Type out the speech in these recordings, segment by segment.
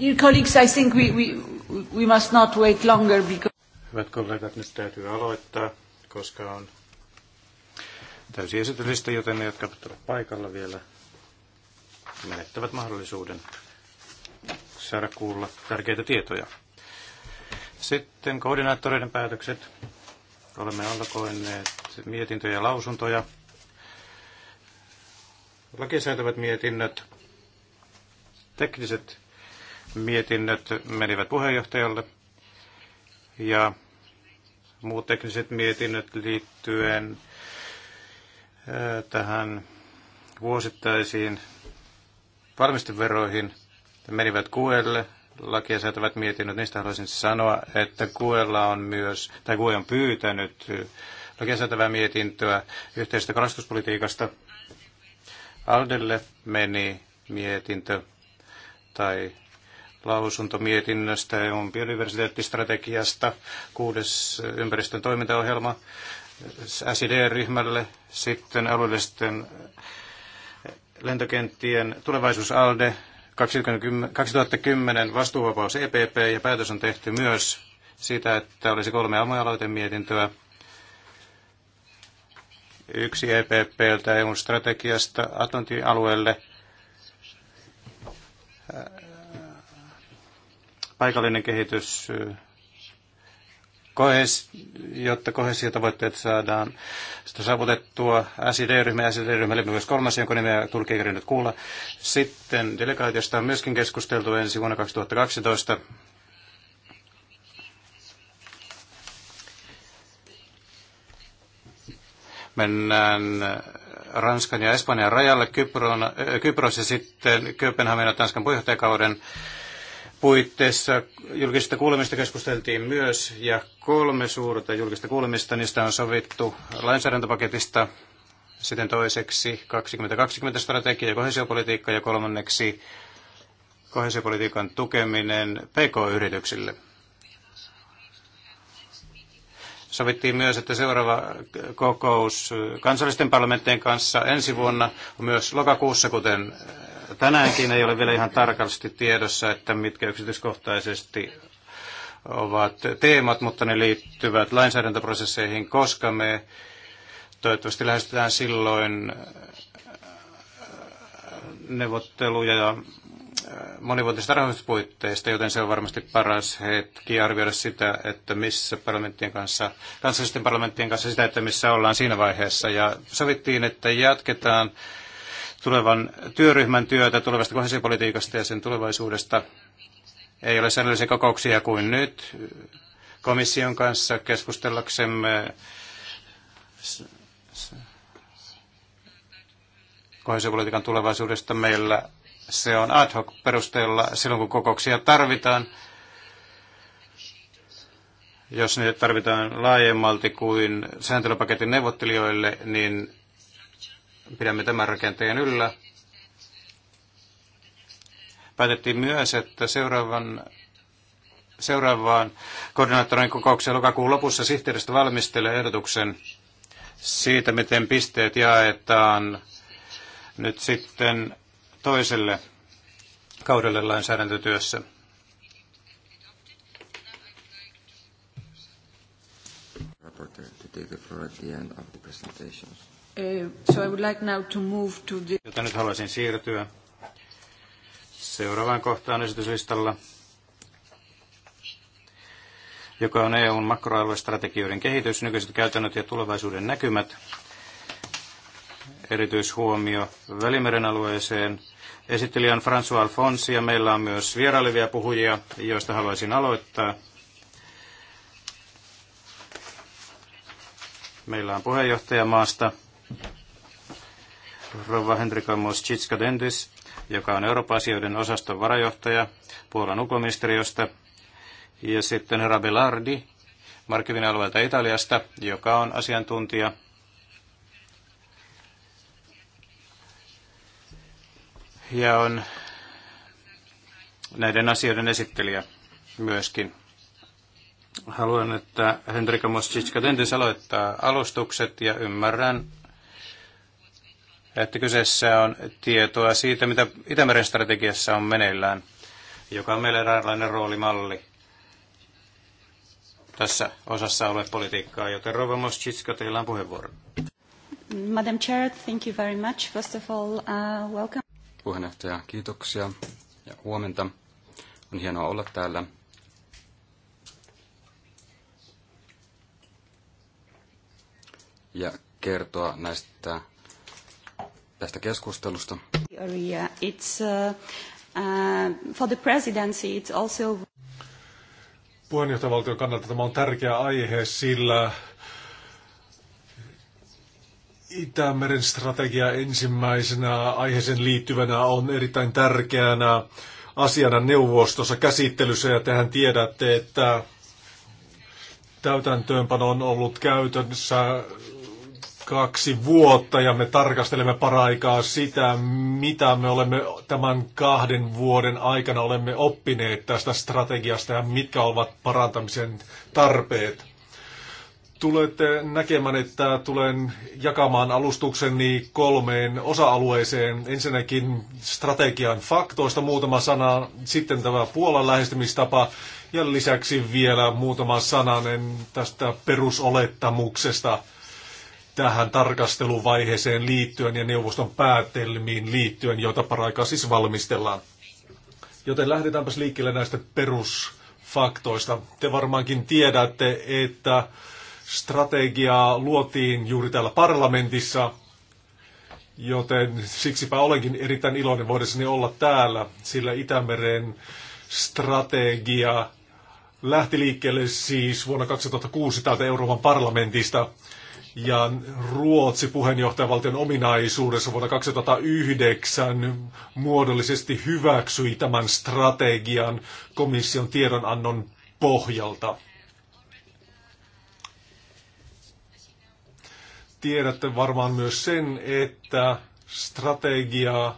Dear colleagues, I think we, we, we must not wait longer because... Hyvät kollegat, nyt täytyy aloittaa, koska on täysi esityslista, joten ne, jotka ovat paikalla vielä, menettävät mahdollisuuden saada kuulla tärkeitä tietoja. Sitten koordinaattoreiden päätökset. Olemme alkoineet mietintöjä ja lausuntoja. Lakisäätävät mietinnöt, tekniset mietinnöt menivät puheenjohtajalle ja muut tekniset mietinnöt liittyen tähän vuosittaisiin valmisteveroihin menivät kuelle. Lakia säätävät mietinnöt, niistä haluaisin sanoa, että kuella on myös, tai kue on pyytänyt lakia säätävää mietintöä yhteisestä kalastuspolitiikasta. Aldelle meni mietintö tai lausuntomietinnöstä EUn biodiversiteettistrategiasta, kuudes ympäristön toimintaohjelma SID-ryhmälle, sitten alueellisten lentokenttien tulevaisuus ALDE, 2010 vastuuvapaus EPP ja päätös on tehty myös siitä, että olisi kolme aloitemietintöä. Yksi EPPltä eu strategiasta Atlantin alueelle, paikallinen kehitys, kohes, jotta tavoitteet saadaan sitä saavutettua. SID-ryhmä SID-ryhmä oli myös kolmas, jonka nimeä Turkki ei nyt kuulla. Sitten delegaatiosta on myöskin keskusteltu ensi vuonna 2012. Mennään Ranskan ja Espanjan rajalle Kypron, Kypros ja sitten Kööpenhamina Tanskan puheenjohtajakauden puitteissa julkisista kuulemista keskusteltiin myös, ja kolme suurta julkista kuulemista, niistä on sovittu lainsäädäntöpaketista, sitten toiseksi 2020-strategia ja kohesiopolitiikka, ja kolmanneksi kohesiopolitiikan tukeminen PK-yrityksille. Sovittiin myös, että seuraava kokous kansallisten parlamenttien kanssa ensi vuonna on myös lokakuussa, kuten tänäänkin ei ole vielä ihan tarkasti tiedossa, että mitkä yksityiskohtaisesti ovat teemat, mutta ne liittyvät lainsäädäntöprosesseihin, koska me toivottavasti lähestytään silloin äh, neuvotteluja ja äh, monivuotisista rahoituspuitteista, joten se on varmasti paras hetki arvioida sitä, että missä parlamenttien kanssa, kansallisten parlamenttien kanssa sitä, että missä ollaan siinä vaiheessa. Ja sovittiin, että jatketaan tulevan työryhmän työtä tulevasta kohesiopolitiikasta ja sen tulevaisuudesta. Ei ole säännöllisiä kokouksia kuin nyt komission kanssa keskustellaksemme kohesiopolitiikan tulevaisuudesta. Meillä se on ad hoc perusteella silloin, kun kokouksia tarvitaan jos niitä tarvitaan laajemmalti kuin sääntelypaketin neuvottelijoille, niin pidämme tämän rakenteen yllä. Päätettiin myös, että seuraavan, seuraavaan koordinaattorin kokoukseen lokakuun lopussa sihteeristö valmistelee ehdotuksen siitä, miten pisteet jaetaan nyt sitten toiselle kaudelle lainsäädäntötyössä. take the floor at the end of the presentations. Uh, so I would like now to move to the... Jota nyt haluaisin siirtyä seuraavaan kohtaan esityslistalla, joka on EUn makroaluestrategioiden kehitys, nykyiset käytännöt ja tulevaisuuden näkymät. Erityishuomio Välimeren alueeseen. Esittelijä on François Alfonsi ja meillä on myös vierailevia puhujia, joista haluaisin aloittaa. Meillä on puheenjohtajamaasta maasta Rova Henrika Moschitska Dendis, joka on Euroopan asioiden osaston varajohtaja Puolan ulkoministeriöstä. Ja sitten herra Belardi, Markkivin alueelta Italiasta, joka on asiantuntija ja on näiden asioiden esittelijä myöskin. Haluan, että Henrika Moschitska Dendis aloittaa alustukset ja ymmärrän, että kyseessä on tietoa siitä, mitä Itämeren strategiassa on meneillään, joka on meille eräänlainen roolimalli tässä osassa ole politiikkaa, joten Rova Moschitska, teillä on puheenvuoro. Madam Chair, thank you very much. First of all, uh, welcome. Puheenjohtaja, kiitoksia ja huomenta. On hienoa olla täällä. Ja kertoa näistä tästä keskustelusta. Uh, uh, Puheenjohtajavaltion kannalta tämä on tärkeä aihe, sillä Itämeren strategia ensimmäisenä aiheeseen liittyvänä on erittäin tärkeänä asiana neuvostossa käsittelyssä ja tehän tiedätte, että täytäntöönpano on ollut käytössä kaksi vuotta ja me tarkastelemme paraikaa sitä, mitä me olemme tämän kahden vuoden aikana olemme oppineet tästä strategiasta ja mitkä ovat parantamisen tarpeet. Tulette näkemään, että tulen jakamaan alustukseni kolmeen osa-alueeseen. Ensinnäkin strategian faktoista muutama sana, sitten tämä Puolan lähestymistapa ja lisäksi vielä muutama sananen tästä perusolettamuksesta – tähän tarkasteluvaiheeseen liittyen ja neuvoston päätelmiin liittyen, joita paraikaa siis valmistellaan. Joten lähdetäänpäs liikkeelle näistä perusfaktoista. Te varmaankin tiedätte, että strategiaa luotiin juuri täällä parlamentissa, joten siksipä olenkin erittäin iloinen voidessani olla täällä, sillä Itämeren strategia lähti liikkeelle siis vuonna 2006 täältä Euroopan parlamentista ja Ruotsi puheenjohtajavaltion ominaisuudessa vuonna 2009 muodollisesti hyväksyi tämän strategian komission tiedonannon pohjalta. Tiedätte varmaan myös sen, että strategia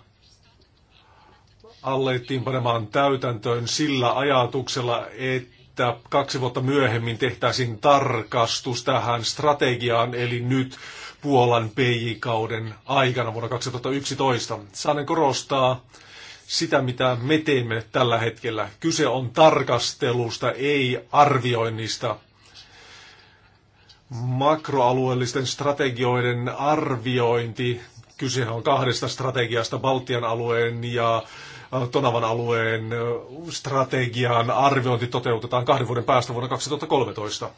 alettiin panemaan täytäntöön sillä ajatuksella, että että kaksi vuotta myöhemmin tehtäisiin tarkastus tähän strategiaan, eli nyt Puolan PJ-kauden aikana vuonna 2011. Saanen korostaa sitä, mitä me teemme tällä hetkellä. Kyse on tarkastelusta, ei arvioinnista. Makroalueellisten strategioiden arviointi, kyse on kahdesta strategiasta, Baltian alueen ja Tonavan alueen strategian arviointi toteutetaan kahden vuoden päästä vuonna 2013.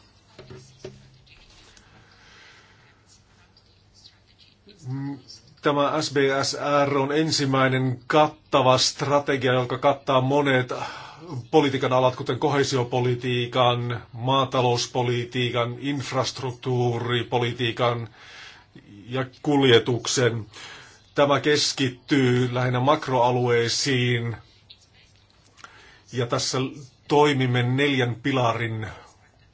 Tämä SBSR on ensimmäinen kattava strategia, joka kattaa monet politiikan alat, kuten kohesiopolitiikan, maatalouspolitiikan, infrastruktuuripolitiikan ja kuljetuksen. Tämä keskittyy lähinnä makroalueisiin ja tässä toimimme neljän pilarin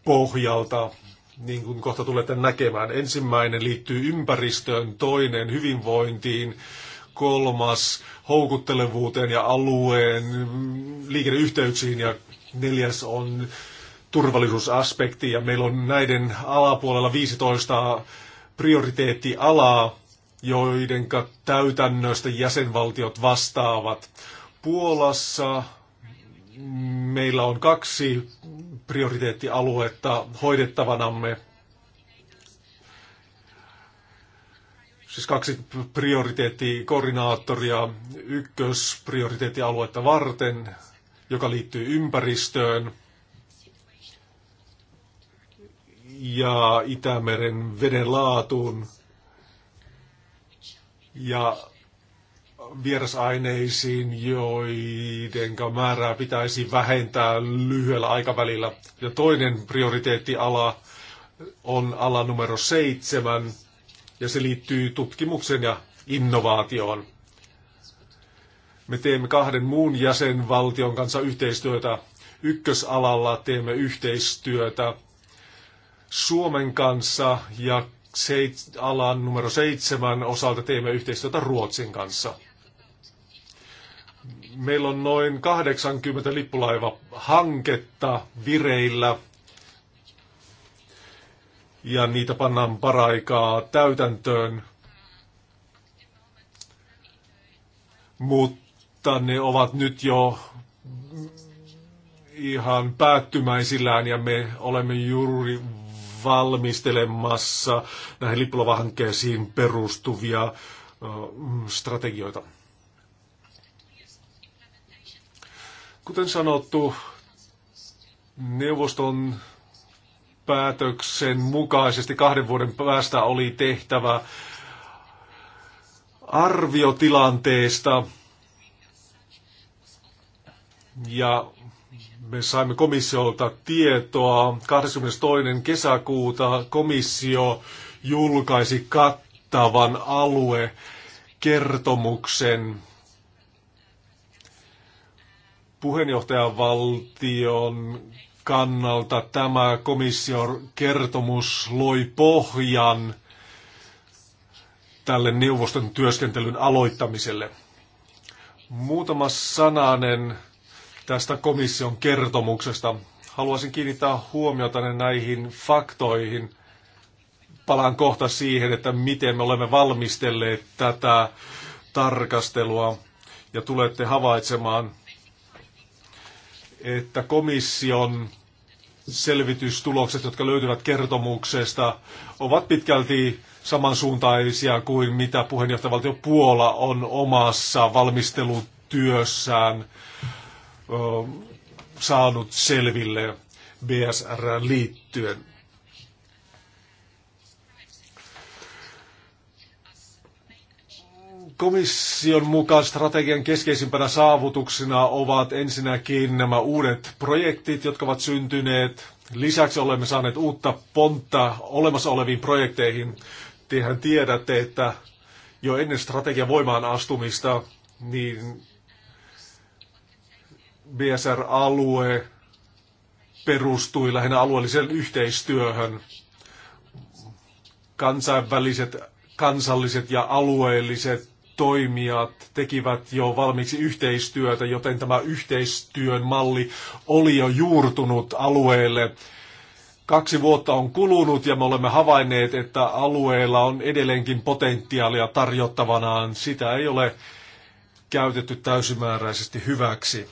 pohjalta, niin kuin kohta tulette näkemään. Ensimmäinen liittyy ympäristöön, toinen hyvinvointiin, kolmas houkuttelevuuteen ja alueen liikenneyhteyksiin ja neljäs on turvallisuusaspekti ja meillä on näiden alapuolella 15 prioriteettialaa joiden täytännöstä jäsenvaltiot vastaavat. Puolassa meillä on kaksi prioriteettialuetta hoidettavanamme. Siis kaksi prioriteettikoordinaattoria ykkösprioriteettialuetta varten, joka liittyy ympäristöön ja Itämeren veden laatuun – ja vierasaineisiin, joiden määrää pitäisi vähentää lyhyellä aikavälillä. Ja toinen prioriteettiala on ala numero seitsemän, ja se liittyy tutkimukseen ja innovaatioon. Me teemme kahden muun jäsenvaltion kanssa yhteistyötä. Ykkösalalla teemme yhteistyötä Suomen kanssa ja seit, alan numero seitsemän osalta teemme yhteistyötä Ruotsin kanssa. Meillä on noin 80 hanketta vireillä ja niitä pannaan paraikaa täytäntöön, mutta ne ovat nyt jo ihan päättymäisillään ja me olemme juuri valmistelemassa näihin lippulavahankkeisiin perustuvia strategioita. Kuten sanottu, neuvoston päätöksen mukaisesti kahden vuoden päästä oli tehtävä arviotilanteesta ja me saimme komissiolta tietoa. 22. kesäkuuta komissio julkaisi kattavan aluekertomuksen puheenjohtajavaltion kannalta tämä komission kertomus loi pohjan tälle neuvoston työskentelyn aloittamiselle. Muutama sananen tästä komission kertomuksesta. Haluaisin kiinnittää huomiota näihin faktoihin. Palaan kohta siihen, että miten me olemme valmistelleet tätä tarkastelua ja tulette havaitsemaan, että komission selvitystulokset, jotka löytyvät kertomuksesta, ovat pitkälti samansuuntaisia kuin mitä puheenjohtajavaltio Puola on omassa valmistelutyössään saanut selville BSR liittyen. Komission mukaan strategian keskeisimpänä saavutuksena ovat ensinnäkin nämä uudet projektit, jotka ovat syntyneet. Lisäksi olemme saaneet uutta pontta olemassa oleviin projekteihin. Tehän tiedätte, että jo ennen strategian voimaan astumista, niin BSR-alue perustui lähinnä alueelliseen yhteistyöhön. Kansainväliset, kansalliset ja alueelliset toimijat tekivät jo valmiiksi yhteistyötä, joten tämä yhteistyön malli oli jo juurtunut alueelle. Kaksi vuotta on kulunut ja me olemme havainneet, että alueella on edelleenkin potentiaalia tarjottavanaan. Sitä ei ole käytetty täysimääräisesti hyväksi.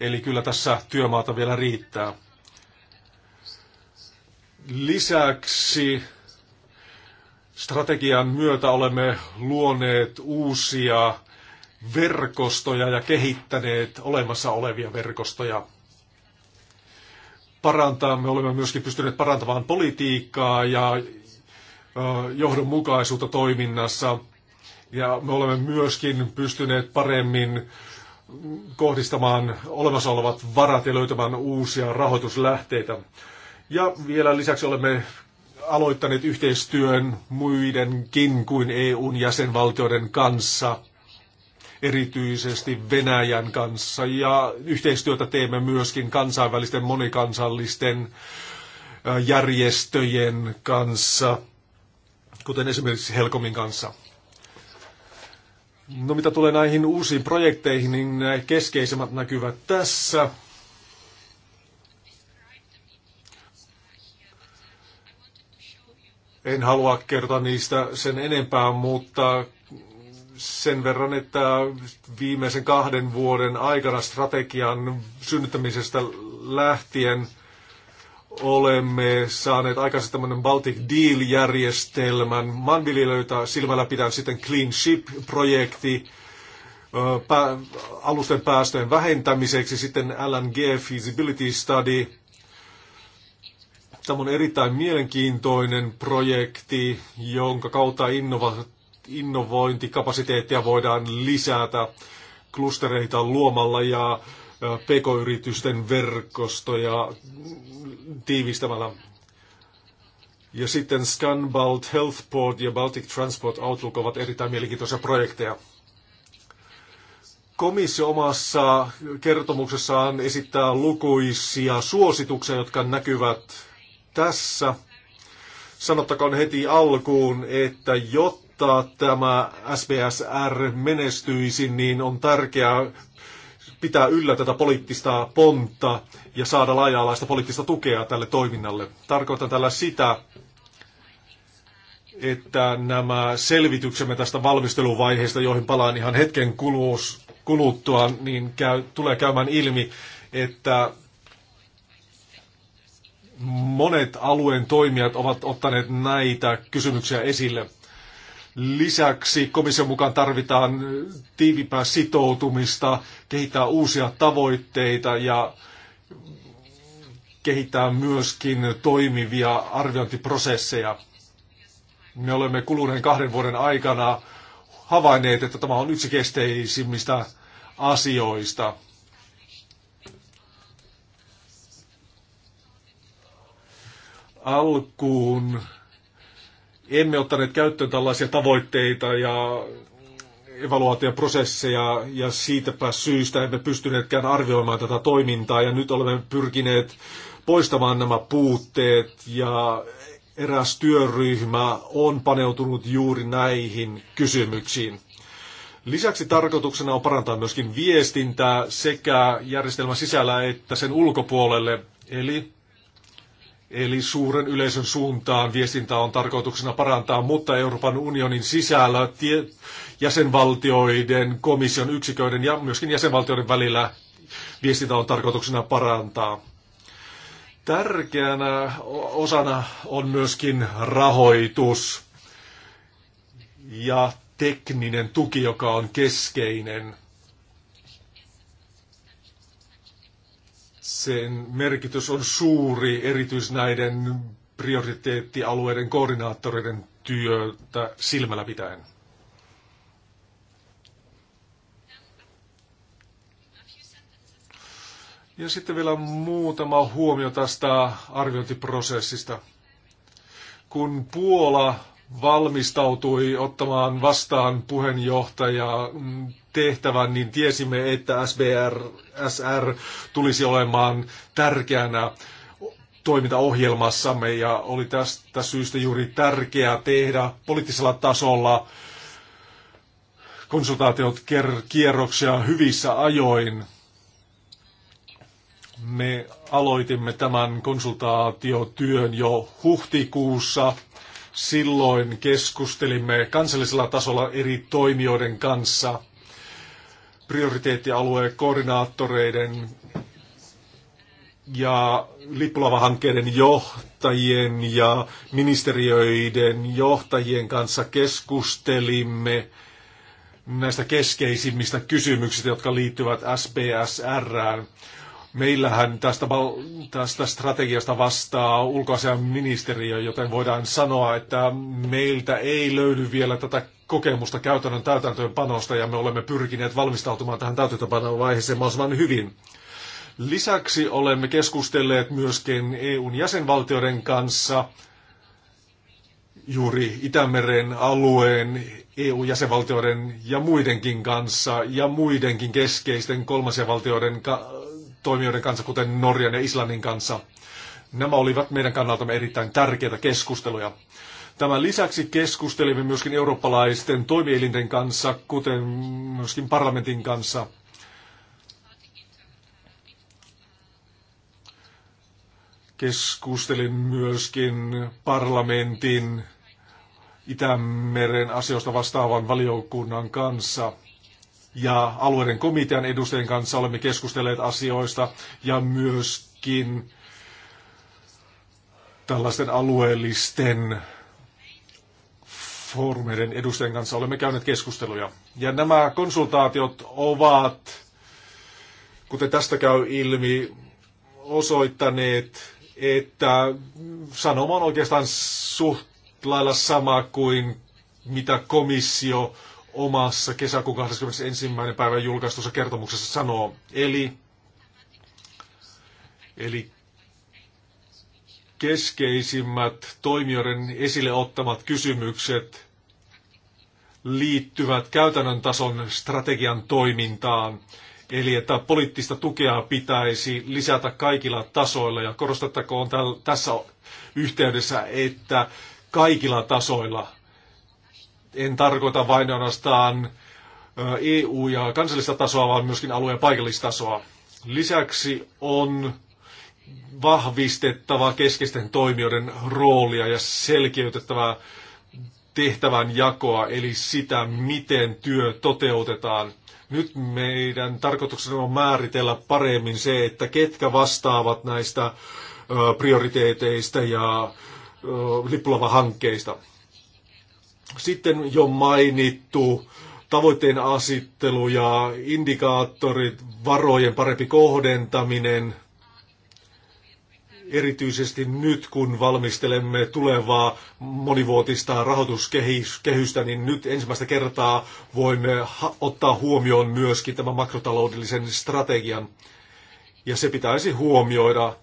Eli kyllä tässä työmaata vielä riittää. Lisäksi strategian myötä olemme luoneet uusia verkostoja ja kehittäneet olemassa olevia verkostoja. Parantaa, me olemme myöskin pystyneet parantamaan politiikkaa ja johdonmukaisuutta toiminnassa. Ja me olemme myöskin pystyneet paremmin kohdistamaan olemassa olevat varat ja löytämään uusia rahoituslähteitä. Ja vielä lisäksi olemme aloittaneet yhteistyön muidenkin kuin EUn jäsenvaltioiden kanssa, erityisesti Venäjän kanssa. Ja yhteistyötä teemme myöskin kansainvälisten monikansallisten järjestöjen kanssa, kuten esimerkiksi Helkomin kanssa. No mitä tulee näihin uusiin projekteihin, niin nämä keskeisimmät näkyvät tässä. En halua kertoa niistä sen enempää, mutta sen verran, että viimeisen kahden vuoden aikana strategian synnyttämisestä lähtien – olemme saaneet aikaisemmin tämmöinen Baltic Deal-järjestelmän. Maanviljelijöitä silmällä pidän sitten Clean Ship-projekti alusten päästöjen vähentämiseksi, sitten LNG Feasibility Study. Tämä on erittäin mielenkiintoinen projekti, jonka kautta innova, innovointikapasiteettia voidaan lisätä klustereita luomalla ja pk-yritysten verkostoja tiivistämällä. Ja sitten Scanbalt Healthport ja Baltic Transport Outlook ovat erittäin mielenkiintoisia projekteja. Komissio omassa kertomuksessaan esittää lukuisia suosituksia, jotka näkyvät tässä. Sanottakoon heti alkuun, että jotta tämä SBSR menestyisi, niin on tärkeää pitää yllä tätä poliittista pontta ja saada laaja-alaista poliittista tukea tälle toiminnalle. Tarkoitan tällä sitä, että nämä selvityksemme tästä valmisteluvaiheesta, joihin palaan ihan hetken kuluus, kuluttua, niin käy, tulee käymään ilmi, että monet alueen toimijat ovat ottaneet näitä kysymyksiä esille. Lisäksi komission mukaan tarvitaan tiivimpää sitoutumista, kehittää uusia tavoitteita ja kehittää myöskin toimivia arviointiprosesseja. Me olemme kuluneen kahden vuoden aikana havainneet, että tämä on yksi keskeisimmistä asioista. Alkuun emme ottaneet käyttöön tällaisia tavoitteita ja evaluaatioprosesseja ja siitäpä syystä emme pystyneetkään arvioimaan tätä toimintaa ja nyt olemme pyrkineet poistamaan nämä puutteet ja eräs työryhmä on paneutunut juuri näihin kysymyksiin. Lisäksi tarkoituksena on parantaa myöskin viestintää sekä järjestelmän sisällä että sen ulkopuolelle, eli Eli suuren yleisön suuntaan viestintä on tarkoituksena parantaa, mutta Euroopan unionin sisällä tie, jäsenvaltioiden, komission yksiköiden ja myöskin jäsenvaltioiden välillä viestintä on tarkoituksena parantaa. Tärkeänä osana on myöskin rahoitus ja tekninen tuki, joka on keskeinen. Sen merkitys on suuri, erityis näiden prioriteettialueiden koordinaattoreiden työtä silmällä pitäen. Ja sitten vielä muutama huomio tästä arviointiprosessista. Kun Puola valmistautui ottamaan vastaan puheenjohtaja mm, tehtävän, niin tiesimme, että SBR, SR tulisi olemaan tärkeänä toimintaohjelmassamme ja oli tästä syystä juuri tärkeää tehdä poliittisella tasolla konsultaatiot kierroksia hyvissä ajoin. Me aloitimme tämän konsultaatiotyön jo huhtikuussa. Silloin keskustelimme kansallisella tasolla eri toimijoiden kanssa – prioriteettialueen koordinaattoreiden ja lippulavahankkeiden johtajien ja ministeriöiden johtajien kanssa keskustelimme näistä keskeisimmistä kysymyksistä, jotka liittyvät SPSRään. Meillähän tästä, tästä strategiasta vastaa ulkoasian ministeriö, joten voidaan sanoa, että meiltä ei löydy vielä tätä kokemusta käytännön täytäntöönpanosta ja me olemme pyrkineet valmistautumaan tähän vaiheeseen mahdollisimman hyvin. Lisäksi olemme keskustelleet myöskin EUn jäsenvaltioiden kanssa juuri Itämeren alueen EU-jäsenvaltioiden ja muidenkin kanssa ja muidenkin keskeisten kolmansien valtioiden ka- toimijoiden kanssa, kuten Norjan ja Islannin kanssa. Nämä olivat meidän kannaltamme erittäin tärkeitä keskusteluja. Tämän lisäksi keskustelimme myöskin eurooppalaisten toimielinten kanssa, kuten myöskin parlamentin kanssa. Keskustelin myöskin parlamentin Itämeren asioista vastaavan valiokunnan kanssa ja alueiden komitean edustajien kanssa olemme keskustelleet asioista ja myöskin tällaisten alueellisten foorumeiden edustajien kanssa olemme käyneet keskusteluja. Ja nämä konsultaatiot ovat, kuten tästä käy ilmi, osoittaneet, että sanoma on oikeastaan suht lailla sama kuin mitä komissio omassa kesäkuun 21. päivän julkaistussa kertomuksessa sanoo. Eli, eli keskeisimmät toimijoiden esille ottamat kysymykset liittyvät käytännön tason strategian toimintaan. Eli että poliittista tukea pitäisi lisätä kaikilla tasoilla ja korostettakoon täl, tässä yhteydessä, että kaikilla tasoilla. En tarkoita vain ainoastaan EU- ja kansallista tasoa, vaan myöskin alue- ja paikallistasoa. Lisäksi on vahvistettava keskeisten toimijoiden roolia ja selkeytettävää tehtävän jakoa, eli sitä, miten työ toteutetaan. Nyt meidän tarkoituksena on määritellä paremmin se, että ketkä vastaavat näistä prioriteeteista ja lippulava-hankkeista. Sitten jo mainittu tavoitteen asittelu ja indikaattorit, varojen parempi kohdentaminen, erityisesti nyt kun valmistelemme tulevaa monivuotista rahoituskehystä, niin nyt ensimmäistä kertaa voimme ottaa huomioon myöskin tämän makrotaloudellisen strategian. Ja se pitäisi huomioida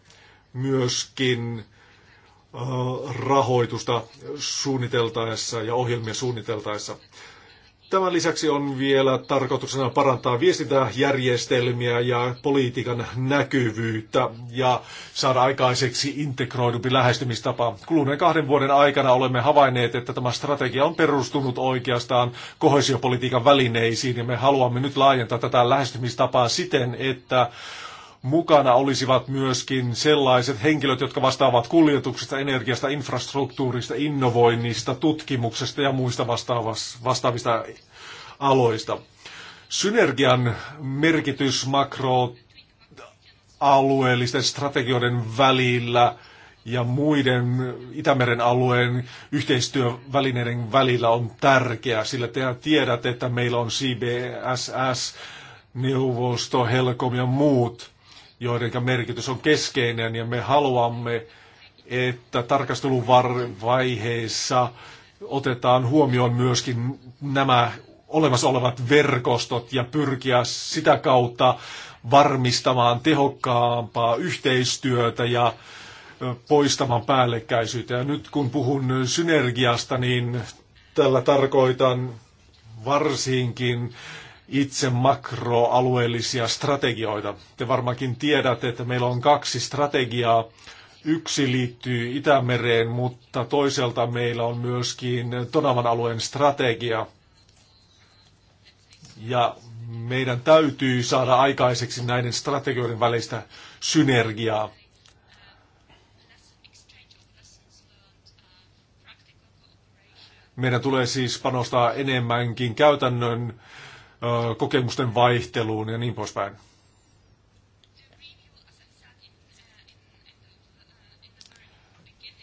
myöskin rahoitusta suunniteltaessa ja ohjelmia suunniteltaessa. Tämän lisäksi on vielä tarkoituksena parantaa viestintäjärjestelmiä ja politiikan näkyvyyttä ja saada aikaiseksi integroidumpi lähestymistapa. Kuluneen kahden vuoden aikana olemme havainneet, että tämä strategia on perustunut oikeastaan kohesiopolitiikan välineisiin ja me haluamme nyt laajentaa tätä lähestymistapaa siten, että mukana olisivat myöskin sellaiset henkilöt, jotka vastaavat kuljetuksesta, energiasta, infrastruktuurista, innovoinnista, tutkimuksesta ja muista vastaavista aloista. Synergian merkitys makroalueellisten strategioiden välillä ja muiden Itämeren alueen yhteistyövälineiden välillä on tärkeä, sillä te tiedät, että meillä on CBSS, neuvosto, Helcom ja muut – joiden merkitys on keskeinen ja me haluamme, että tarkastelun vaiheessa otetaan huomioon myöskin nämä olemassa olevat verkostot ja pyrkiä sitä kautta varmistamaan tehokkaampaa yhteistyötä ja poistamaan päällekkäisyyttä. Ja nyt kun puhun synergiasta, niin tällä tarkoitan varsinkin itse makroalueellisia strategioita. Te varmaankin tiedätte, että meillä on kaksi strategiaa. Yksi liittyy Itämereen, mutta toiselta meillä on myöskin Tonavan alueen strategia. Ja meidän täytyy saada aikaiseksi näiden strategioiden välistä synergiaa. Meidän tulee siis panostaa enemmänkin käytännön kokemusten vaihteluun ja niin poispäin.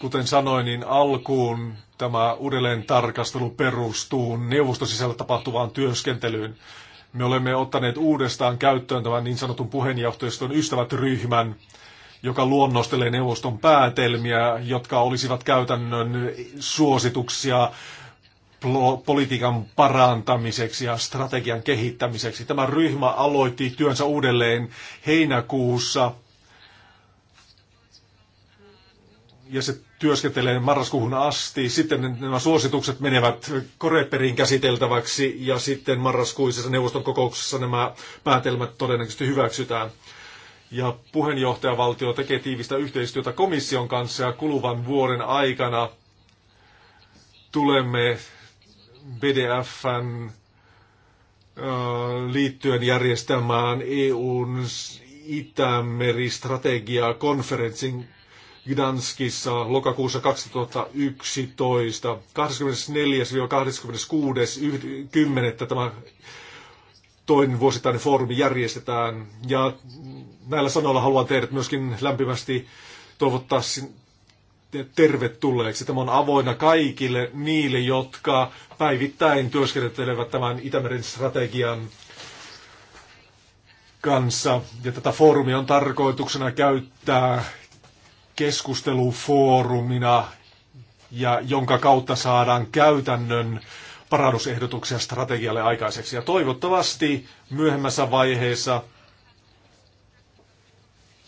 Kuten sanoin, niin alkuun tämä uudelleen tarkastelu perustuu sisällä tapahtuvaan työskentelyyn. Me olemme ottaneet uudestaan käyttöön tämän niin sanotun puheenjohtajiston ystävät-ryhmän, joka luonnostelee neuvoston päätelmiä, jotka olisivat käytännön suosituksia politiikan parantamiseksi ja strategian kehittämiseksi. Tämä ryhmä aloitti työnsä uudelleen heinäkuussa ja se työskentelee marraskuuhun asti. Sitten nämä suositukset menevät Koreperiin käsiteltäväksi ja sitten marraskuisessa neuvoston kokouksessa nämä päätelmät todennäköisesti hyväksytään. Ja puheenjohtajavaltio tekee tiivistä yhteistyötä komission kanssa ja kuluvan vuoden aikana tulemme BDFn liittyen järjestämään EUn Itämeri-strategiaa konferenssin Gdanskissa lokakuussa 2011. 24-26.10. tämä toinen vuosittainen foorumi järjestetään. Ja näillä sanoilla haluan teidät myöskin lämpimästi toivottaa tervetulleeksi. Tämä on avoinna kaikille niille, jotka päivittäin työskentelevät tämän Itämeren strategian kanssa. Ja tätä foorumia on tarkoituksena käyttää keskustelufoorumina, ja jonka kautta saadaan käytännön parannusehdotuksia strategialle aikaiseksi. Ja toivottavasti myöhemmässä vaiheessa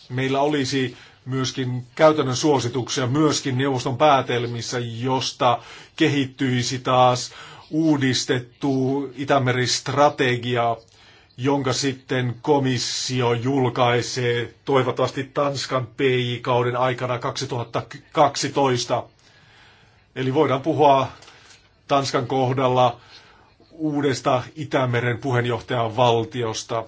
meillä olisi myöskin käytännön suosituksia, myöskin neuvoston päätelmissä, josta kehittyisi taas uudistettu Itämeri-strategia, jonka sitten komissio julkaisee toivottavasti Tanskan PI-kauden aikana 2012. Eli voidaan puhua Tanskan kohdalla uudesta Itämeren puheenjohtajan valtiosta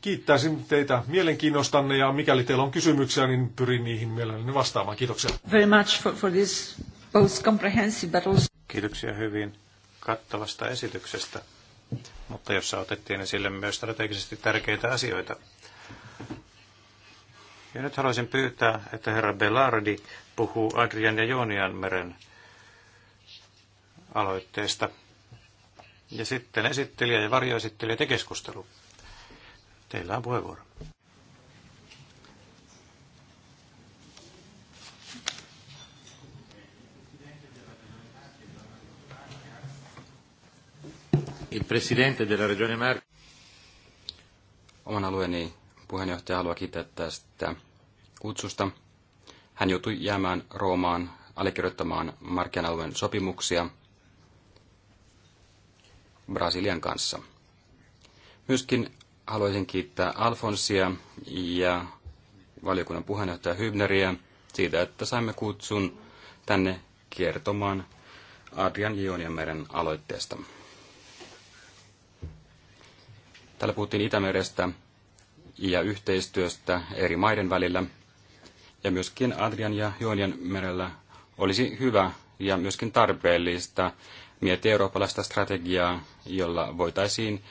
kiittäisin teitä mielenkiinnostanne ja mikäli teillä on kysymyksiä, niin pyrin niihin mielelläni vastaamaan. Kiitoksia. Very much for, for this both but also... Kiitoksia hyvin kattavasta esityksestä, mutta jossa otettiin esille myös strategisesti tärkeitä asioita. Ja nyt haluaisin pyytää, että herra Bellardi puhuu Adrian ja Joonian meren aloitteesta. Ja sitten esittelijä ja varjoesittelijä te keskustelu. Teillä on puheenvuoro. Il presidente della regione Oman alueeni puheenjohtaja haluaa kiittää tästä kutsusta. Hän joutui jäämään Roomaan allekirjoittamaan Markian alueen sopimuksia Brasilian kanssa. Myöskin haluaisin kiittää Alfonsia ja valiokunnan puheenjohtaja Hybneriä siitä, että saimme kutsun tänne kertomaan Adrian meren aloitteesta. Täällä puhuttiin Itämerestä ja yhteistyöstä eri maiden välillä. Ja myöskin Adrian ja Joonian merellä olisi hyvä ja myöskin tarpeellista miettiä eurooppalaista strategiaa, jolla voitaisiin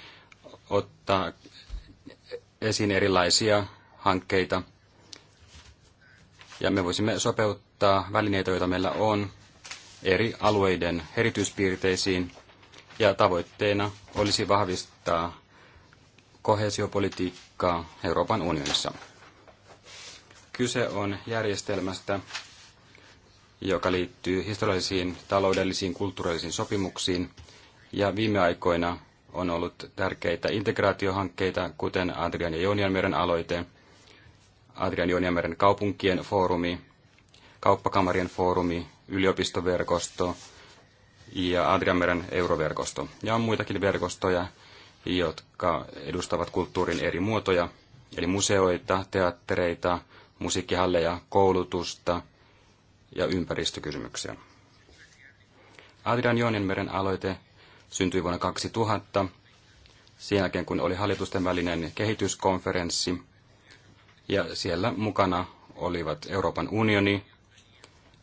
ottaa esiin erilaisia hankkeita, ja me voisimme sopeuttaa välineitä, joita meillä on, eri alueiden erityispiirteisiin, ja tavoitteena olisi vahvistaa kohesiopolitiikkaa Euroopan unionissa. Kyse on järjestelmästä, joka liittyy historiallisiin, taloudellisiin, kulttuurillisiin sopimuksiin, ja viime aikoina on ollut tärkeitä integraatiohankkeita, kuten Adrian ja Jonianmeren aloite, Adrian Jonianmeren kaupunkien foorumi, kauppakamarien foorumi, yliopistoverkosto ja Adrianmeren euroverkosto. Ja on muitakin verkostoja, jotka edustavat kulttuurin eri muotoja, eli museoita, teattereita, musiikkihalleja, koulutusta ja ympäristökysymyksiä. Adrian Joonenmeren aloite syntyi vuonna 2000, sen jälkeen kun oli hallitusten välinen kehityskonferenssi, ja siellä mukana olivat Euroopan unioni,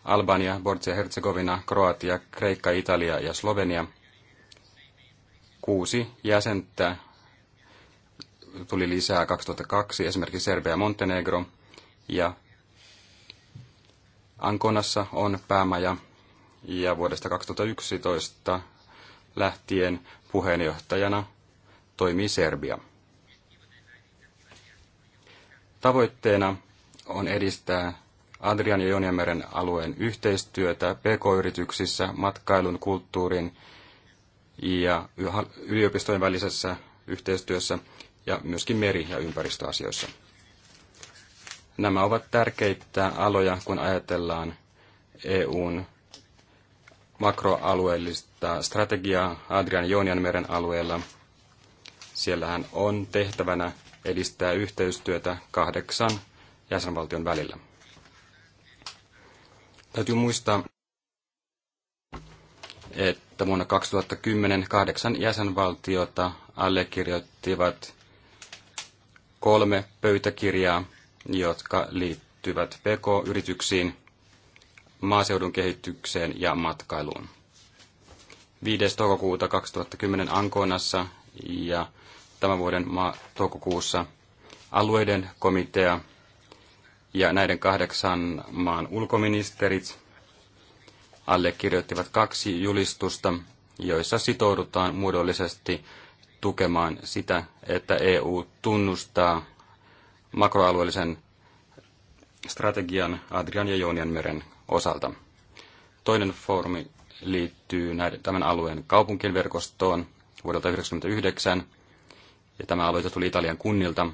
Albania, Bosnia Herzegovina, Kroatia, Kreikka, Italia ja Slovenia. Kuusi jäsentä tuli lisää 2002, esimerkiksi Serbia ja Montenegro. Ja Ankonassa on päämaja ja vuodesta 2011 lähtien puheenjohtajana toimii Serbia. Tavoitteena on edistää Adrian ja Joniameren alueen yhteistyötä pk-yrityksissä, matkailun, kulttuurin ja yliopistojen välisessä yhteistyössä ja myöskin meri- ja ympäristöasioissa. Nämä ovat tärkeitä aloja, kun ajatellaan EUn makroalueellista strategiaa Adrian Joonian meren alueella. Siellähän on tehtävänä edistää yhteistyötä kahdeksan jäsenvaltion välillä. Täytyy muistaa, että vuonna 2010 kahdeksan jäsenvaltiota allekirjoittivat kolme pöytäkirjaa, jotka liittyvät PK-yrityksiin – maaseudun kehitykseen ja matkailuun. 5. toukokuuta 2010 Ankonassa ja tämän vuoden ma- toukokuussa alueiden komitea ja näiden kahdeksan maan ulkoministerit allekirjoittivat kaksi julistusta, joissa sitoudutaan muodollisesti tukemaan sitä, että EU tunnustaa makroalueellisen strategian Adrian ja Joonian meren osalta. Toinen foorumi liittyy näiden, tämän alueen kaupunkien verkostoon vuodelta 1999, ja tämä aloite tuli Italian kunnilta.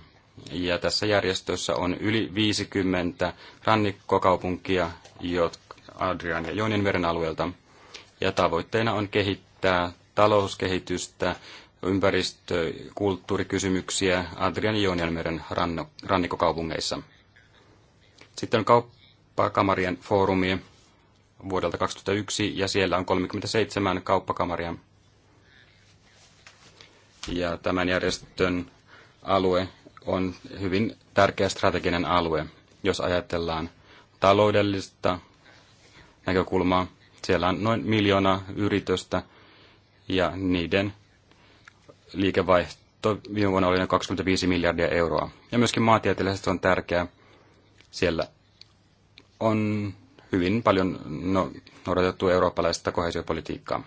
Ja tässä järjestössä on yli 50 rannikkokaupunkia jotka Adrian ja meren alueelta, ja tavoitteena on kehittää talouskehitystä, ympäristö- ja kulttuurikysymyksiä Adrian ja meren rannikkokaupungeissa. Sitten on kauppakamarien foorumia vuodelta 2001 ja siellä on 37 kauppakamaria. Ja tämän järjestön alue on hyvin tärkeä strateginen alue, jos ajatellaan taloudellista näkökulmaa. Siellä on noin miljoona yritystä ja niiden liikevaihto viime vuonna oli noin 25 miljardia euroa. Ja myöskin maantieteellisesti on tärkeää. Siellä on hyvin paljon no, noudatettu eurooppalaista kohesiopolitiikkaa.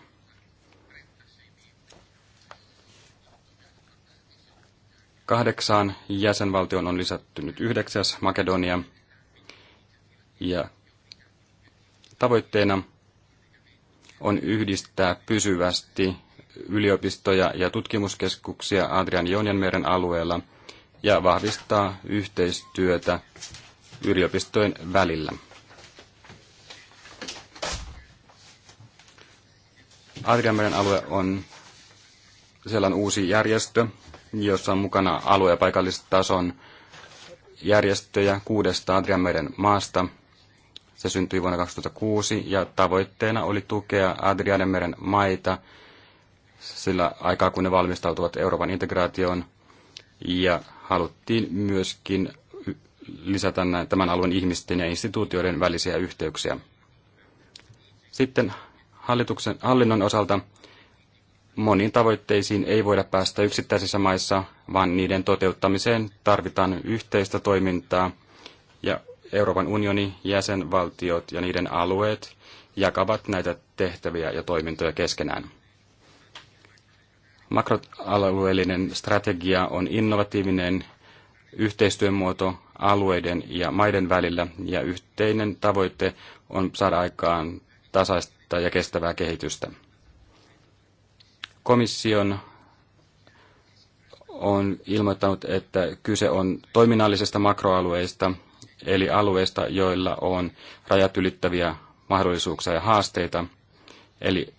Kahdeksaan jäsenvaltion on lisätty nyt yhdeksäs Makedonia. Ja tavoitteena on yhdistää pysyvästi yliopistoja ja tutkimuskeskuksia Adrian Jonianmeren alueella ja vahvistaa yhteistyötä yliopistojen välillä. Adrianmeren alue on siellä on uusi järjestö, jossa on mukana alue- ja paikallistason järjestöjä kuudesta Adrianmeren maasta. Se syntyi vuonna 2006 ja tavoitteena oli tukea Adrianmeren maita sillä aikaa, kun ne valmistautuvat Euroopan integraatioon. Ja haluttiin myöskin lisätä tämän alueen ihmisten ja instituutioiden välisiä yhteyksiä. Sitten hallituksen, hallinnon osalta moniin tavoitteisiin ei voida päästä yksittäisissä maissa, vaan niiden toteuttamiseen tarvitaan yhteistä toimintaa ja Euroopan unioni, jäsenvaltiot ja niiden alueet jakavat näitä tehtäviä ja toimintoja keskenään. Makroalueellinen strategia on innovatiivinen yhteistyön muoto, alueiden ja maiden välillä, ja yhteinen tavoite on saada aikaan tasaista ja kestävää kehitystä. Komission on ilmoittanut, että kyse on toiminnallisesta makroalueista, eli alueista, joilla on rajat ylittäviä mahdollisuuksia ja haasteita. Eli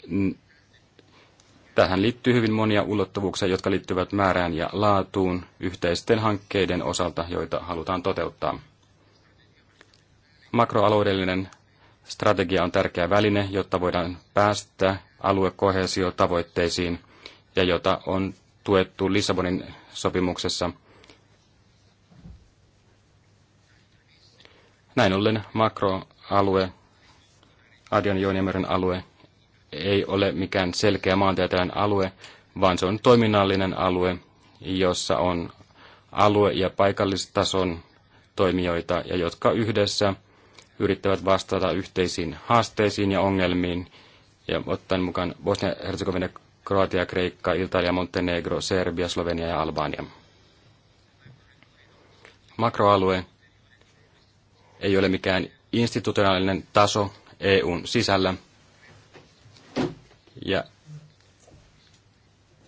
Tähän liittyy hyvin monia ulottuvuuksia, jotka liittyvät määrään ja laatuun yhteisten hankkeiden osalta, joita halutaan toteuttaa. Makroaloudellinen strategia on tärkeä väline, jotta voidaan päästä aluekohesiotavoitteisiin ja jota on tuettu Lissabonin sopimuksessa. Näin ollen makroalue, Adion Jooniameren alue ei ole mikään selkeä maantieteellinen alue, vaan se on toiminnallinen alue, jossa on alue- ja paikallistason toimijoita, ja jotka yhdessä yrittävät vastata yhteisiin haasteisiin ja ongelmiin, ja ottaen mukaan Bosnia-Herzegovina, Kroatia, Kreikka, Italia, Montenegro, Serbia, Slovenia ja Albania. Makroalue ei ole mikään institutionaalinen taso EUn sisällä, ja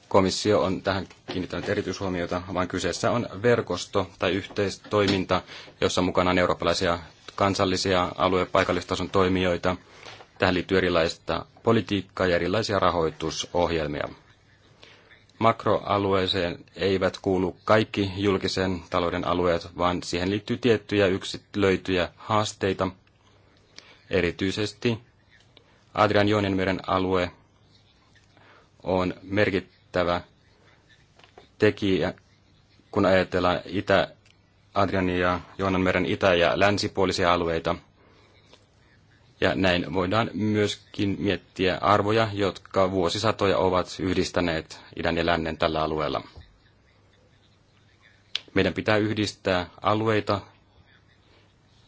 komissio on tähän kiinnittänyt erityishuomiota, vaan kyseessä on verkosto tai yhteistoiminta, jossa mukana on eurooppalaisia kansallisia alue- ja paikallistason toimijoita. Tähän liittyy erilaista politiikkaa ja erilaisia rahoitusohjelmia. Makroalueeseen eivät kuulu kaikki julkisen talouden alueet, vaan siihen liittyy tiettyjä yksilöityjä haasteita. Erityisesti Adrian Joonenmeren alue on merkittävä tekijä, kun ajatellaan Itä, Adrianin ja Joonanmeren itä- ja länsipuolisia alueita. Ja näin voidaan myöskin miettiä arvoja, jotka vuosisatoja ovat yhdistäneet idän ja lännen tällä alueella. Meidän pitää yhdistää alueita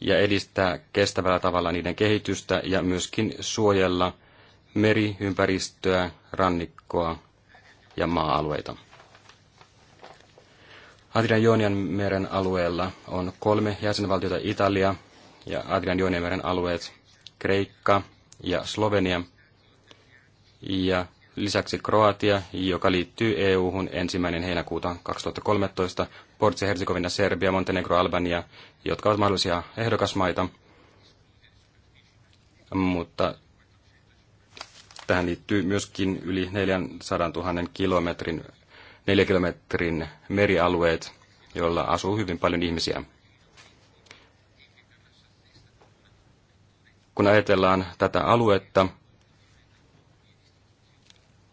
ja edistää kestävällä tavalla niiden kehitystä ja myöskin suojella meriympäristöä, rannikkoa ja maa-alueita. Adrian meren alueella on kolme jäsenvaltiota Italia ja Adrian meren alueet Kreikka ja Slovenia ja lisäksi Kroatia, joka liittyy EU-hun ensimmäinen heinäkuuta 2013, Portsi, Herzegovina, Serbia, Montenegro, Albania, jotka ovat mahdollisia ehdokasmaita, mutta Tähän liittyy myöskin yli 400 000 kilometrin, 4 kilometrin merialueet, joilla asuu hyvin paljon ihmisiä. Kun ajatellaan tätä aluetta,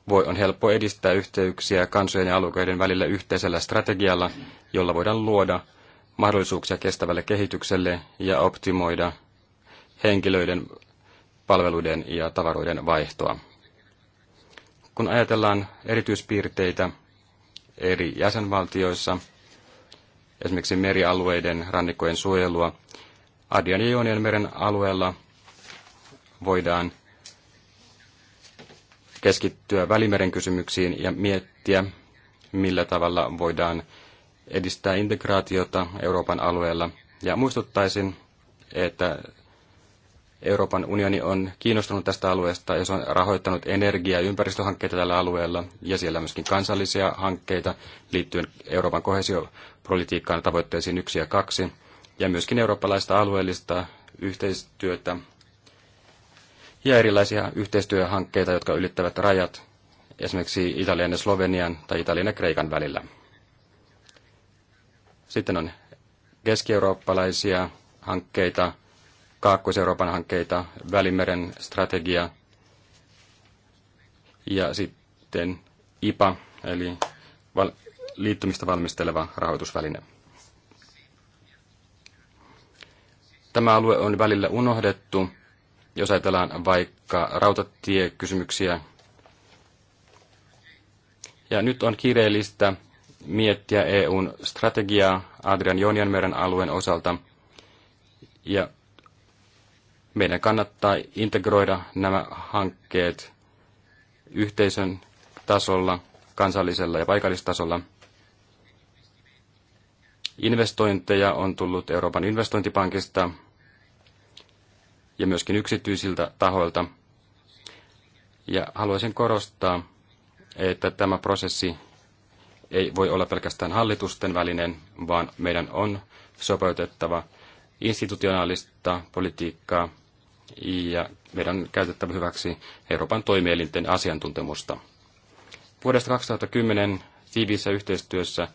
voi on helppo edistää yhteyksiä kansojen ja alueiden välillä yhteisellä strategialla, jolla voidaan luoda mahdollisuuksia kestävälle kehitykselle ja optimoida henkilöiden palveluiden ja tavaroiden vaihtoa. Kun ajatellaan erityispiirteitä eri jäsenvaltioissa, esimerkiksi merialueiden rannikkojen suojelua, Adian ja Joonien meren alueella voidaan keskittyä Välimeren kysymyksiin ja miettiä, millä tavalla voidaan edistää integraatiota Euroopan alueella. Ja muistuttaisin, että Euroopan unioni on kiinnostunut tästä alueesta ja se on rahoittanut energia- ja ympäristöhankkeita tällä alueella ja siellä myöskin kansallisia hankkeita liittyen Euroopan kohesiopolitiikkaan tavoitteisiin yksi ja kaksi ja myöskin eurooppalaista alueellista yhteistyötä ja erilaisia yhteistyöhankkeita, jotka ylittävät rajat esimerkiksi Italian ja Slovenian tai Italian ja Kreikan välillä. Sitten on keskieurooppalaisia hankkeita, Kaakkois-Euroopan hankkeita, Välimeren strategia ja sitten IPA, eli liittymistä valmisteleva rahoitusväline. Tämä alue on välillä unohdettu, jos ajatellaan vaikka rautatiekysymyksiä. Ja nyt on kiireellistä miettiä EUn strategiaa Adrian Jonianmeren alueen osalta. Ja meidän kannattaa integroida nämä hankkeet yhteisön tasolla, kansallisella ja paikallistasolla. Investointeja on tullut Euroopan investointipankista ja myöskin yksityisiltä tahoilta. Ja haluaisin korostaa, että tämä prosessi ei voi olla pelkästään hallitusten välinen, vaan meidän on sopeutettava institutionaalista politiikkaa ja meidän on käytettävä hyväksi Euroopan toimielinten asiantuntemusta. Vuodesta 2010 tiiviissä yhteistyössä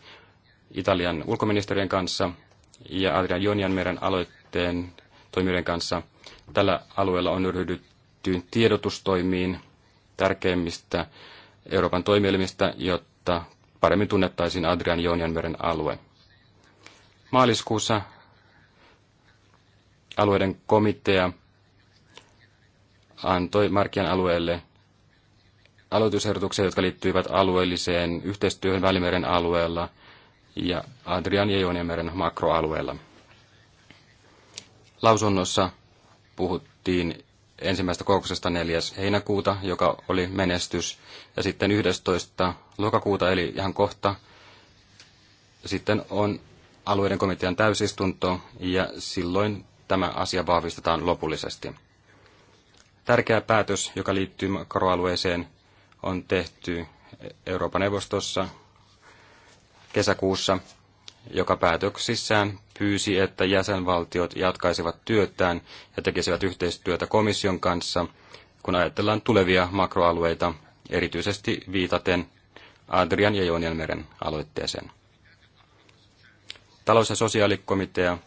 Italian ulkoministerien kanssa ja Adrian Jonian meidän aloitteen toimijoiden kanssa tällä alueella on ryhdytty tiedotustoimiin tärkeimmistä Euroopan toimielimistä, jotta paremmin tunnettaisiin Adrian Joonianmeren alue. Maaliskuussa alueiden komitea antoi Markian alueelle aloitusehdotuksia, jotka liittyivät alueelliseen yhteistyöhön Välimeren alueella ja Adrian ja Jooniameren makroalueella. Lausunnossa puhuttiin ensimmäistä kokouksesta 4. heinäkuuta, joka oli menestys, ja sitten 11. lokakuuta, eli ihan kohta, sitten on alueiden komitean täysistunto, ja silloin tämä asia vahvistetaan lopullisesti. Tärkeä päätös, joka liittyy makroalueeseen, on tehty Euroopan neuvostossa kesäkuussa, joka päätöksissään pyysi, että jäsenvaltiot jatkaisivat työtään ja tekisivät yhteistyötä komission kanssa, kun ajatellaan tulevia makroalueita, erityisesti viitaten Adrian ja Joonielmeren aloitteeseen. Talous- ja sosiaalikomitea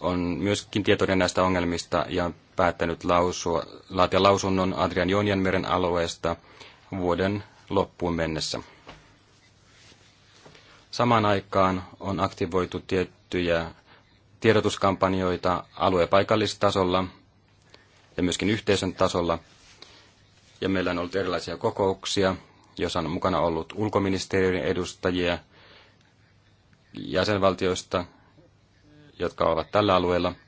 on myöskin tietoinen näistä ongelmista ja on päättänyt lausua, laatia lausunnon Adrian Jonjanmeren alueesta vuoden loppuun mennessä. Samaan aikaan on aktivoitu tiettyjä tiedotuskampanjoita aluepaikallistasolla ja myöskin yhteisön tasolla. Ja meillä on ollut erilaisia kokouksia, joissa on mukana ollut ulkoministeriön edustajia jäsenvaltioista, jotka ovat tällä alueella –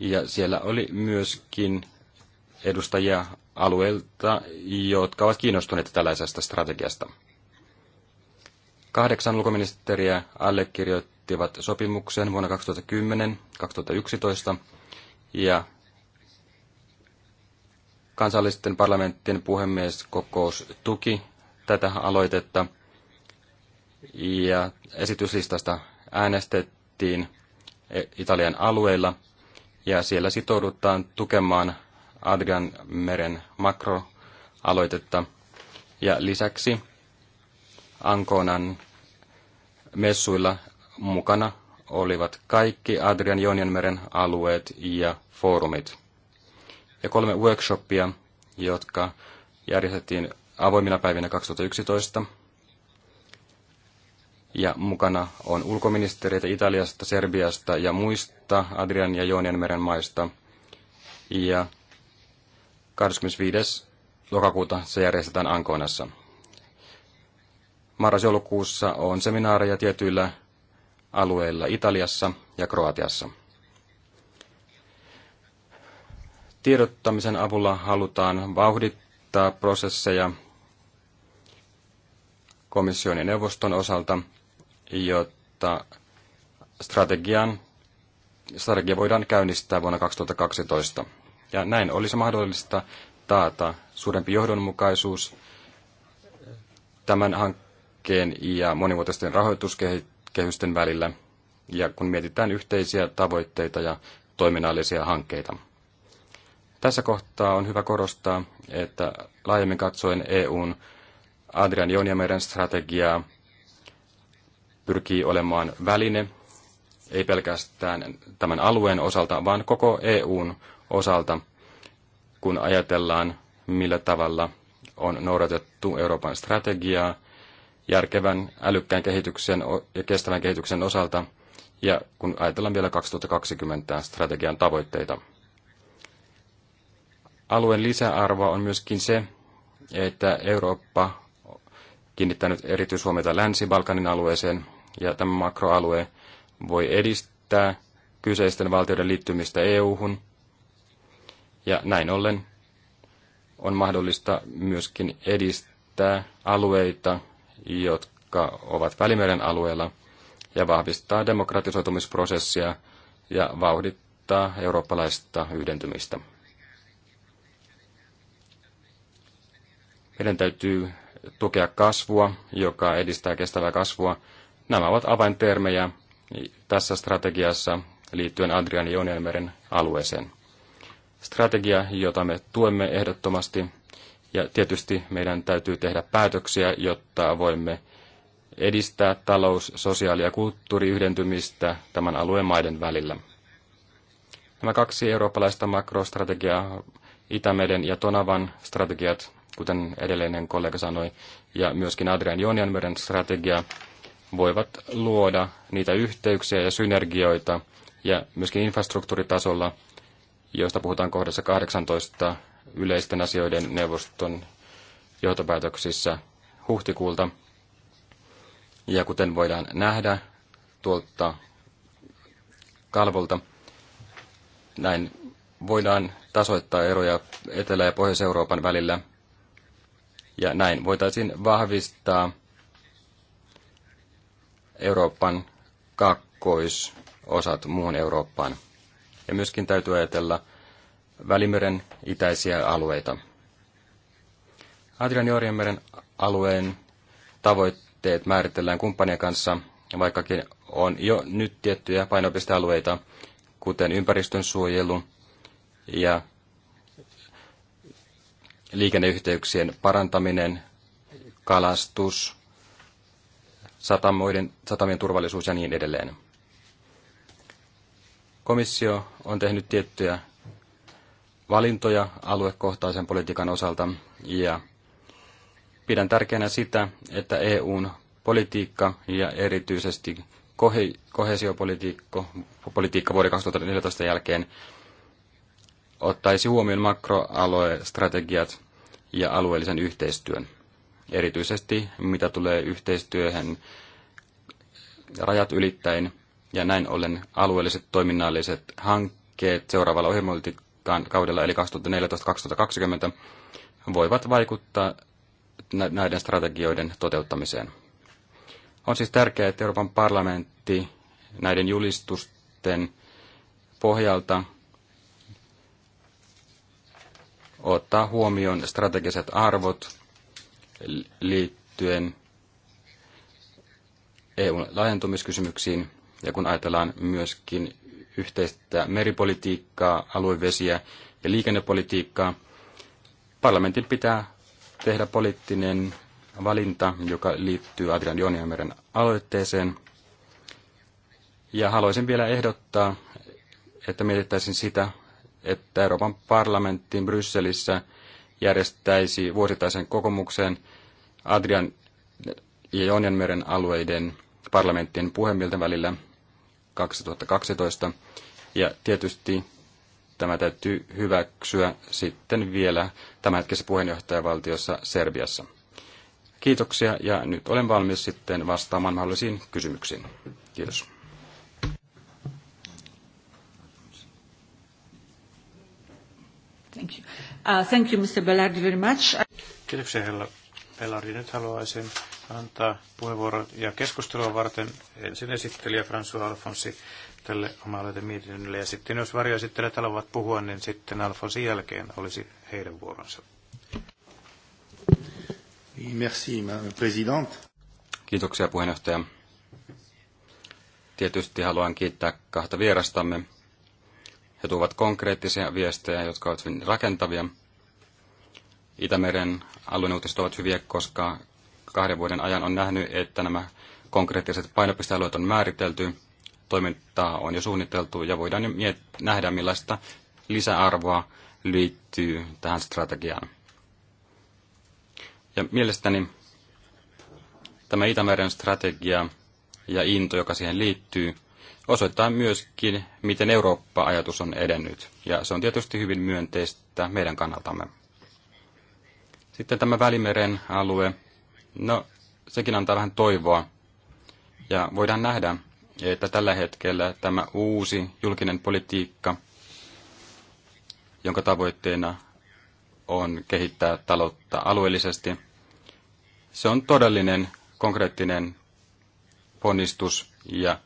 ja siellä oli myöskin edustajia alueelta, jotka ovat kiinnostuneita tällaisesta strategiasta. Kahdeksan ulkoministeriä allekirjoittivat sopimuksen vuonna 2010-2011 ja kansallisten parlamenttien puhemieskokous tuki tätä aloitetta ja esityslistasta äänestettiin Italian alueilla – ja siellä sitoudutaan tukemaan Adrian meren makroaloitetta ja lisäksi Ankonan messuilla mukana olivat kaikki Adrian Jonianmeren alueet ja foorumit. Ja kolme workshoppia, jotka järjestettiin avoimina päivinä 2011 ja mukana on ulkoministeriöitä Italiasta, Serbiasta ja muista Adrian ja Joonianmeren maista. Ja 25. lokakuuta se järjestetään Ankoonassa. Marras-joulukuussa on seminaareja tietyillä alueilla Italiassa ja Kroatiassa. Tiedottamisen avulla halutaan vauhdittaa prosesseja komission ja neuvoston osalta – jotta strategian, strategia voidaan käynnistää vuonna 2012. Ja näin olisi mahdollista taata suurempi johdonmukaisuus tämän hankkeen ja monivuotisten rahoituskehysten välillä, ja kun mietitään yhteisiä tavoitteita ja toiminnallisia hankkeita. Tässä kohtaa on hyvä korostaa, että laajemmin katsoen EUn Adrian Joniameren strategiaa pyrkii olemaan väline, ei pelkästään tämän alueen osalta, vaan koko EUn osalta, kun ajatellaan, millä tavalla on noudatettu Euroopan strategiaa järkevän, älykkään kehityksen ja kestävän kehityksen osalta, ja kun ajatellaan vielä 2020 strategian tavoitteita. Alueen lisäarvo on myöskin se, että Eurooppa kiinnittänyt erityishuomiota Länsi-Balkanin alueeseen, ja tämä makroalue voi edistää kyseisten valtioiden liittymistä EU-hun. Ja näin ollen on mahdollista myöskin edistää alueita, jotka ovat Välimeren alueella, ja vahvistaa demokratisoitumisprosessia ja vauhdittaa eurooppalaista yhdentymistä. Meidän täytyy tukea kasvua, joka edistää kestävää kasvua, Nämä ovat avaintermejä tässä strategiassa liittyen Adrian Jonelmeren alueeseen. Strategia, jota me tuemme ehdottomasti, ja tietysti meidän täytyy tehdä päätöksiä, jotta voimme edistää talous-, sosiaali- ja kulttuuriyhdentymistä tämän alueen maiden välillä. Nämä kaksi eurooppalaista makrostrategiaa, Itämeren ja Tonavan strategiat, kuten edellinen kollega sanoi, ja myöskin Adrian Jonianmeren strategia, voivat luoda niitä yhteyksiä ja synergioita ja myöskin infrastruktuuritasolla, joista puhutaan kohdassa 18 yleisten asioiden neuvoston johtopäätöksissä huhtikuulta. Ja kuten voidaan nähdä tuolta kalvolta, näin voidaan tasoittaa eroja Etelä- ja Pohjois-Euroopan välillä. Ja näin voitaisiin vahvistaa Euroopan kakkoisosat muuhun Eurooppaan. Ja myöskin täytyy ajatella Välimeren itäisiä alueita. Adrian alueen tavoitteet määritellään kumppanien kanssa, vaikkakin on jo nyt tiettyjä painopistealueita, kuten ympäristön suojelu ja liikenneyhteyksien parantaminen, kalastus, satamoiden, satamien turvallisuus ja niin edelleen. Komissio on tehnyt tiettyjä valintoja aluekohtaisen politiikan osalta ja pidän tärkeänä sitä, että EUn politiikka ja erityisesti kohesiopolitiikka vuoden 2014 jälkeen ottaisi huomioon makroaluestrategiat ja alueellisen yhteistyön erityisesti mitä tulee yhteistyöhön rajat ylittäin, ja näin ollen alueelliset toiminnalliset hankkeet seuraavalla ohjelmointikaudella eli 2014-2020 voivat vaikuttaa näiden strategioiden toteuttamiseen. On siis tärkeää, että Euroopan parlamentti näiden julistusten pohjalta ottaa huomioon strategiset arvot liittyen EUn laajentumiskysymyksiin ja kun ajatellaan myöskin yhteistä meripolitiikkaa, aluevesiä ja liikennepolitiikkaa, parlamentin pitää tehdä poliittinen valinta, joka liittyy Adrian Jooniameren aloitteeseen. Ja haluaisin vielä ehdottaa, että mietittäisin sitä, että Euroopan parlamenttiin Brysselissä – järjestäisi vuosittaisen kokoukseen Adrian ja Jonjanmeren alueiden parlamenttien puhemiltä välillä 2012. Ja tietysti tämä täytyy hyväksyä sitten vielä tämänhetkisessä puheenjohtajavaltiossa Serbiassa. Kiitoksia ja nyt olen valmis sitten vastaamaan mahdollisiin kysymyksiin. Kiitos. Thank you. Uh, thank you, Mr. Bellardi, very much. Kiitoksia, Hella Nyt haluaisin antaa puheenvuoron ja keskustelua varten ensin esittelijä François Alfonsi tälle oma mietinnölle. Ja sitten jos varjoesittelijät haluavat puhua, niin sitten Alfonsin jälkeen olisi heidän vuoronsa. Merci, president. Kiitoksia puheenjohtaja. Tietysti haluan kiittää kahta vierastamme. He tuovat konkreettisia viestejä, jotka ovat hyvin rakentavia. Itämeren alueen uutiset ovat hyviä, koska kahden vuoden ajan on nähnyt, että nämä konkreettiset painopistealueet on määritelty, toimintaa on jo suunniteltu ja voidaan jo miet- nähdä, millaista lisäarvoa liittyy tähän strategiaan. Ja mielestäni tämä Itämeren strategia ja into, joka siihen liittyy, osoittaa myöskin, miten Eurooppa-ajatus on edennyt. Ja se on tietysti hyvin myönteistä meidän kannaltamme. Sitten tämä Välimeren alue, no sekin antaa vähän toivoa. Ja voidaan nähdä, että tällä hetkellä tämä uusi julkinen politiikka, jonka tavoitteena on kehittää taloutta alueellisesti, se on todellinen konkreettinen ponnistus ja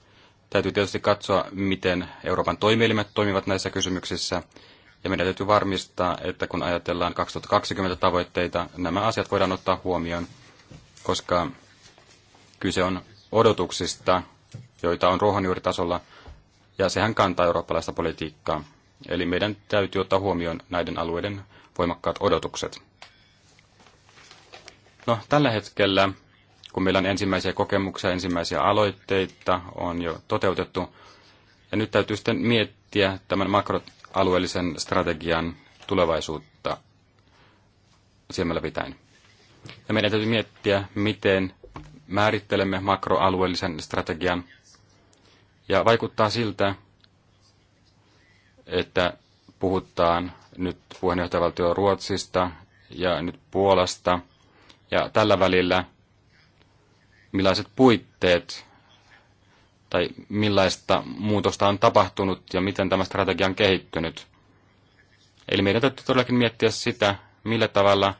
täytyy tietysti katsoa, miten Euroopan toimielimet toimivat näissä kysymyksissä ja meidän täytyy varmistaa, että kun ajatellaan 2020 tavoitteita, nämä asiat voidaan ottaa huomioon, koska kyse on odotuksista, joita on ruohonjuuritasolla, ja sehän kantaa eurooppalaista politiikkaa. Eli meidän täytyy ottaa huomioon näiden alueiden voimakkaat odotukset. No, tällä hetkellä, kun meillä on ensimmäisiä kokemuksia, ensimmäisiä aloitteita on jo toteutettu, ja nyt täytyy sitten miettiä tämän makro- alueellisen strategian tulevaisuutta silmällä pitäen. Ja meidän täytyy miettiä, miten määrittelemme makroalueellisen strategian. Ja vaikuttaa siltä, että puhutaan nyt puheenjohtajavaltio Ruotsista ja nyt Puolasta. Ja tällä välillä millaiset puitteet tai millaista muutosta on tapahtunut ja miten tämä strategia on kehittynyt. Eli meidän täytyy todellakin miettiä sitä, millä tavalla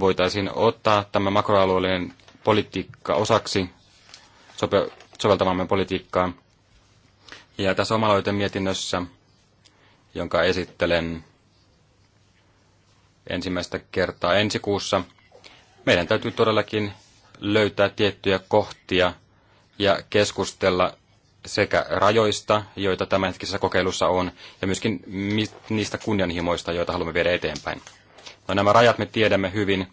voitaisiin ottaa tämä makroalueellinen politiikka osaksi sope- soveltamamme politiikkaa. Ja tässä omaloiten mietinnössä, jonka esittelen ensimmäistä kertaa ensi kuussa, meidän täytyy todellakin löytää tiettyjä kohtia – ja keskustella sekä rajoista, joita tämänhetkisessä kokeilussa on, ja myöskin niistä kunnianhimoista, joita haluamme viedä eteenpäin. No, nämä rajat me tiedämme hyvin,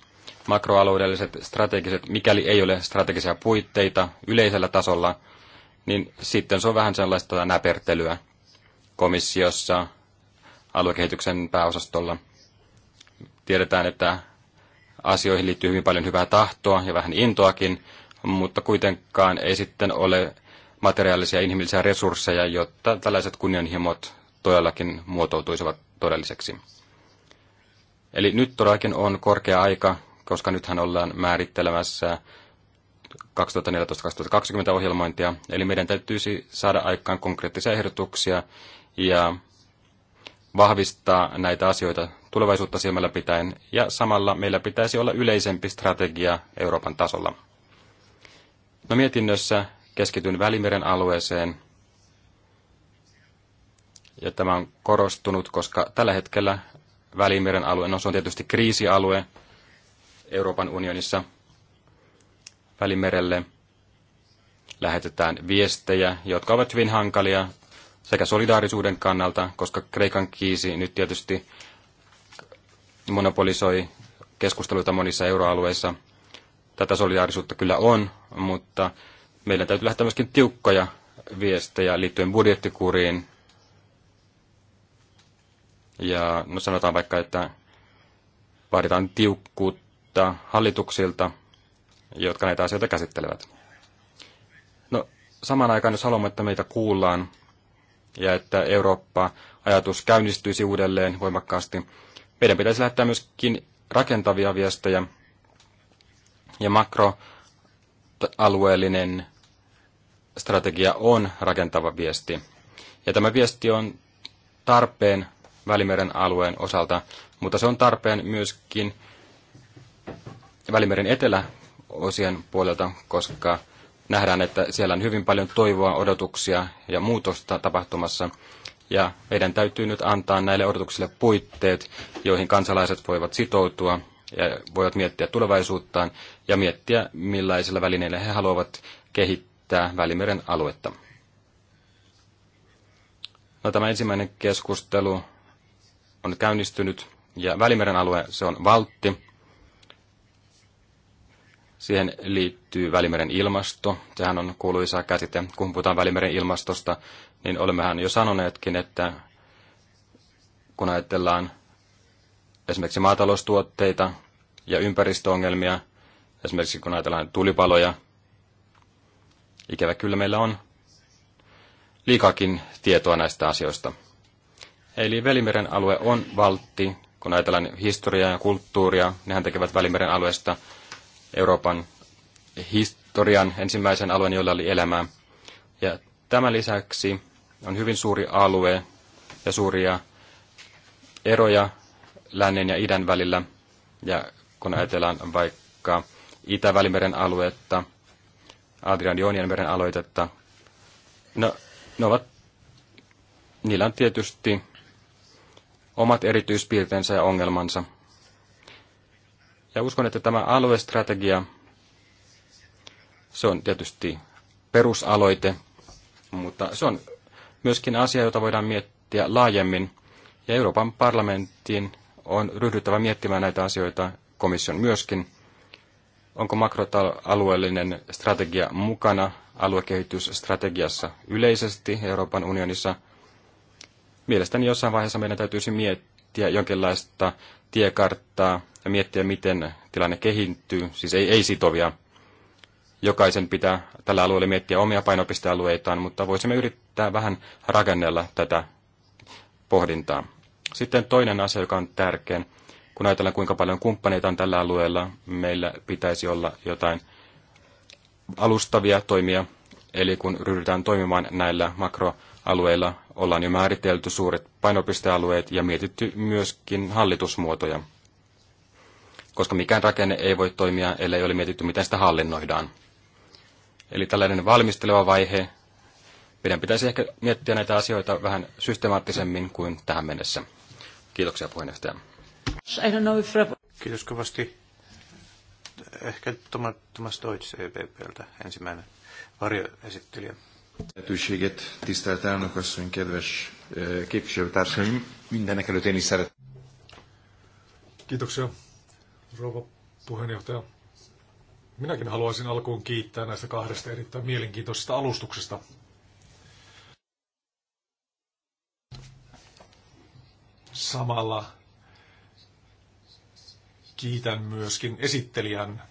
makroalueelliset strategiset, mikäli ei ole strategisia puitteita yleisellä tasolla, niin sitten se on vähän sellaista näpertelyä komissiossa, aluekehityksen pääosastolla. Tiedetään, että asioihin liittyy hyvin paljon hyvää tahtoa ja vähän intoakin, mutta kuitenkaan ei sitten ole materiaalisia ja inhimillisiä resursseja, jotta tällaiset kunnianhimot todellakin muotoutuisivat todelliseksi. Eli nyt todellakin on korkea aika, koska nythän ollaan määrittelemässä 2014-2020 ohjelmointia, eli meidän täytyisi saada aikaan konkreettisia ehdotuksia ja vahvistaa näitä asioita tulevaisuutta silmällä pitäen, ja samalla meillä pitäisi olla yleisempi strategia Euroopan tasolla. No mietinnössä keskityn Välimeren alueeseen. Ja tämä on korostunut, koska tällä hetkellä Välimeren alue, no se on tietysti kriisialue Euroopan unionissa. Välimerelle lähetetään viestejä, jotka ovat hyvin hankalia sekä solidaarisuuden kannalta, koska Kreikan kiisi nyt tietysti monopolisoi keskusteluita monissa euroalueissa, Tätä solidaarisuutta kyllä on, mutta meidän täytyy lähteä myöskin tiukkoja viestejä liittyen budjettikuriin. Ja no sanotaan vaikka, että vaaditaan tiukkuutta hallituksilta, jotka näitä asioita käsittelevät. No samaan aikaan, jos haluamme, että meitä kuullaan ja että Eurooppa-ajatus käynnistyisi uudelleen voimakkaasti, meidän pitäisi lähettää myöskin rakentavia viestejä ja makroalueellinen strategia on rakentava viesti. Ja tämä viesti on tarpeen Välimeren alueen osalta, mutta se on tarpeen myöskin Välimeren eteläosien puolelta, koska nähdään, että siellä on hyvin paljon toivoa, odotuksia ja muutosta tapahtumassa. Ja meidän täytyy nyt antaa näille odotuksille puitteet, joihin kansalaiset voivat sitoutua ja voivat miettiä tulevaisuuttaan ja miettiä, millaisilla välineillä he haluavat kehittää Välimeren aluetta. No, tämä ensimmäinen keskustelu on käynnistynyt ja Välimeren alue se on valtti. Siihen liittyy Välimeren ilmasto. Sehän on kuuluisa käsite. Kun puhutaan Välimeren ilmastosta, niin olemmehan jo sanoneetkin, että kun ajatellaan esimerkiksi maataloustuotteita ja ympäristöongelmia, esimerkiksi kun ajatellaan tulipaloja. Ikävä kyllä meillä on liikakin tietoa näistä asioista. Eli Välimeren alue on valtti, kun ajatellaan historiaa ja kulttuuria. Nehän tekevät Välimeren alueesta Euroopan historian ensimmäisen alueen, jolla oli elämää. Ja tämän lisäksi on hyvin suuri alue ja suuria eroja lännen ja idän välillä. Ja kun ajatellaan vaikka Itä-Välimeren aluetta, Adrian Joonian meren aloitetta, no, ne ovat, niillä on tietysti omat erityispiirteensä ja ongelmansa. Ja uskon, että tämä aluestrategia, se on tietysti perusaloite, mutta se on myöskin asia, jota voidaan miettiä laajemmin. Ja Euroopan parlamentin on ryhdyttävä miettimään näitä asioita, komission myöskin. Onko makroalueellinen strategia mukana aluekehitysstrategiassa yleisesti Euroopan unionissa? Mielestäni jossain vaiheessa meidän täytyisi miettiä jonkinlaista tiekarttaa ja miettiä, miten tilanne kehittyy, siis ei, ei sitovia. Jokaisen pitää tällä alueella miettiä omia painopistealueitaan, mutta voisimme yrittää vähän rakennella tätä pohdintaa. Sitten toinen asia, joka on tärkeä, kun ajatellaan kuinka paljon kumppaneita on tällä alueella, meillä pitäisi olla jotain alustavia toimia, eli kun ryhdytään toimimaan näillä makroalueilla, ollaan jo määritelty suuret painopistealueet ja mietitty myöskin hallitusmuotoja, koska mikään rakenne ei voi toimia, ellei ole mietitty, miten sitä hallinnoidaan. Eli tällainen valmisteleva vaihe, meidän pitäisi ehkä miettiä näitä asioita vähän systemaattisemmin kuin tähän mennessä. Kiitoksia puheenjohtaja. Kiitos kovasti. Ehkä Thomas Deutsch EPPltä ensimmäinen varjoesittelijä. Lehetőséget, tisztelt elnök kedves képviselőtársaim, Minne előtt én Kiitoksia, rouva puheenjohtaja. Minäkin haluaisin alkuun kiittää näistä kahdesta erittäin mielenkiintoisesta alustuksesta. Samalla kiitän myöskin esittelijän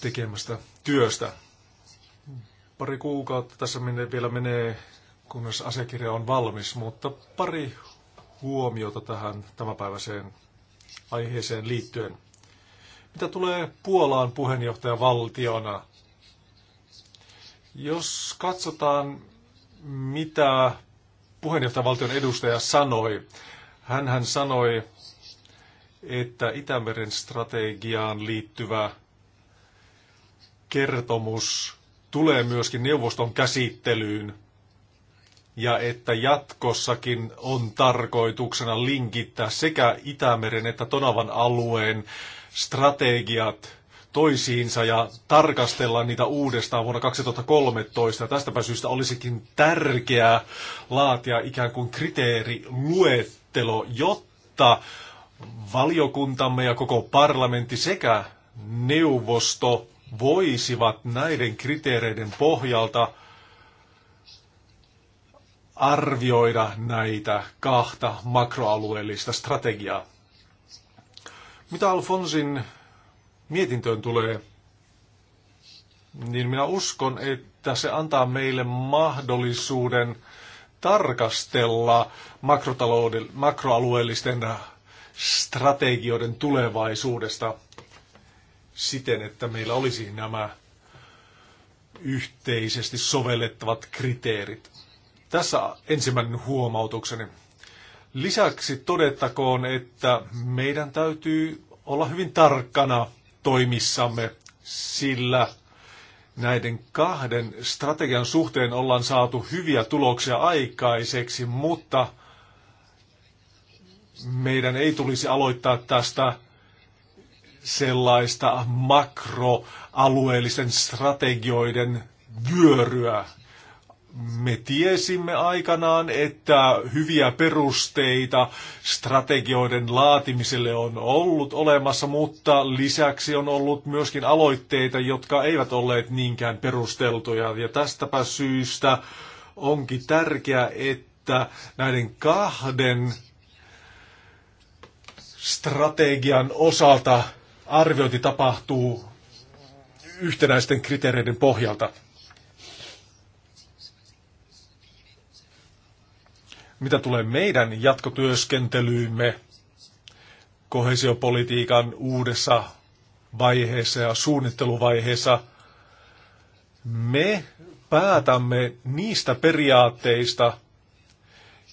tekemästä työstä. Pari kuukautta tässä menee, vielä menee, kunnes asiakirja on valmis, mutta pari huomiota tähän tämänpäiväiseen aiheeseen liittyen. Mitä tulee Puolaan puheenjohtajavaltiona? Jos katsotaan, mitä puheenjohtajavaltion edustaja sanoi. hän sanoi, että Itämeren strategiaan liittyvä kertomus tulee myöskin neuvoston käsittelyyn ja että jatkossakin on tarkoituksena linkittää sekä Itämeren että Tonavan alueen strategiat toisiinsa ja tarkastella niitä uudestaan vuonna 2013. Tästäpä syystä olisikin tärkeää laatia ikään kuin kriteeriluettelo, jotta valiokuntamme ja koko parlamentti sekä neuvosto voisivat näiden kriteereiden pohjalta arvioida näitä kahta makroalueellista strategiaa. Mitä Alfonsin mietintöön tulee, niin minä uskon, että se antaa meille mahdollisuuden tarkastella makroalueellisten strategioiden tulevaisuudesta siten, että meillä olisi nämä yhteisesti sovellettavat kriteerit. Tässä ensimmäinen huomautukseni. Lisäksi todettakoon, että meidän täytyy olla hyvin tarkkana toimissamme, sillä näiden kahden strategian suhteen ollaan saatu hyviä tuloksia aikaiseksi, mutta meidän ei tulisi aloittaa tästä sellaista makroalueellisen strategioiden vyöryä. Me tiesimme aikanaan, että hyviä perusteita strategioiden laatimiselle on ollut olemassa, mutta lisäksi on ollut myöskin aloitteita, jotka eivät olleet niinkään perusteltuja. Ja tästäpä syystä onkin tärkeää, että näiden kahden strategian osalta arviointi tapahtuu yhtenäisten kriteereiden pohjalta. Mitä tulee meidän jatkotyöskentelyymme kohesiopolitiikan uudessa vaiheessa ja suunnitteluvaiheessa, me päätämme niistä periaatteista,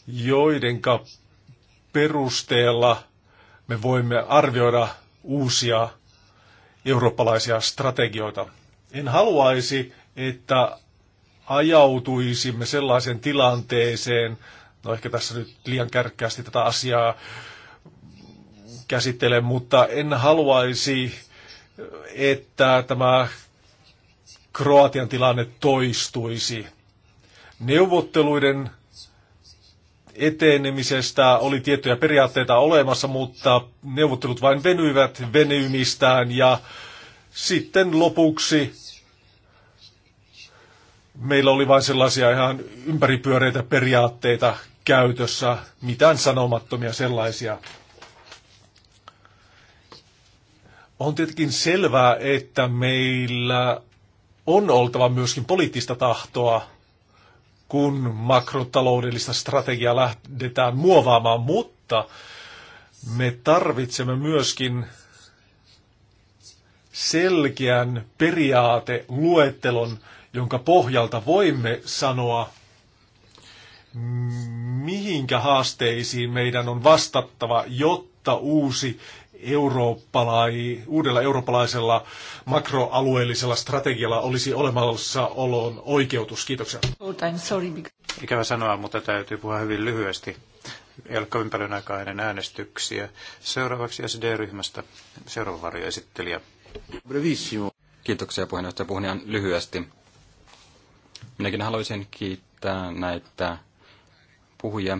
joidenka perusteella me voimme arvioida uusia eurooppalaisia strategioita. En haluaisi, että ajautuisimme sellaisen tilanteeseen, No ehkä tässä nyt liian kärkkäästi tätä asiaa käsittelen, mutta en haluaisi, että tämä Kroatian tilanne toistuisi. Neuvotteluiden etenemisestä oli tiettyjä periaatteita olemassa, mutta neuvottelut vain venyivät venymistään ja sitten lopuksi meillä oli vain sellaisia ihan ympäripyöreitä periaatteita, käytössä mitään sanomattomia sellaisia. On tietenkin selvää, että meillä on oltava myöskin poliittista tahtoa, kun makrotaloudellista strategiaa lähdetään muovaamaan, mutta me tarvitsemme myöskin selkeän periaateluettelon, jonka pohjalta voimme sanoa, mihinkä haasteisiin meidän on vastattava, jotta uusi eurooppalai, uudella eurooppalaisella makroalueellisella strategialla olisi olemassa olon oikeutus. Kiitoksia. Ikävä sanoa, mutta täytyy puhua hyvin lyhyesti. Ei ole kovin paljon aikaa ennen äänestyksiä. Seuraavaksi SD-ryhmästä seuraava varjoesittelijä. Brevissimo. Kiitoksia puheenjohtaja. Puhun ihan lyhyesti. Minäkin haluaisin kiittää näitä puhuja.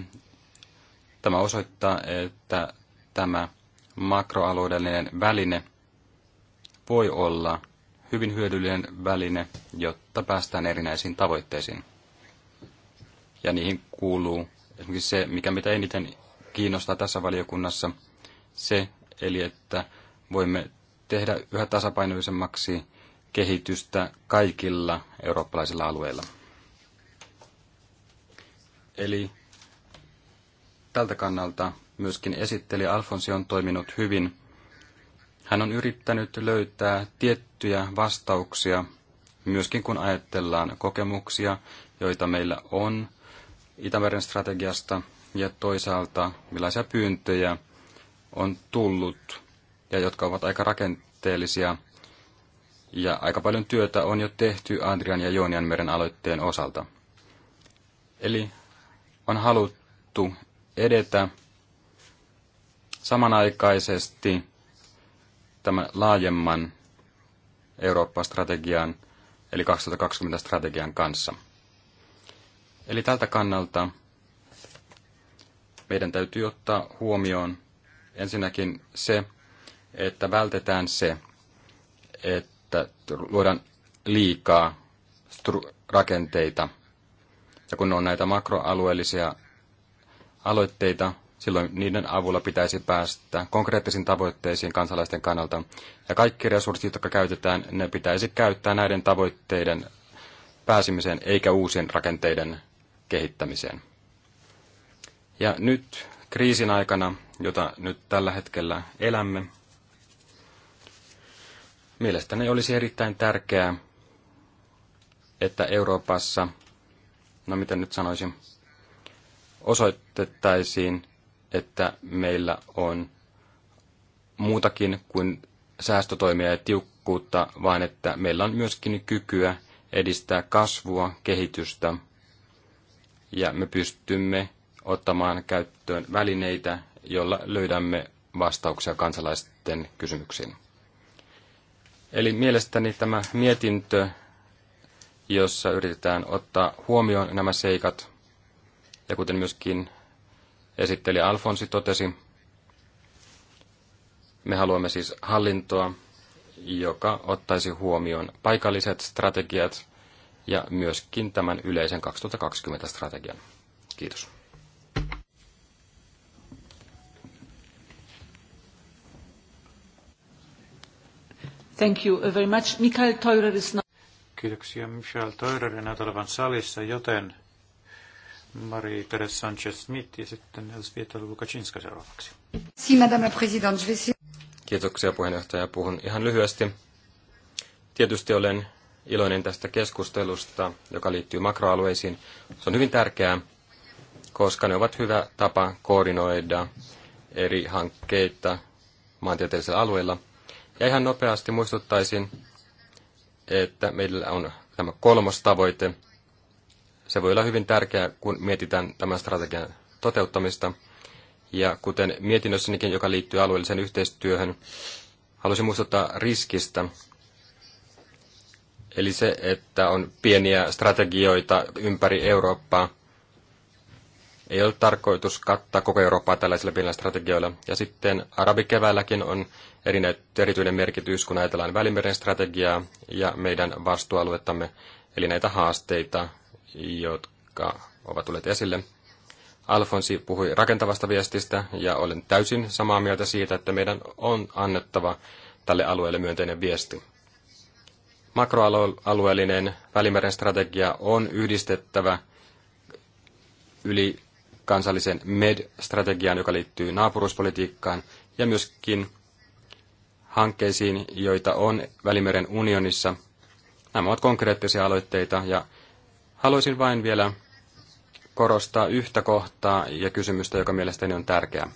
Tämä osoittaa, että tämä makroalueellinen väline voi olla hyvin hyödyllinen väline, jotta päästään erinäisiin tavoitteisiin. Ja niihin kuuluu esimerkiksi se, mikä mitä eniten kiinnostaa tässä valiokunnassa, se, eli että voimme tehdä yhä tasapainoisemmaksi kehitystä kaikilla eurooppalaisilla alueilla. Eli tältä kannalta myöskin esitteli Alfonsi on toiminut hyvin. Hän on yrittänyt löytää tiettyjä vastauksia, myöskin kun ajatellaan kokemuksia, joita meillä on Itämeren strategiasta ja toisaalta millaisia pyyntöjä on tullut ja jotka ovat aika rakenteellisia. Ja aika paljon työtä on jo tehty Adrian ja Joonian meren aloitteen osalta. Eli on haluttu edetä samanaikaisesti tämän laajemman Eurooppa-strategian eli 2020-strategian kanssa. Eli tältä kannalta meidän täytyy ottaa huomioon ensinnäkin se, että vältetään se, että luodaan liikaa rakenteita. Ja kun on näitä makroalueellisia aloitteita, silloin niiden avulla pitäisi päästä konkreettisiin tavoitteisiin kansalaisten kannalta. Ja kaikki resurssit, jotka käytetään, ne pitäisi käyttää näiden tavoitteiden pääsemiseen eikä uusien rakenteiden kehittämiseen. Ja nyt kriisin aikana, jota nyt tällä hetkellä elämme, mielestäni olisi erittäin tärkeää, että Euroopassa, no miten nyt sanoisin, osoitettaisiin, että meillä on muutakin kuin säästötoimia ja tiukkuutta, vaan että meillä on myöskin kykyä edistää kasvua, kehitystä ja me pystymme ottamaan käyttöön välineitä, joilla löydämme vastauksia kansalaisten kysymyksiin. Eli mielestäni tämä mietintö, jossa yritetään ottaa huomioon nämä seikat, ja kuten myöskin esitteli Alfonsi totesi, me haluamme siis hallintoa, joka ottaisi huomioon paikalliset strategiat ja myöskin tämän yleisen 2020-strategian. Kiitos. Thank you very much. Mikael Teurer is not... Kiitoksia. Michael Teurer ei näytä olevan salissa, joten Mari Teres Sanchez-Smith ja sitten Elzbieta lukacinska seuraavaksi. Si, madame la présidente. Kiitoksia puheenjohtaja. Puhun ihan lyhyesti. Tietysti olen iloinen tästä keskustelusta, joka liittyy makroalueisiin. Se on hyvin tärkeää, koska ne ovat hyvä tapa koordinoida eri hankkeita maantieteellisellä alueella. Ja ihan nopeasti muistuttaisin, että meillä on tämä kolmos tavoite – se voi olla hyvin tärkeää, kun mietitään tämän strategian toteuttamista. Ja kuten mietinnössänikin, joka liittyy alueelliseen yhteistyöhön, haluaisin muistuttaa riskistä. Eli se, että on pieniä strategioita ympäri Eurooppaa. Ei ole tarkoitus kattaa koko Eurooppaa tällaisilla pienillä strategioilla. Ja sitten arabikeväälläkin on erityinen merkitys, kun ajatellaan Välimeren strategiaa ja meidän vastuualuettamme, eli näitä haasteita, jotka ovat tulleet esille. Alfonsi puhui rakentavasta viestistä ja olen täysin samaa mieltä siitä, että meidän on annettava tälle alueelle myönteinen viesti. Makroalueellinen välimeren strategia on yhdistettävä yli kansallisen MED-strategiaan, joka liittyy naapuruspolitiikkaan, ja myöskin hankkeisiin, joita on Välimeren unionissa. Nämä ovat konkreettisia aloitteita ja Haluaisin vain vielä korostaa yhtä kohtaa ja kysymystä, joka mielestäni on tärkeä.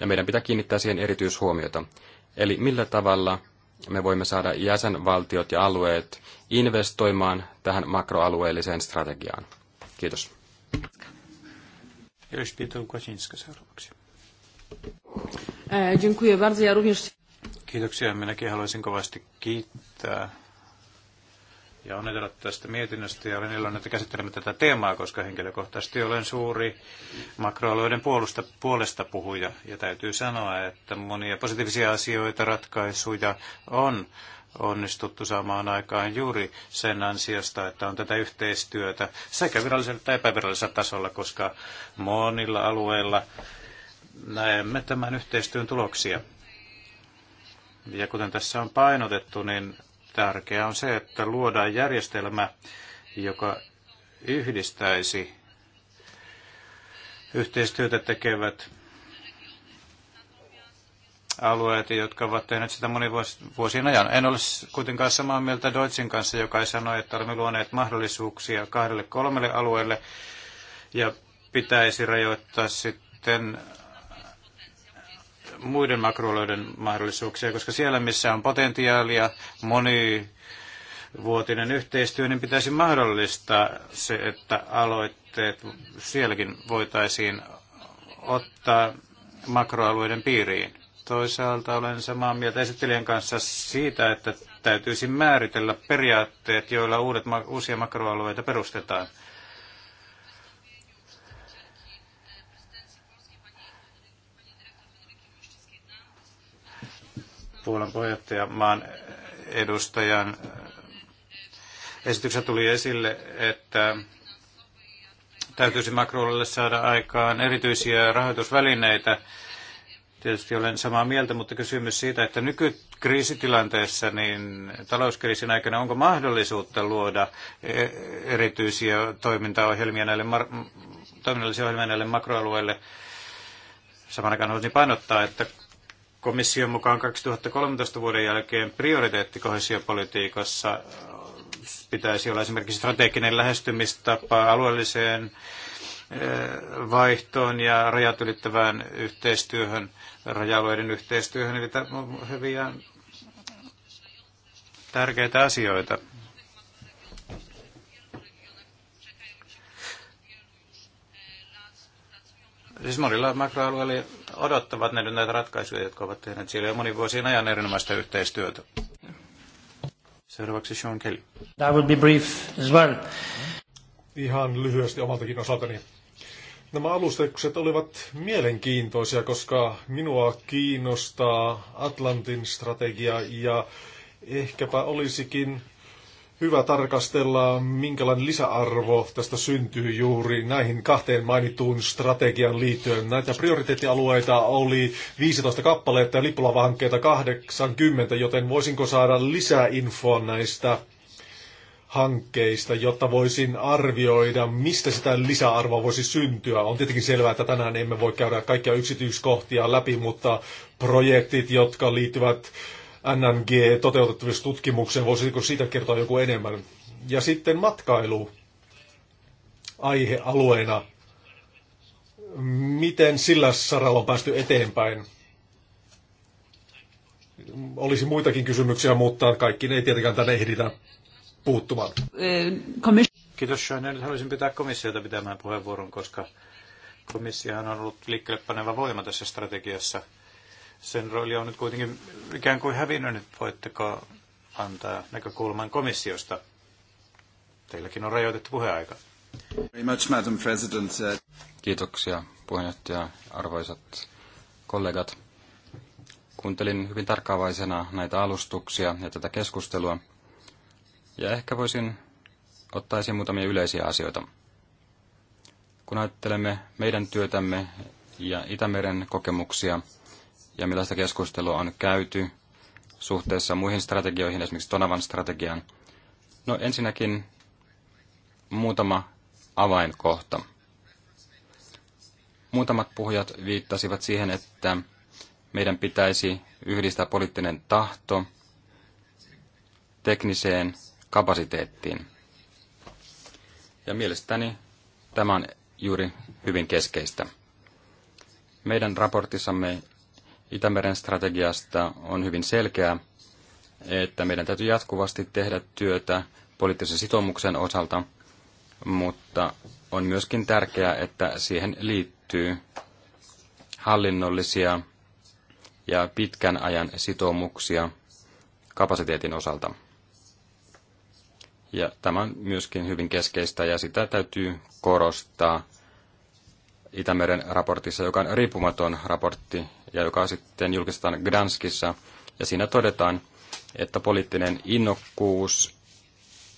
Ja meidän pitää kiinnittää siihen erityishuomiota. Eli millä tavalla me voimme saada jäsenvaltiot ja alueet investoimaan tähän makroalueelliseen strategiaan. Kiitos. Kiitoksia. Minäkin haluaisin kovasti kiittää ja onnitella tästä mietinnöstä ja olen iloinen, että käsittelemme tätä teemaa, koska henkilökohtaisesti olen suuri makroalueiden puolusta, puolesta puhuja ja täytyy sanoa, että monia positiivisia asioita, ratkaisuja on onnistuttu saamaan aikaan juuri sen ansiosta, että on tätä yhteistyötä sekä virallisella että epävirallisella tasolla, koska monilla alueilla näemme tämän yhteistyön tuloksia. Ja kuten tässä on painotettu, niin Tärkeää on se, että luodaan järjestelmä, joka yhdistäisi yhteistyötä tekevät alueet, jotka ovat tehneet sitä vuosien ajan. En ole kuitenkaan samaa mieltä Deutschin kanssa, joka sanoi, että olemme luoneet mahdollisuuksia kahdelle kolmelle alueelle ja pitäisi rajoittaa sitten muiden makroalueiden mahdollisuuksia, koska siellä missä on potentiaalia, moni vuotinen yhteistyö, niin pitäisi mahdollistaa se, että aloitteet sielläkin voitaisiin ottaa makroalueiden piiriin. Toisaalta olen samaa mieltä esittelijän kanssa siitä, että täytyisi määritellä periaatteet, joilla uudet, uusia makroalueita perustetaan – Puolan maan edustajan äh, esityksessä tuli esille, että täytyisi Macronille saada aikaan erityisiä rahoitusvälineitä. Tietysti olen samaa mieltä, mutta kysymys siitä, että nykykriisitilanteessa, niin talouskriisin aikana, onko mahdollisuutta luoda e- erityisiä toimintaohjelmia näille, toiminnallisia ohjelmia näille makroalueille? Saman aikaan haluaisin painottaa, että Komission mukaan 2013 vuoden jälkeen prioriteetti kohesiopolitiikassa äh, pitäisi olla esimerkiksi strateginen lähestymistapa alueelliseen äh, vaihtoon ja rajat ylittävään yhteistyöhön, raja-alueiden yhteistyöhön, eli hyviä tärkeitä asioita. Siis monilla makroalueilla odottavat näitä, näitä ratkaisuja, jotka ovat tehneet siellä jo monin vuosien ajan erinomaista yhteistyötä. Seuraavaksi Sean Kelly. That would be brief as well. Ihan lyhyesti omaltakin osaltani. Nämä alustekset olivat mielenkiintoisia, koska minua kiinnostaa Atlantin strategia ja ehkäpä olisikin hyvä tarkastella, minkälainen lisäarvo tästä syntyy juuri näihin kahteen mainittuun strategian liittyen. Näitä prioriteettialueita oli 15 kappaletta ja lippulavahankkeita 80, joten voisinko saada lisää infoa näistä hankkeista, jotta voisin arvioida, mistä sitä lisäarvoa voisi syntyä. On tietenkin selvää, että tänään emme voi käydä kaikkia yksityiskohtia läpi, mutta projektit, jotka liittyvät nng tutkimuksen, Voisiko siitä kertoa joku enemmän? Ja sitten matkailu aihealueena. Miten sillä saralla on päästy eteenpäin? Olisi muitakin kysymyksiä, mutta ne ei tietenkään tänne ehditä puuttumaan. Kiitos Sean. Nyt haluaisin pitää komissiota pitämään puheenvuoron, koska komissiohan on ollut liikkeelle paneva voima tässä strategiassa – sen rooli on nyt kuitenkin ikään kuin hävinnyt. Voitteko antaa näkökulman komissiosta? Teilläkin on rajoitettu puheaika. Very much, Madam President. Kiitoksia puheenjohtaja, arvoisat kollegat. Kuuntelin hyvin tarkkaavaisena näitä alustuksia ja tätä keskustelua. Ja ehkä voisin ottaa esiin muutamia yleisiä asioita. Kun ajattelemme meidän työtämme ja Itämeren kokemuksia, ja millaista keskustelua on käyty suhteessa muihin strategioihin, esimerkiksi Tonavan strategiaan? No ensinnäkin muutama avainkohta. Muutamat puhujat viittasivat siihen, että meidän pitäisi yhdistää poliittinen tahto tekniseen kapasiteettiin. Ja mielestäni tämä on juuri hyvin keskeistä. Meidän raportissamme Itämeren strategiasta on hyvin selkeää, että meidän täytyy jatkuvasti tehdä työtä poliittisen sitoumuksen osalta, mutta on myöskin tärkeää, että siihen liittyy hallinnollisia ja pitkän ajan sitoumuksia kapasiteetin osalta. Ja tämä on myöskin hyvin keskeistä ja sitä täytyy korostaa Itämeren raportissa, joka on riippumaton raportti ja joka sitten julkistetaan Gdanskissa. Ja siinä todetaan, että poliittinen innokkuus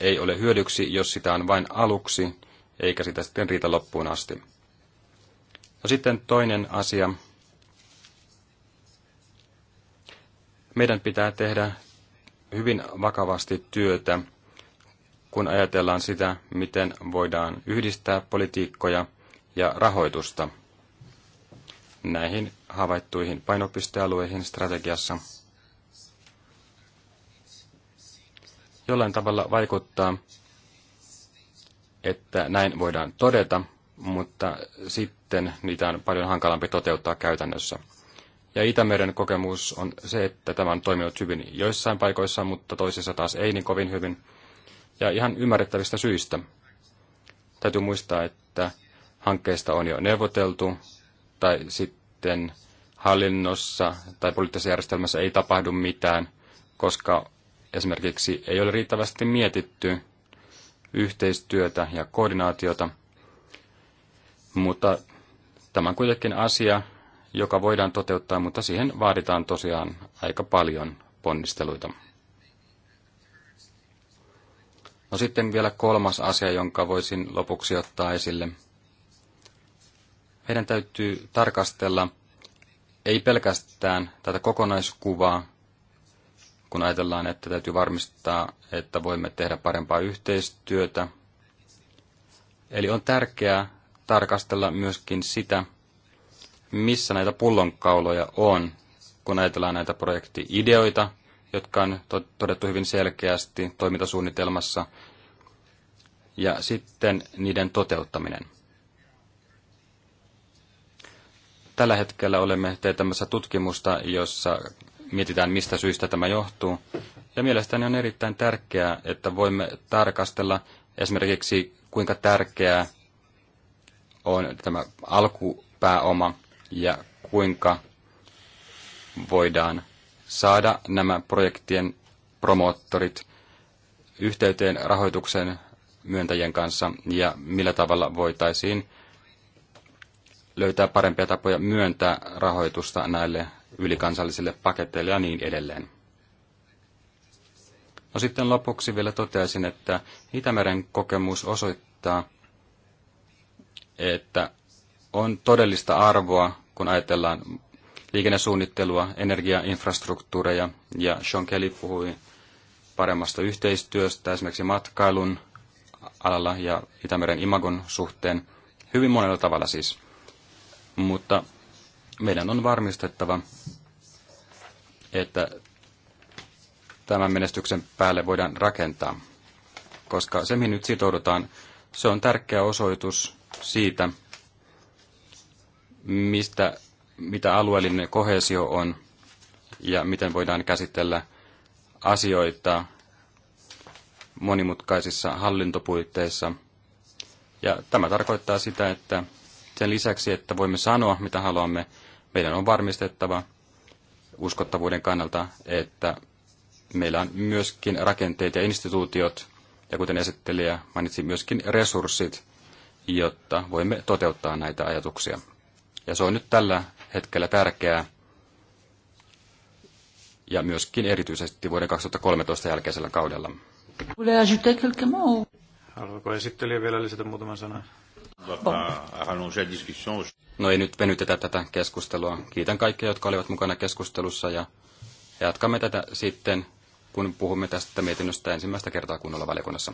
ei ole hyödyksi, jos sitä on vain aluksi, eikä sitä sitten riitä loppuun asti. No sitten toinen asia. Meidän pitää tehdä hyvin vakavasti työtä, kun ajatellaan sitä, miten voidaan yhdistää politiikkoja – ja rahoitusta näihin havaittuihin painopistealueihin strategiassa. Jollain tavalla vaikuttaa, että näin voidaan todeta, mutta sitten niitä on paljon hankalampi toteuttaa käytännössä. Ja Itämeren kokemus on se, että tämä on toiminut hyvin joissain paikoissa, mutta toisissa taas ei niin kovin hyvin. Ja ihan ymmärrettävistä syistä. Täytyy muistaa, että hankkeista on jo neuvoteltu, tai sitten hallinnossa tai poliittisessa järjestelmässä ei tapahdu mitään, koska esimerkiksi ei ole riittävästi mietitty yhteistyötä ja koordinaatiota. Mutta tämä on kuitenkin asia, joka voidaan toteuttaa, mutta siihen vaaditaan tosiaan aika paljon ponnisteluita. No sitten vielä kolmas asia, jonka voisin lopuksi ottaa esille – meidän täytyy tarkastella ei pelkästään tätä kokonaiskuvaa, kun ajatellaan, että täytyy varmistaa, että voimme tehdä parempaa yhteistyötä. Eli on tärkeää tarkastella myöskin sitä, missä näitä pullonkauloja on, kun ajatellaan näitä projektiideoita, jotka on todettu hyvin selkeästi toimintasuunnitelmassa, ja sitten niiden toteuttaminen. Tällä hetkellä olemme teettämässä tutkimusta, jossa mietitään, mistä syistä tämä johtuu. Ja mielestäni on erittäin tärkeää, että voimme tarkastella esimerkiksi, kuinka tärkeää on tämä alkupääoma ja kuinka voidaan saada nämä projektien promoottorit yhteyteen rahoituksen myöntäjien kanssa ja millä tavalla voitaisiin löytää parempia tapoja myöntää rahoitusta näille ylikansallisille paketeille ja niin edelleen. No sitten lopuksi vielä toteaisin, että Itämeren kokemus osoittaa, että on todellista arvoa, kun ajatellaan liikennesuunnittelua, energiainfrastruktuureja, ja Sean Kelly puhui paremmasta yhteistyöstä esimerkiksi matkailun alalla ja Itämeren imagon suhteen hyvin monella tavalla siis. Mutta meidän on varmistettava, että tämän menestyksen päälle voidaan rakentaa. Koska se, mihin nyt sitoudutaan, se on tärkeä osoitus siitä, mistä, mitä alueellinen kohesio on ja miten voidaan käsitellä asioita monimutkaisissa hallintopuitteissa. Ja tämä tarkoittaa sitä, että sen lisäksi, että voimme sanoa, mitä haluamme, meidän on varmistettava uskottavuuden kannalta, että meillä on myöskin rakenteet ja instituutiot, ja kuten esittelijä mainitsi, myöskin resurssit, jotta voimme toteuttaa näitä ajatuksia. Ja se on nyt tällä hetkellä tärkeää, ja myöskin erityisesti vuoden 2013 jälkeisellä kaudella. Haluatko esittelijä vielä lisätä muutaman sanan? No ei nyt venytetä tätä keskustelua. Kiitän kaikkia, jotka olivat mukana keskustelussa ja jatkamme tätä sitten, kun puhumme tästä mietinnöstä ensimmäistä kertaa kunnolla valiokunnassa.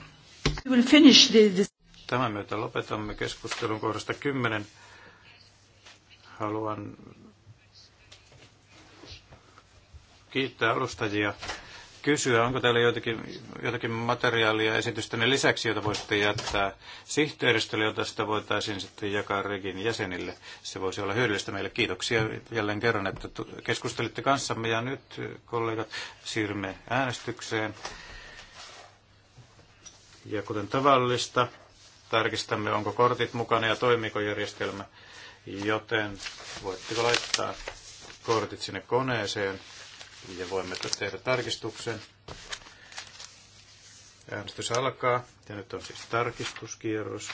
Tämän myötä lopetamme keskustelun kohdasta 10. Haluan kiittää alustajia kysyä, onko teillä joitakin, jotakin materiaalia ne lisäksi, joita voisitte jättää sihteeristölle, jota sitä voitaisiin sitten jakaa Regin jäsenille. Se voisi olla hyödyllistä meille. Kiitoksia jälleen kerran, että keskustelitte kanssamme ja nyt kollegat siirrymme äänestykseen. Ja kuten tavallista, tarkistamme, onko kortit mukana ja toimiko järjestelmä, joten voitteko laittaa kortit sinne koneeseen ja voimme tehdä tarkistuksen. Äänestys alkaa ja nyt on siis tarkistuskierros.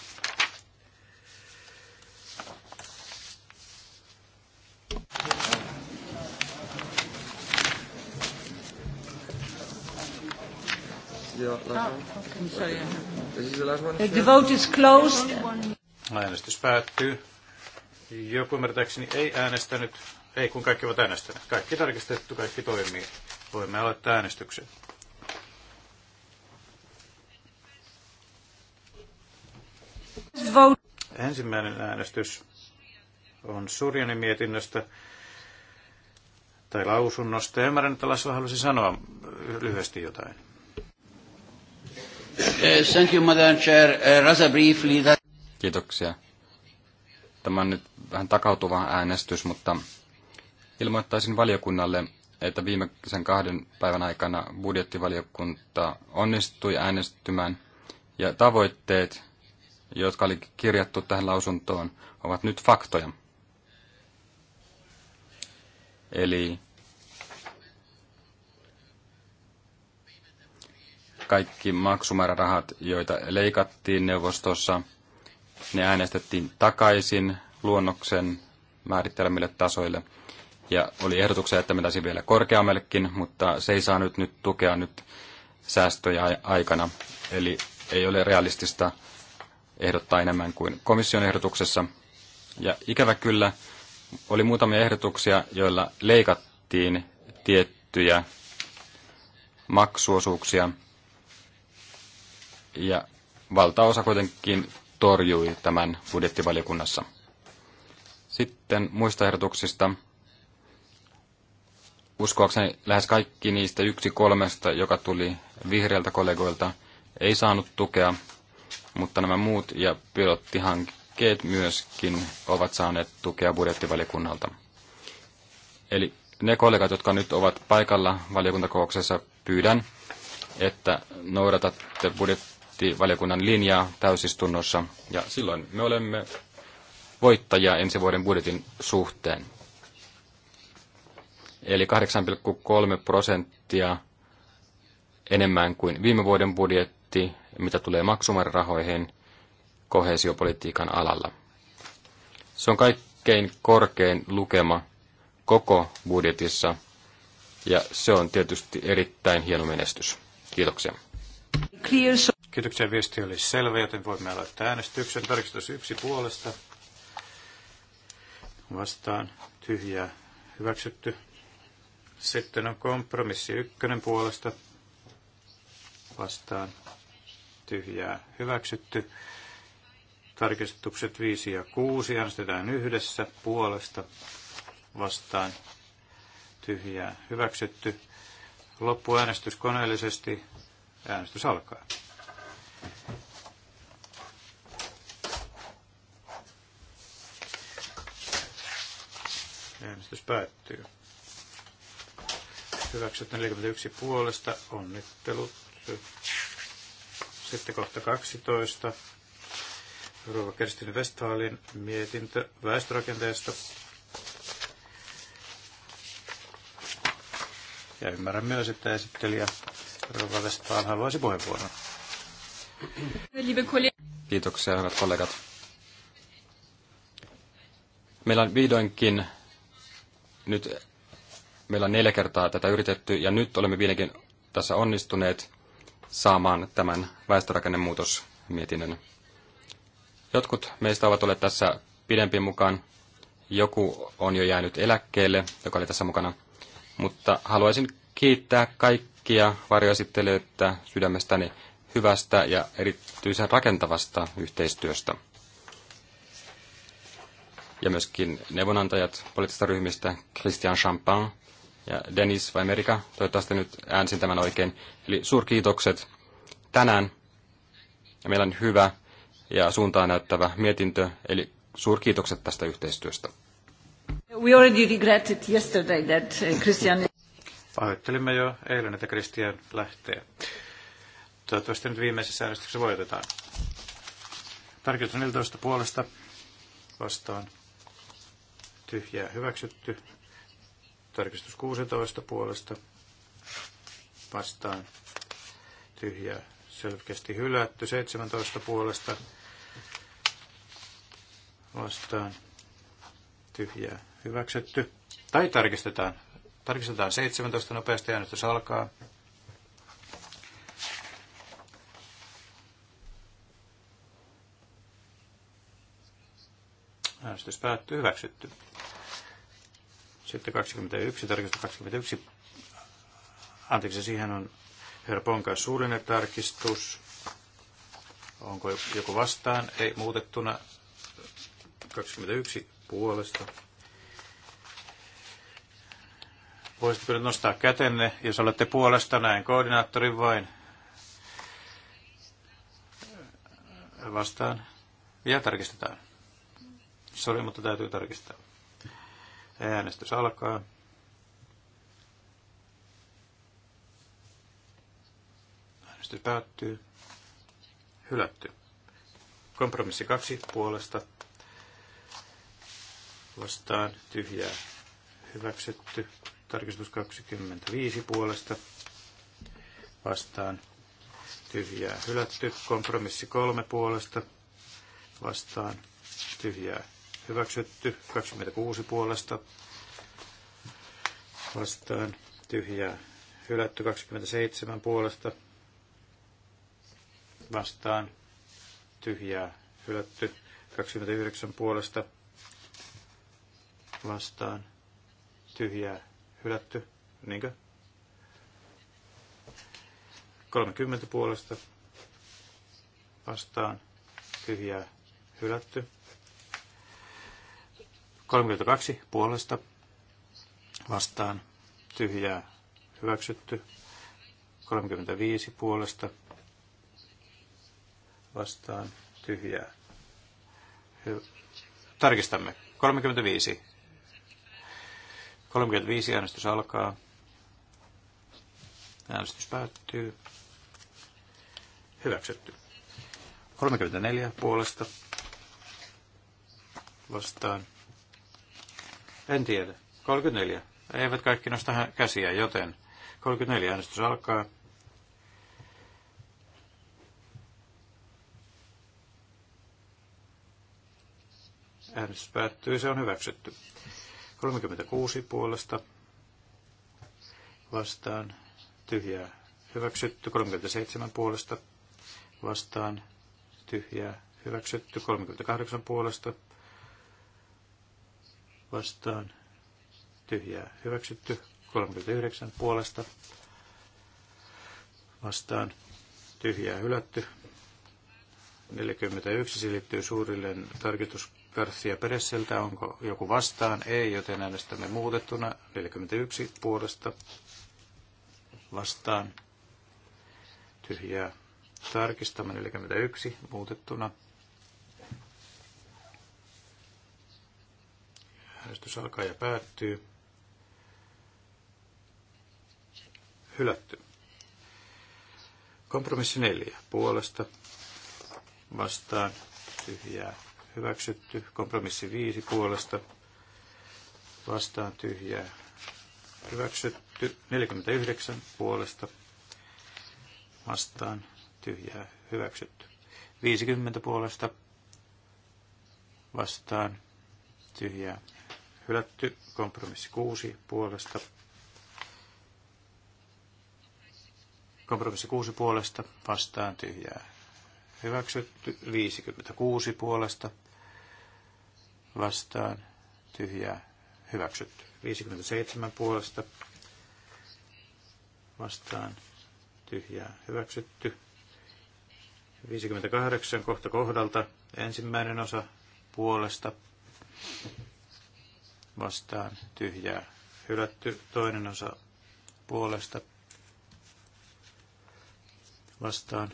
Ah, the vote is closed. Äänestys päättyy. Joku ymmärtääkseni ei äänestänyt. Ei, kun kaikki ovat äänestäneet. Kaikki tarkistettu, kaikki toimii. Voimme aloittaa äänestyksen. Vote. Ensimmäinen äänestys on Surjanin mietinnöstä tai lausunnosta. Ja ymmärrän, että Lasla halusi sanoa lyhyesti jotain. Eh, thank you, Madam Chair. Eh, rather briefly that... Kiitoksia. Tämä on nyt vähän takautuva äänestys, mutta Ilmoittaisin valiokunnalle, että viimeisen kahden päivän aikana budjettivaliokunta onnistui äänestymään ja tavoitteet, jotka oli kirjattu tähän lausuntoon, ovat nyt faktoja. Eli kaikki maksumäärärahat, joita leikattiin neuvostossa, ne äänestettiin takaisin luonnoksen määrittelemille tasoille – ja oli ehdotuksia, että mentäisiin vielä korkeammallekin, mutta se ei saa nyt, nyt tukea nyt säästöjä aikana. Eli ei ole realistista ehdottaa enemmän kuin komission ehdotuksessa. Ja ikävä kyllä oli muutamia ehdotuksia, joilla leikattiin tiettyjä maksuosuuksia. Ja valtaosa kuitenkin torjui tämän budjettivaliokunnassa. Sitten muista ehdotuksista uskoakseni lähes kaikki niistä yksi kolmesta, joka tuli vihreiltä kollegoilta, ei saanut tukea, mutta nämä muut ja pilottihankkeet myöskin ovat saaneet tukea budjettivaliokunnalta. Eli ne kollegat, jotka nyt ovat paikalla valiokuntakouksessa, pyydän, että noudatatte budjettivaliokunnan linjaa täysistunnossa, ja silloin me olemme voittajia ensi vuoden budjetin suhteen eli 8,3 prosenttia enemmän kuin viime vuoden budjetti, mitä tulee maksumäärärahoihin kohesiopolitiikan alalla. Se on kaikkein korkein lukema koko budjetissa, ja se on tietysti erittäin hieno menestys. Kiitoksia. Kiitoksia. Viesti oli selvä, joten voimme aloittaa äänestyksen. Tarkistus yksi puolesta. Vastaan tyhjää hyväksytty. Sitten on kompromissi ykkönen puolesta vastaan tyhjää hyväksytty. Tarkistukset 5 ja 6 äänestetään yhdessä puolesta vastaan tyhjää hyväksytty. Loppuäänestys koneellisesti. Äänestys alkaa. Äänestys päättyy hyväksytty 41 puolesta, onnittelut. Sitten kohta 12. Rova Kerstin Westhaalin mietintö väestörakenteesta. Ja ymmärrän myös, että esittelijä Rova Westhaal haluaisi puheenvuoron. Kiitoksia, hyvät kollegat. Meillä on vihdoinkin nyt Meillä on neljä kertaa tätä yritetty ja nyt olemme vieläkin tässä onnistuneet saamaan tämän väestörakennemuutosmietinnön. Jotkut meistä ovat olleet tässä pidempien mukaan. Joku on jo jäänyt eläkkeelle, joka oli tässä mukana. Mutta haluaisin kiittää kaikkia varjoesittelijöitä sydämestäni hyvästä ja erityisen rakentavasta yhteistyöstä. Ja myöskin neuvonantajat poliittisista ryhmistä, Christian Champagne, ja Denis vai Merika, toivottavasti nyt äänsin tämän oikein. Eli suurkiitokset tänään. Ja meillä on hyvä ja suuntaan näyttävä mietintö, eli suurkiitokset tästä yhteistyöstä. We already regretted yesterday that uh, Christian... Pahoittelimme jo eilen, että Christian lähtee. Toivottavasti nyt viimeisessä äänestyksessä voitetaan. Tarkoitus 14 puolesta vastaan. Tyhjää hyväksytty. Tarkistus 16 puolesta vastaan tyhjää selkeästi hylätty. 17 puolesta vastaan tyhjää hyväksytty. Tai tarkistetaan. Tarkistetaan 17 nopeasti ja nyt se alkaa. Äänestys päättyy hyväksytty. Sitten 21, tarkistus 21. Anteeksi, siihen on herra Ponkan suullinen tarkistus. Onko joku vastaan? Ei muutettuna. 21 puolesta. Voisitteko nyt nostaa kätenne, jos olette puolesta näin koordinaattorin vain? Vastaan. Ja tarkistetaan. Sori, mutta täytyy tarkistaa. Äänestys alkaa. Äänestys päättyy. Hylätty. Kompromissi kaksi puolesta. Vastaan tyhjää. Hyväksytty. Tarkistus 25 puolesta. Vastaan tyhjää. Hylätty. Kompromissi kolme puolesta. Vastaan tyhjää hyväksytty 26 puolesta vastaan tyhjää hylätty 27 puolesta vastaan tyhjää hylätty 29 puolesta vastaan tyhjää hylätty, niinkö? 30 puolesta vastaan tyhjää hylätty. 32 puolesta vastaan tyhjää hyväksytty. 35 puolesta vastaan tyhjää. Hy- Tarkistamme. 35. 35 äänestys alkaa. Äänestys päättyy. Hyväksytty. 34 puolesta vastaan en tiedä. 34. Eivät kaikki nosta käsiä, joten 34 äänestys alkaa. Äänestys päättyy, se on hyväksytty. 36 puolesta vastaan tyhjää hyväksytty. 37 puolesta vastaan tyhjää hyväksytty. 38 puolesta vastaan tyhjää hyväksytty. 39 puolesta vastaan tyhjää hylätty. 41 silittyy suurilleen tarkistus Garcia Peresseltä. Onko joku vastaan? Ei, joten äänestämme muutettuna. 41 puolesta vastaan tyhjää tarkistamme 41 muutettuna. Äänestys alkaa ja päättyy. Hylätty. Kompromissi neljä. Puolesta vastaan tyhjää hyväksytty. Kompromissi viisi puolesta vastaan tyhjää hyväksytty. 49 puolesta vastaan tyhjää hyväksytty. 50 puolesta vastaan tyhjää hylätty. Kompromissi 6 puolesta. Kompromissi 6 puolesta vastaan tyhjää. Hyväksytty 56 puolesta vastaan tyhjää. Hyväksytty 57 puolesta vastaan tyhjää. Hyväksytty 58 kohta kohdalta ensimmäinen osa puolesta vastaan tyhjää hylätty. Toinen osa puolesta vastaan.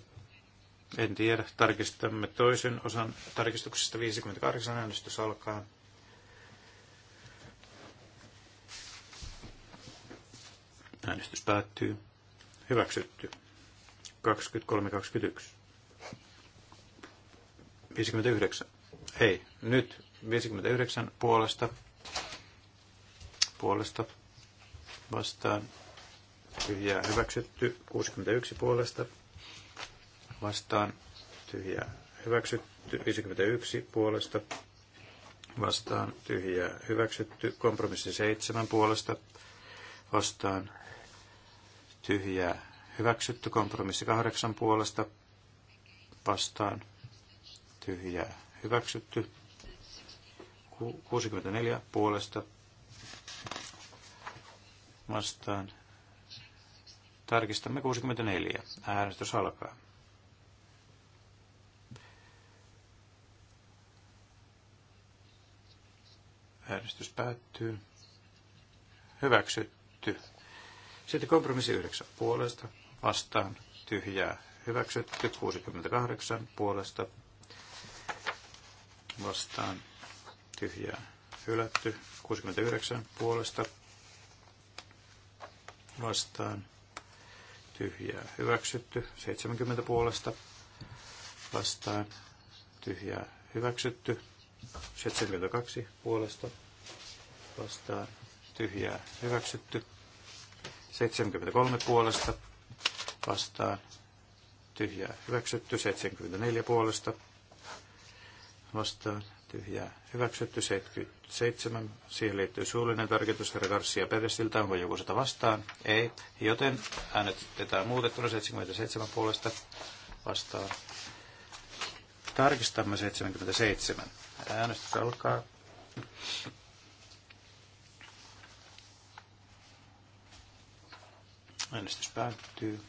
En tiedä, tarkistamme toisen osan tarkistuksesta 58 äänestys alkaa. Äänestys päättyy. Hyväksytty. 23.21. 59. Ei, nyt 59 puolesta puolesta vastaan tyhjää hyväksytty 61 puolesta vastaan tyhjää hyväksytty 51 puolesta vastaan tyhjää hyväksytty kompromissi 7 puolesta vastaan tyhjää hyväksytty kompromissi 8 puolesta vastaan tyhjää hyväksytty 64 puolesta vastaan. Tarkistamme 64. Äänestys alkaa. Äänestys päättyy. Hyväksytty. Sitten kompromissi 9 puolesta vastaan tyhjää hyväksytty 68 puolesta vastaan tyhjää hylätty 69 puolesta vastaan tyhjää hyväksytty. 70 puolesta vastaan tyhjää hyväksytty. 72 puolesta vastaan tyhjää hyväksytty. 73 puolesta vastaan tyhjää hyväksytty. 74 puolesta vastaan tyhjää hyväksytty 77. Siihen liittyy suullinen tarkoitus. herra Garcia Peresiltä. Onko joku sitä vastaan? Ei. Joten äänestetään muutettuna 77 puolesta vastaan. Tarkistamme 77. Äänestys alkaa. Äänestys päättyy.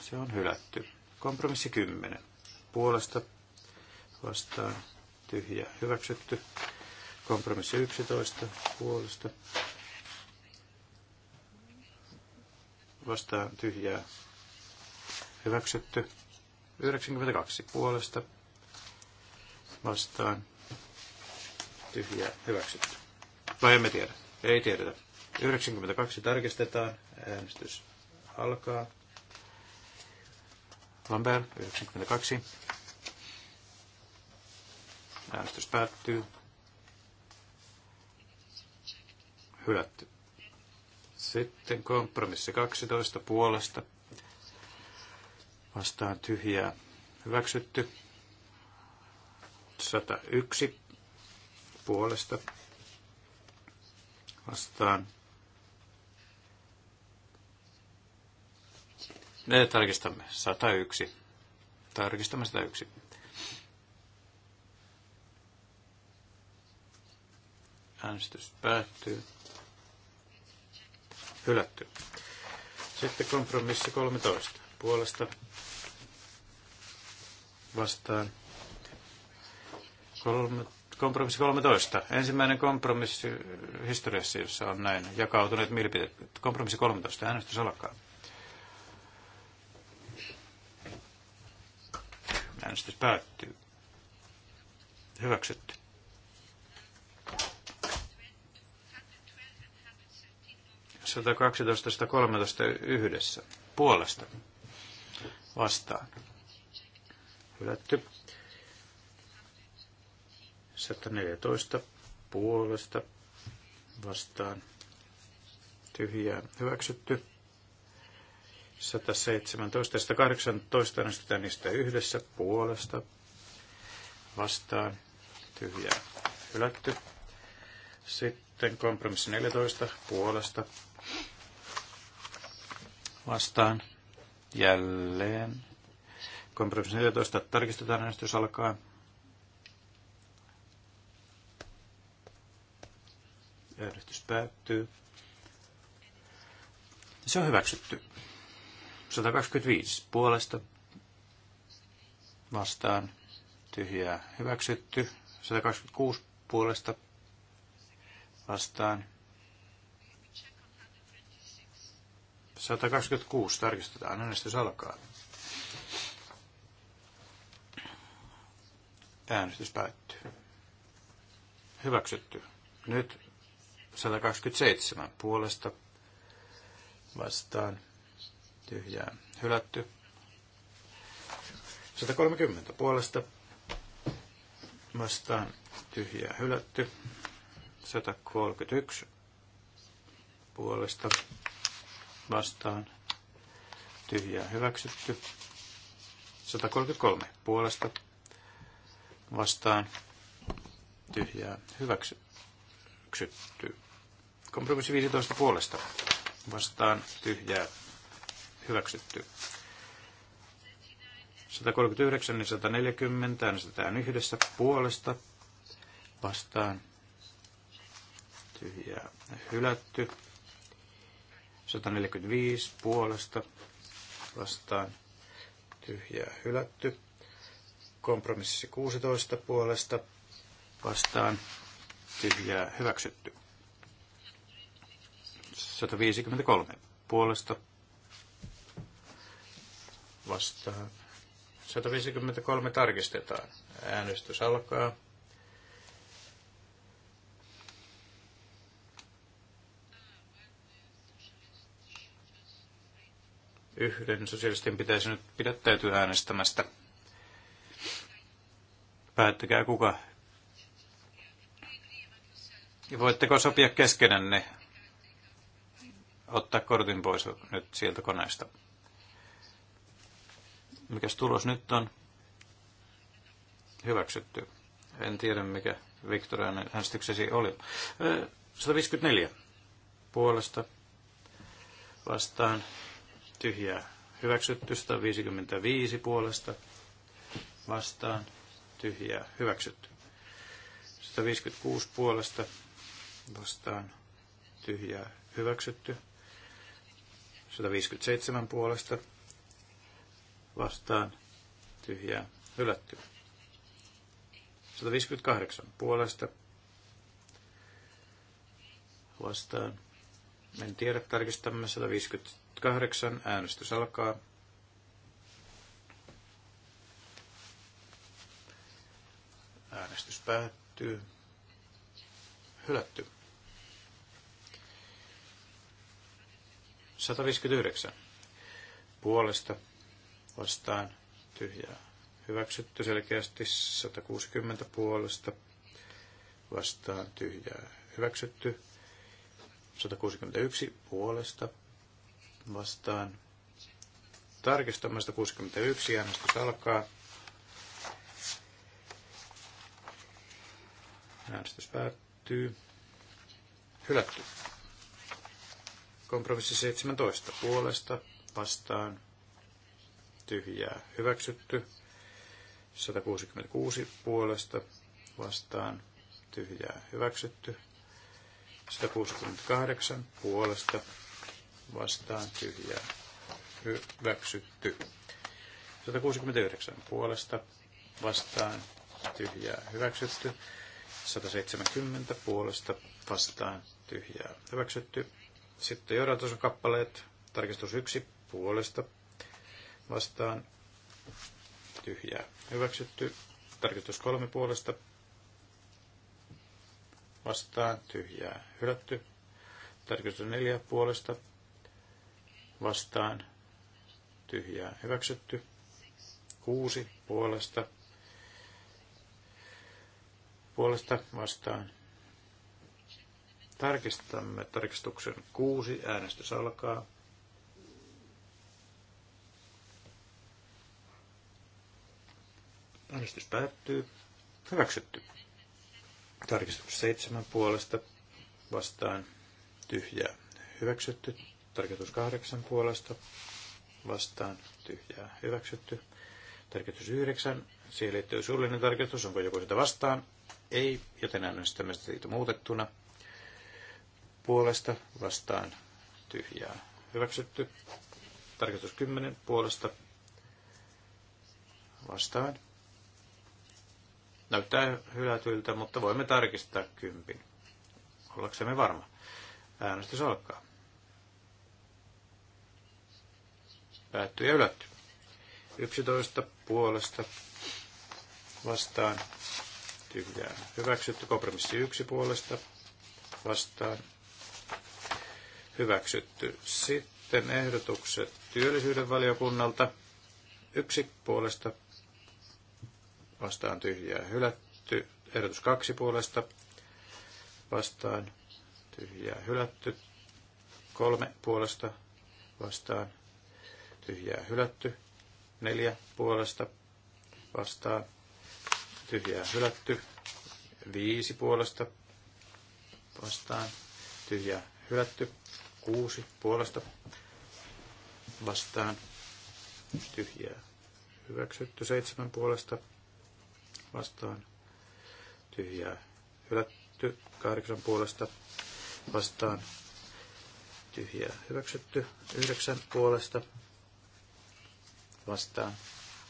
Se on hylätty. Kompromissi 10. Puolesta vastaan tyhjää hyväksytty. Kompromissi 11 puolesta vastaan tyhjää hyväksytty. 92 puolesta vastaan tyhjää hyväksytty. Vai emme tiedä. Ei tiedetä. 92 tarkistetaan. Äänestys alkaa. Lambert, 92. Äänestys päättyy. Hylätty. Sitten kompromissi 12 puolesta. Vastaan tyhjää. Hyväksytty. 101 puolesta. Vastaan. Me tarkistamme. 101. Tarkistamme 101. Äänestys päättyy. Hylätty. Sitten kompromissi 13. Puolesta vastaan. Kolme, kompromissi 13. Ensimmäinen kompromissi historiassa, jossa on näin jakautuneet mielipiteet. Kompromissi 13. Äänestys alkaa. Äänestys päättyy. Hyväksytty. 112 113 yhdessä puolesta vastaan. Hylätty. 114 puolesta vastaan. Tyhjää hyväksytty. 117 ja 118 äänestetään niistä yhdessä puolesta vastaan. Tyhjää hylätty. Sitten kompromissi 14 puolesta vastaan. Jälleen. Kompromissi 14. Tarkistetaan äänestys alkaa. Äänestys päättyy. Se on hyväksytty. 125 puolesta vastaan tyhjää hyväksytty. 126 puolesta vastaan 126 tarkistetaan. Äänestys alkaa. Äänestys päättyy. Hyväksytty. Nyt 127 puolesta vastaan tyhjää hylätty. 130 puolesta vastaan tyhjää hylätty. 131 puolesta vastaan tyhjää hyväksytty. 133 puolesta vastaan tyhjää hyväksytty. Kompromissi 15 puolesta vastaan tyhjää hyväksytty. 139 ja 140 äänestetään yhdessä puolesta vastaan tyhjää hylätty. 145 puolesta vastaan tyhjää hylätty. Kompromissi 16 puolesta vastaan tyhjää hyväksytty. 153 puolesta vastaan. 153 tarkistetaan. Äänestys alkaa. Yhden sosialistin pitäisi nyt pidättäytyä äänestämästä. Päättäkää kuka. Ja Voitteko sopia keskenänne ottaa kortin pois nyt sieltä koneesta? Mikäs tulos nyt on? Hyväksytty. En tiedä, mikä Viktorian äänestyksesi oli. 154 puolesta vastaan tyhjää hyväksytty 155 puolesta vastaan tyhjää hyväksytty. 156 puolesta vastaan tyhjää hyväksytty. 157 puolesta vastaan tyhjää hylätty. 158 puolesta vastaan. En tiedä, tarkistamme 150 Kahdeksan Äänestys alkaa. Äänestys päättyy. Hylätty. 159. Puolesta vastaan tyhjää. Hyväksytty selkeästi 160 puolesta vastaan tyhjää. Hyväksytty 161 puolesta vastaan. Tarkistamasta 61 äänestys alkaa. Äänestys päättyy. Hylätty. Kompromissi 17 puolesta vastaan. Tyhjää hyväksytty. 166 puolesta vastaan. Tyhjää hyväksytty. 168 puolesta vastaan tyhjää hyväksytty. 169 puolesta vastaan tyhjää hyväksytty. 170 puolesta vastaan tyhjää hyväksytty. Sitten johdatus kappaleet. Tarkistus 1 puolesta vastaan tyhjää hyväksytty. Tarkistus 3 puolesta vastaan tyhjää hylätty. Tarkistus 4 puolesta vastaan tyhjää hyväksytty. Kuusi puolesta puolesta vastaan. Tarkistamme tarkistuksen kuusi. Äänestys alkaa. Äänestys päättyy. Hyväksytty. Tarkistus seitsemän puolesta vastaan tyhjää. Hyväksytty. Tarkoitus kahdeksan puolesta vastaan tyhjää hyväksytty. Tarkoitus yhdeksän. Siihen liittyy suullinen tarkoitus. Onko joku sitä vastaan? Ei, joten äänestämme siitä muutettuna. Puolesta vastaan tyhjää hyväksytty. Tarkoitus kymmenen puolesta vastaan. Näyttää hylätyltä, mutta voimme tarkistaa kympin. Ollaksemme varma. Äänestys alkaa. päättyy ja ylätty. 11 puolesta vastaan tyhjää hyväksytty. Kompromissi 1 puolesta vastaan hyväksytty. Sitten ehdotukset työllisyyden valiokunnalta. Yksi puolesta vastaan tyhjää hylätty. Ehdotus kaksi puolesta vastaan tyhjää hylätty. Kolme puolesta vastaan tyhjää hylätty. Neljä puolesta vastaan tyhjää hylätty. Viisi puolesta vastaan tyhjää hylätty. Kuusi puolesta vastaan tyhjää hyväksytty. Seitsemän puolesta vastaan tyhjää hylätty. Kahdeksan puolesta vastaan tyhjää hyväksytty. Yhdeksän puolesta vastaan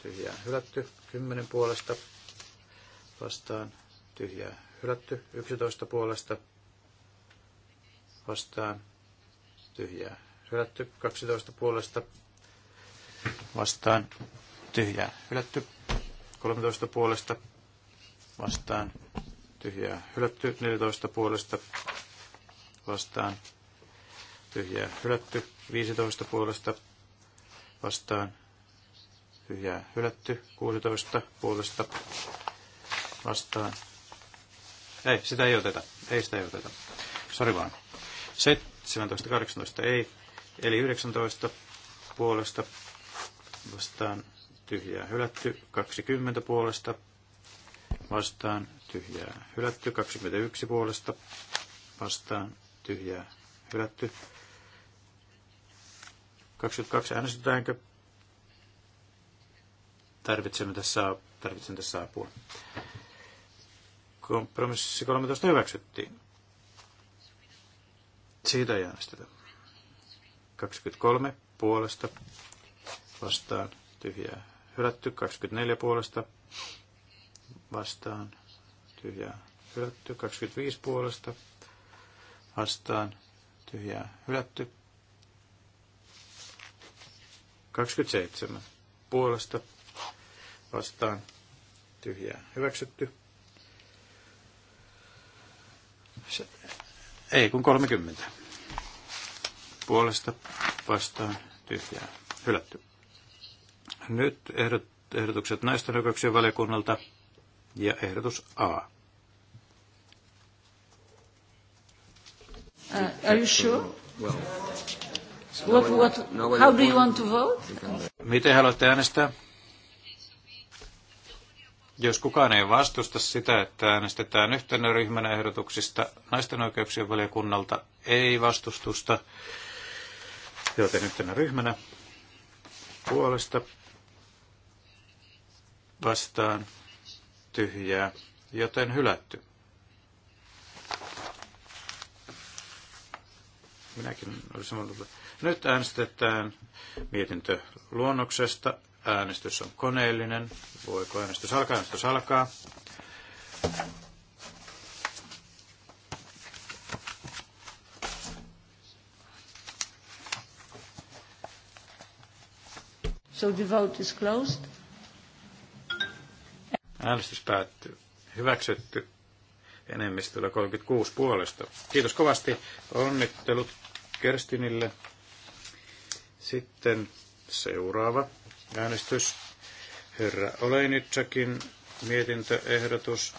tyhjää hylätty, 10 puolesta vastaan tyhjää hylätty, 11 puolesta vastaan tyhjää hylätty, 12 puolesta vastaan tyhjää hylätty, 13 puolesta vastaan tyhjää hylätty, 14 puolesta vastaan tyhjää hylätty, 15 puolesta vastaan tyhjää hylätty, 16 puolesta vastaan. Ei, sitä ei oteta. Ei sitä ei oteta. Sori vaan. 17, 18 ei. Eli 19 puolesta vastaan tyhjää hylätty, 20 puolesta vastaan tyhjää hylätty, 21 puolesta vastaan tyhjää hylätty. 22 äänestetäänkö? tarvitsemme tässä, tarvitsemme tässä apua. Kompromissi 13 hyväksyttiin. Siitä ei äänestetä. 23 puolesta vastaan tyhjää hylätty. 24 puolesta vastaan tyhjää hylätty. 25 puolesta vastaan tyhjää hylätty. 27 puolesta vastaan tyhjää hyväksytty. Se, ei kun 30. Puolesta vastaan tyhjää hylätty. Nyt ehdot, ehdotukset naisten oikeuksien valiokunnalta ja ehdotus A. Uh, are you sure? Well, what, what, how do you want to vote? Miten haluatte äänestää? Jos kukaan ei vastusta sitä, että äänestetään yhtenä ryhmänä ehdotuksista naisten oikeuksien valiokunnalta, ei vastustusta, joten yhtenä ryhmänä puolesta vastaan tyhjää, joten hylätty. Minäkin olisin Nyt äänestetään mietintö luonnoksesta Äänestys on koneellinen. Voiko äänestys alkaa? Äänestys alkaa. So the vote is closed. Äänestys päättyy. Hyväksytty enemmistöllä 36 puolesta. Kiitos kovasti. Onnittelut Kerstinille. Sitten seuraava äänestys. Herra Oleinitsakin mietintöehdotus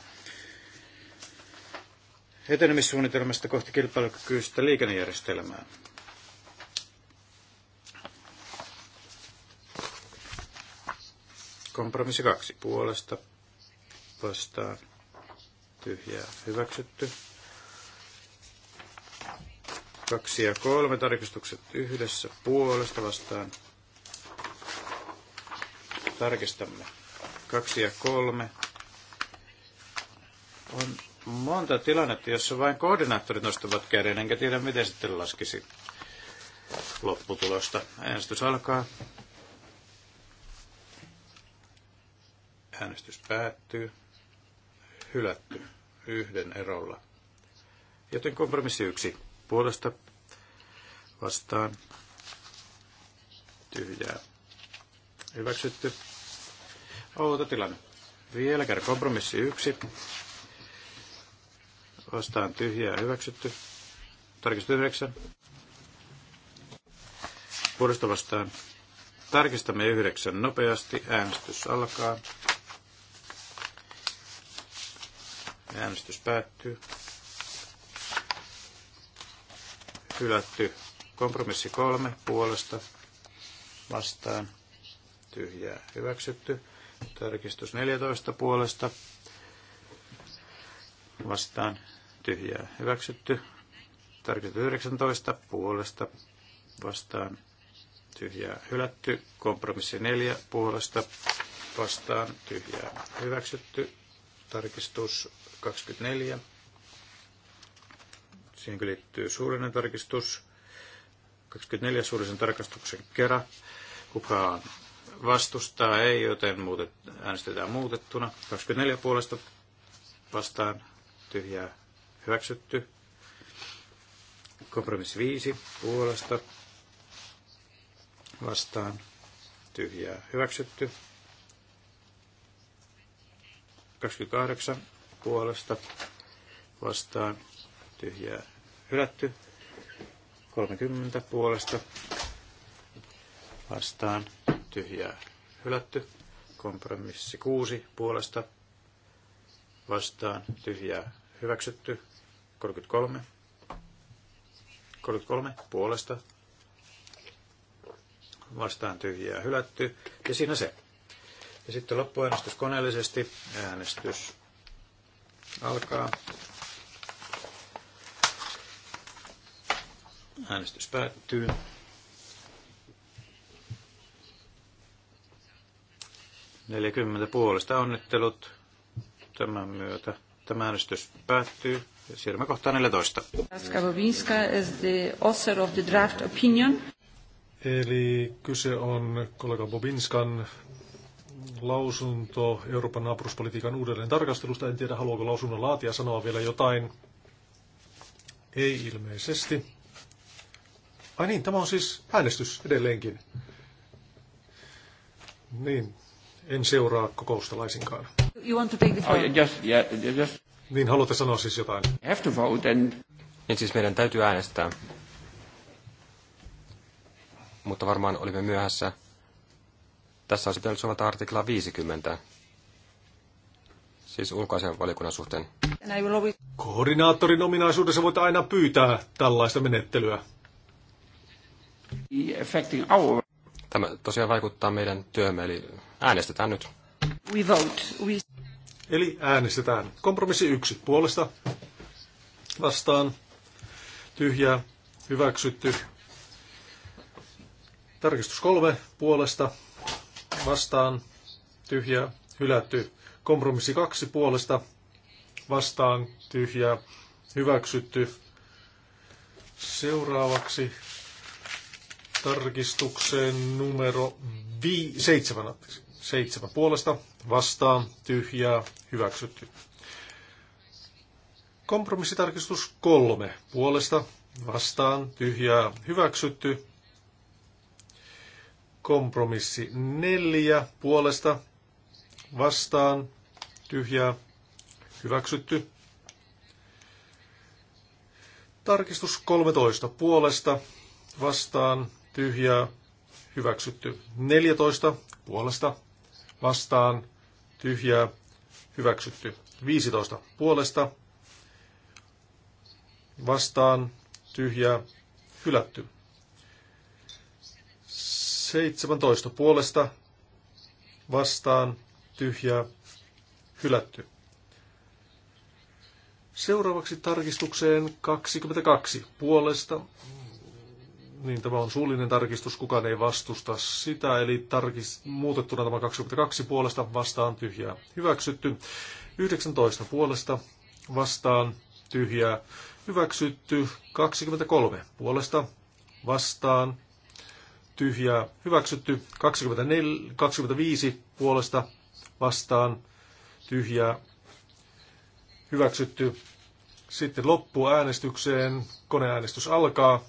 etenemissuunnitelmasta kohti kilpailukykyistä liikennejärjestelmää. Kompromissi kaksi puolesta vastaan tyhjää hyväksytty. Kaksi ja kolme tarkistukset yhdessä puolesta vastaan tarkistamme. Kaksi ja kolme. On monta tilannetta, jossa vain koordinaattorit nostavat käden, enkä tiedä miten sitten laskisi lopputulosta. Äänestys alkaa. Äänestys päättyy. Hylätty yhden erolla. Joten kompromissi yksi puolesta vastaan tyhjää. Hyväksytty. Outo tilanne. Vielä kerran kompromissi yksi. Vastaan tyhjää hyväksytty. Tarkistus yhdeksän. Puolesta vastaan. Tarkistamme yhdeksän nopeasti. Äänestys alkaa. Äänestys päättyy. Hylätty. Kompromissi kolme puolesta vastaan. Tyhjää hyväksytty. Tarkistus 14 puolesta. Vastaan tyhjää hyväksytty. Tarkistus 19 puolesta. Vastaan tyhjää hylätty. Kompromissi 4 puolesta. Vastaan tyhjää hyväksytty. Tarkistus 24. Siihen liittyy suullinen tarkistus. 24 suullisen tarkastuksen kerran. Kukaan vastustaa ei, joten muutet, äänestetään muutettuna. 24 puolesta vastaan tyhjää hyväksytty. Kompromissi 5 puolesta vastaan tyhjää hyväksytty. 28 puolesta vastaan tyhjää hylätty. 30 puolesta vastaan tyhjää hylätty. Kompromissi 6 puolesta vastaan tyhjää hyväksytty. 33. 33 puolesta vastaan tyhjää hylätty. Ja siinä se. Ja sitten loppuäänestys koneellisesti. Äänestys alkaa. Äänestys päättyy. 40 puolesta onnittelut. Tämän myötä tämä äänestys päättyy. Siirrymme kohtaan 14. is the of the draft opinion. Eli kyse on kollega Bobinskan lausunto Euroopan naapuruspolitiikan uudelleen tarkastelusta. En tiedä, haluaako lausunnon laatia sanoa vielä jotain. Ei ilmeisesti. Ai niin, tämä on siis äänestys edelleenkin. Niin, en seuraa kokousta laisinkaan. You want to take the oh, just, yeah, just. Niin, haluatte sanoa siis jotain? You have to vote and... Niin siis meidän täytyy äänestää. Mutta varmaan olimme myöhässä. Tässä on sitten sovata artikla 50 siis ulkoisen valikunnan suhteen. Koordinaattorin ominaisuudessa voit aina pyytää tällaista menettelyä. Tämä tosiaan vaikuttaa meidän työhömme, eli äänestetään nyt. We vote. We... Eli äänestetään. Kompromissi yksi. Puolesta vastaan. Tyhjää. Hyväksytty. Tarkistus kolme. Puolesta vastaan. Tyhjää. Hylätty. Kompromissi kaksi. Puolesta vastaan. Tyhjää. Hyväksytty. Seuraavaksi Tarkistukseen numero vi- seitsemän, seitsemän puolesta vastaan tyhjää hyväksytty. Kompromissitarkistus kolme puolesta vastaan tyhjää hyväksytty. Kompromissi neljä puolesta vastaan tyhjää hyväksytty. Tarkistus 13 puolesta vastaan tyhjää hyväksytty. 14 puolesta vastaan tyhjää hyväksytty. 15 puolesta vastaan tyhjää hylätty. 17 puolesta vastaan tyhjää hylätty. Seuraavaksi tarkistukseen 22 puolesta niin tämä on suullinen tarkistus, kukaan ei vastusta sitä, eli tarkist, muutettuna tämä 22 puolesta vastaan tyhjää. Hyväksytty 19 puolesta vastaan tyhjää. Hyväksytty 23 puolesta vastaan tyhjää. Hyväksytty 24, 25 puolesta vastaan tyhjää. Hyväksytty. Sitten loppuäänestykseen. Koneäänestys alkaa.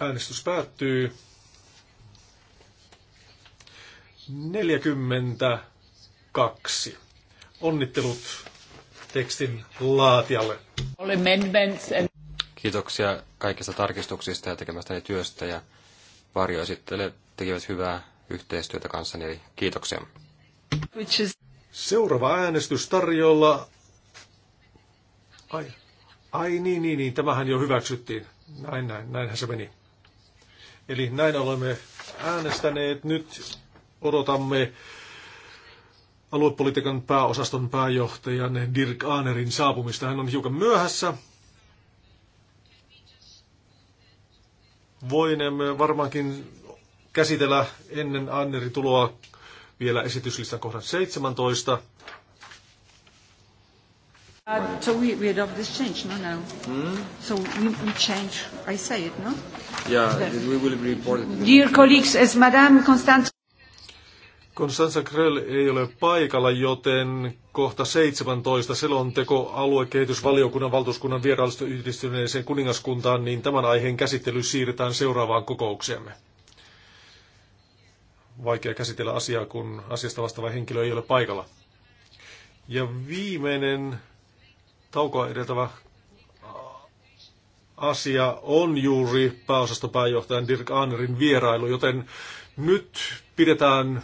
Äänestys päättyy. 42. Onnittelut tekstin laatijalle. Kiitoksia kaikista tarkistuksista ja tekemästäni työstä ja varjoesittelijät tekivät hyvää yhteistyötä kanssani, eli kiitoksia. Seuraava äänestys tarjolla. Ai, ai niin, niin, niin, tämähän jo hyväksyttiin. Näin, näin, näinhän se meni. Eli näin olemme äänestäneet. Nyt odotamme aluepolitiikan pääosaston pääjohtajan Dirk Aanerin saapumista. Hän on hiukan myöhässä. Voinemme varmaankin käsitellä ennen Annerin tuloa vielä esityslistan kohdan 17. Uh, so we, we adopt this change, no, no. Hmm? So we, we change, I say it, no? Yeah, that we will report it. Dear colleagues, as Madame Constance... Konstanza Krell ei ole paikalla, joten kohta 17 selonteko aluekehitysvaliokunnan valtuuskunnan vierailusta yhdistyneeseen kuningaskuntaan, niin tämän aiheen käsittely siirretään seuraavaan kokoukseemme. Vaikea käsitellä asiaa, kun asiasta vastaava henkilö ei ole paikalla. Ja viimeinen taukoa edeltävä asia on juuri pääosastopääjohtajan Dirk Annerin vierailu, joten nyt pidetään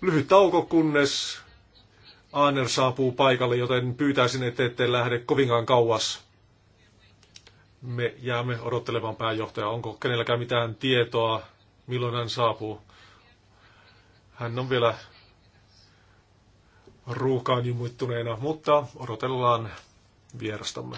lyhyt tauko, kunnes Anner saapuu paikalle, joten pyytäisin, että ette lähde kovinkaan kauas. Me jäämme odottelemaan pääjohtajaa. Onko kenelläkään mitään tietoa, milloin hän saapuu? Hän on vielä ruuhkaan jumittuneena, mutta odotellaan vierastamme.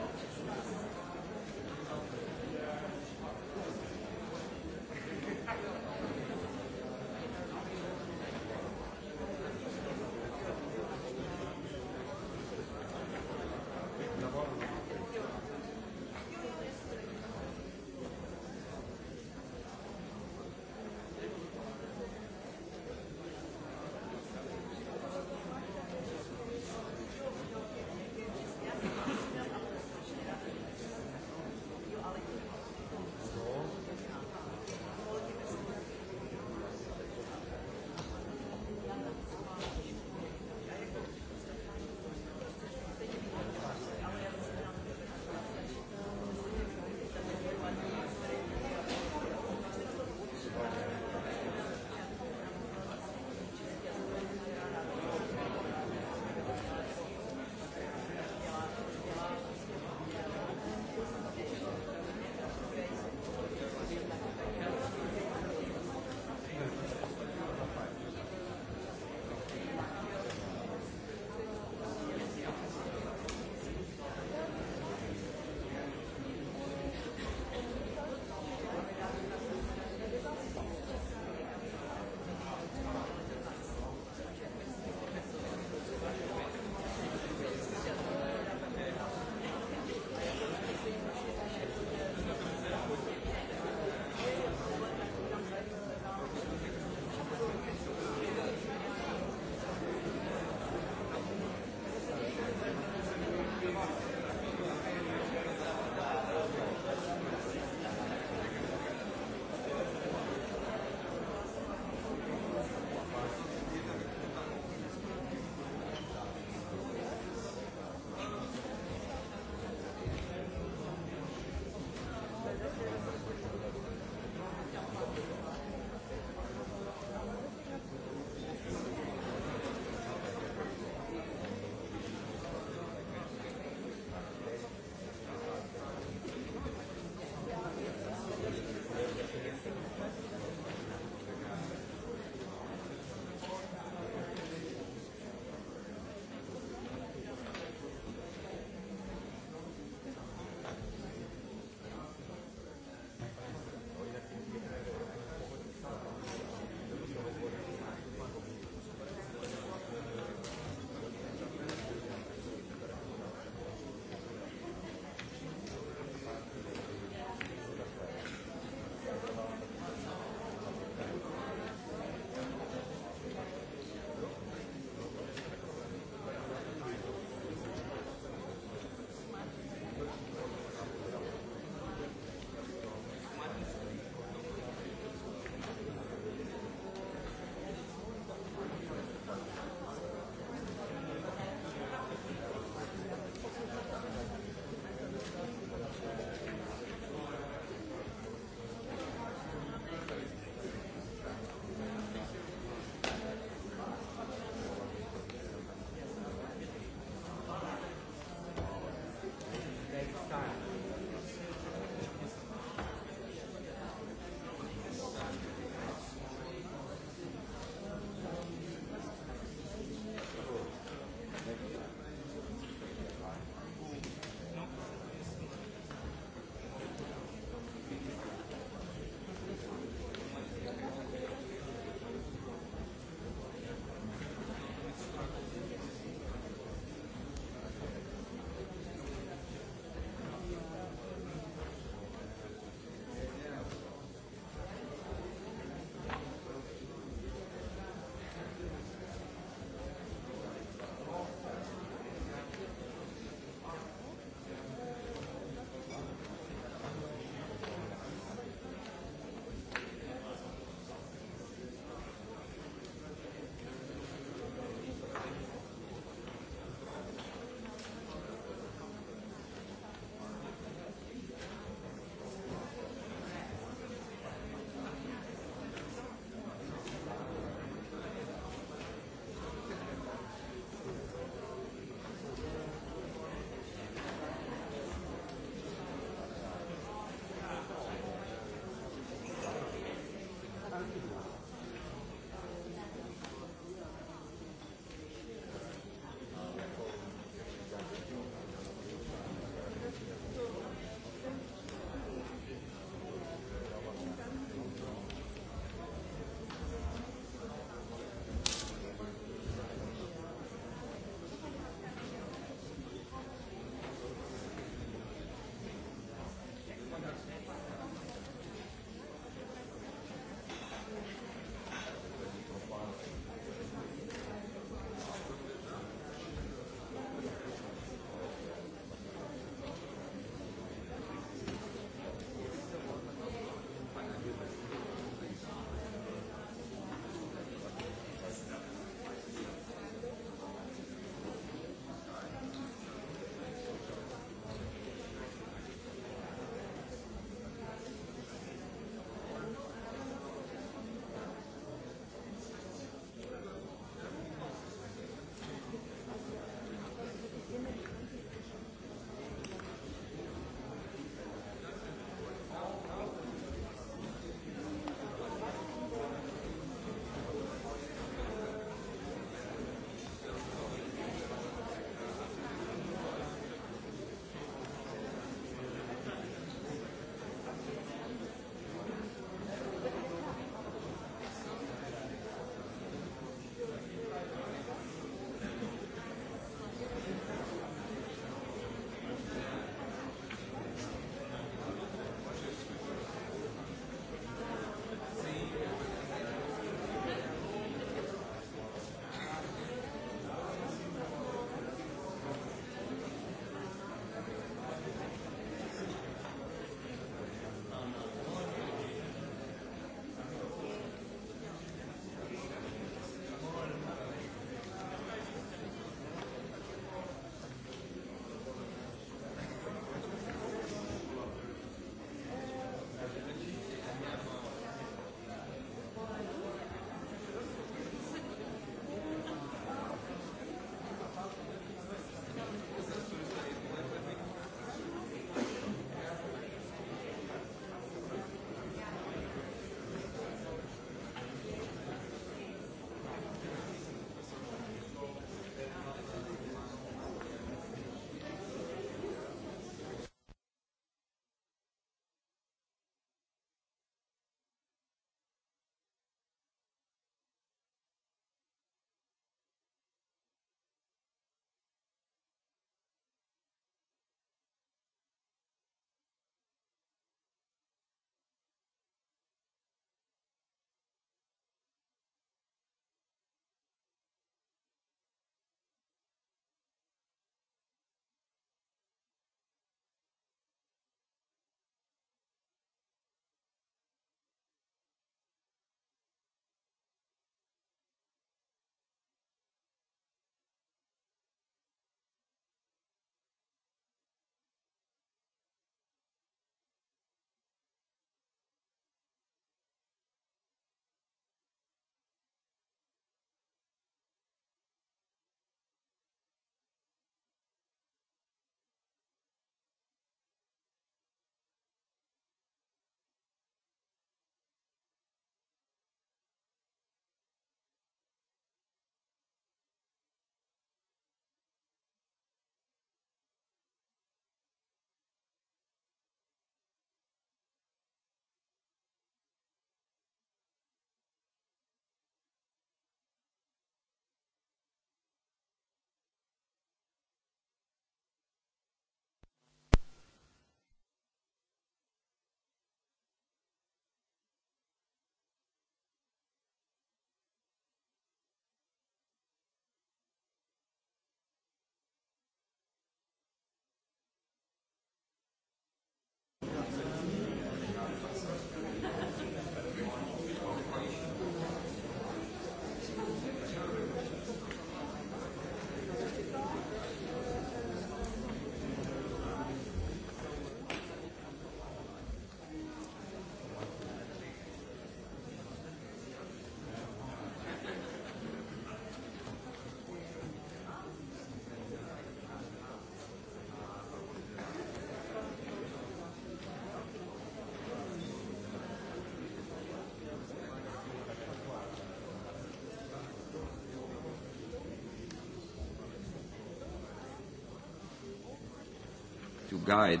to guide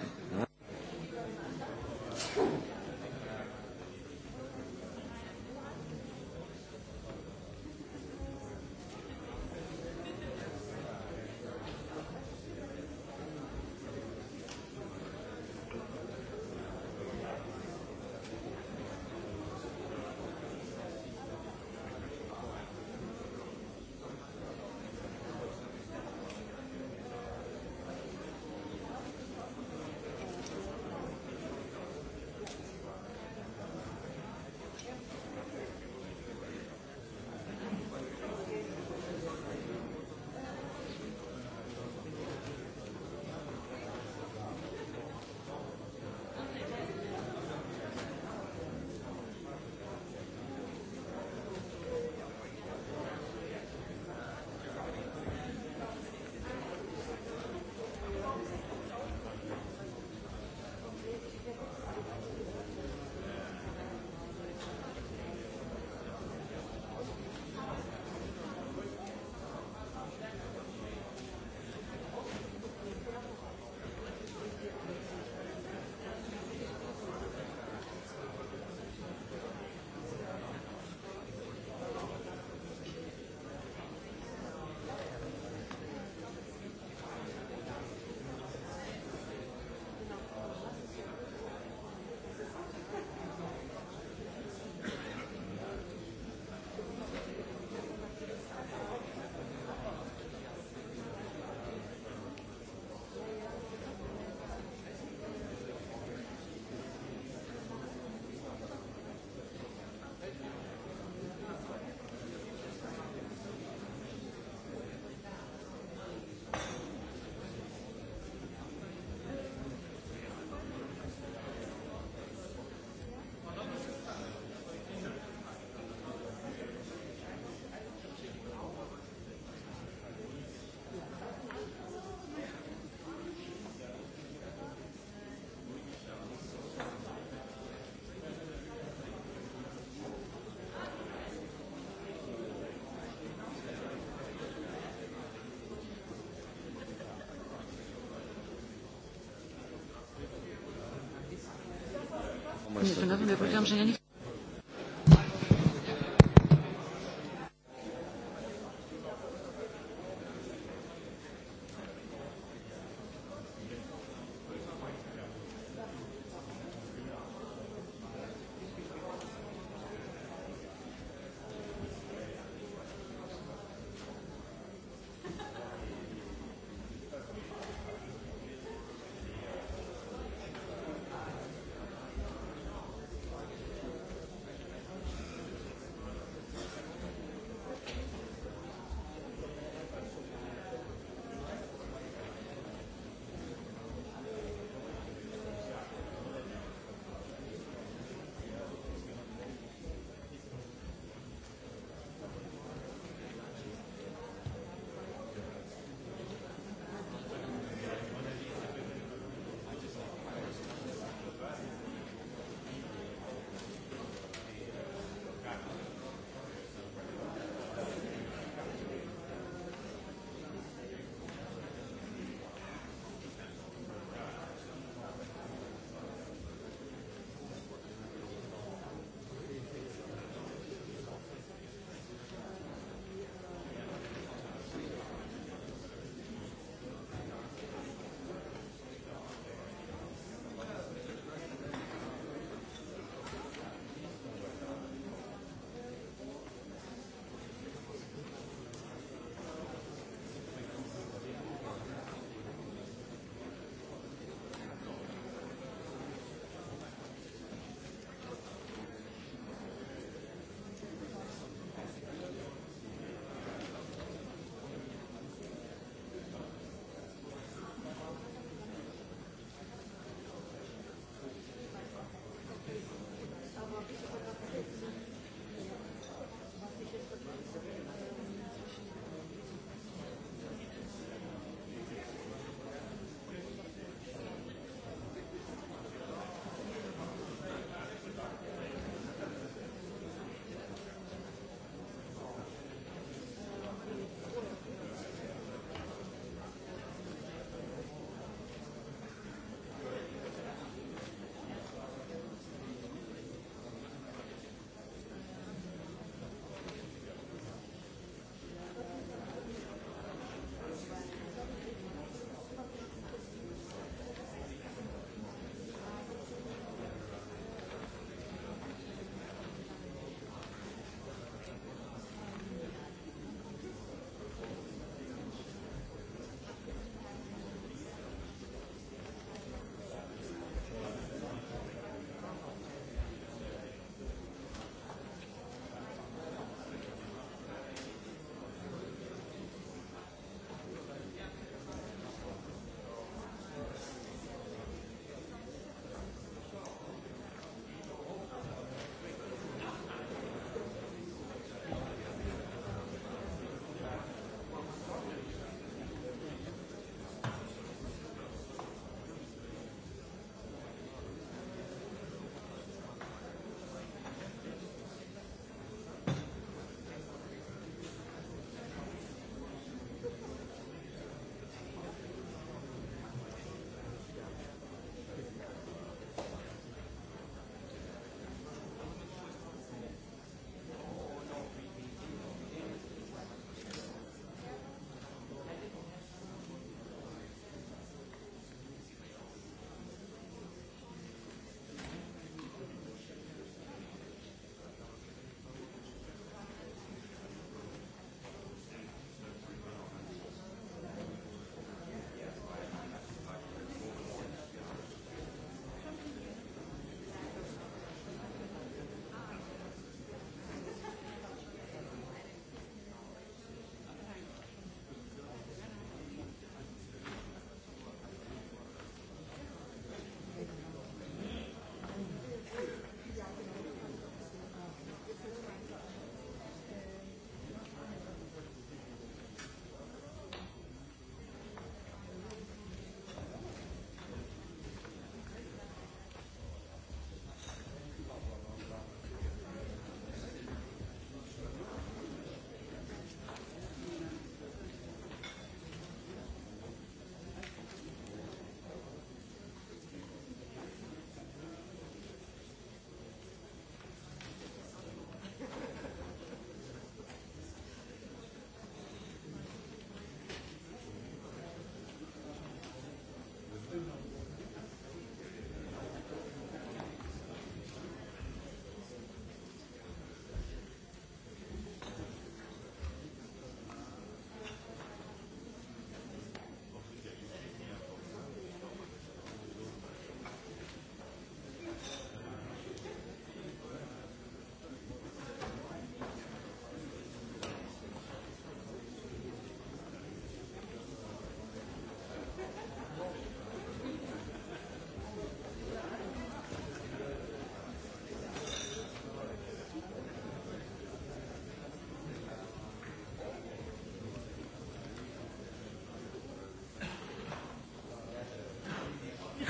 powiedziałam, że ja nie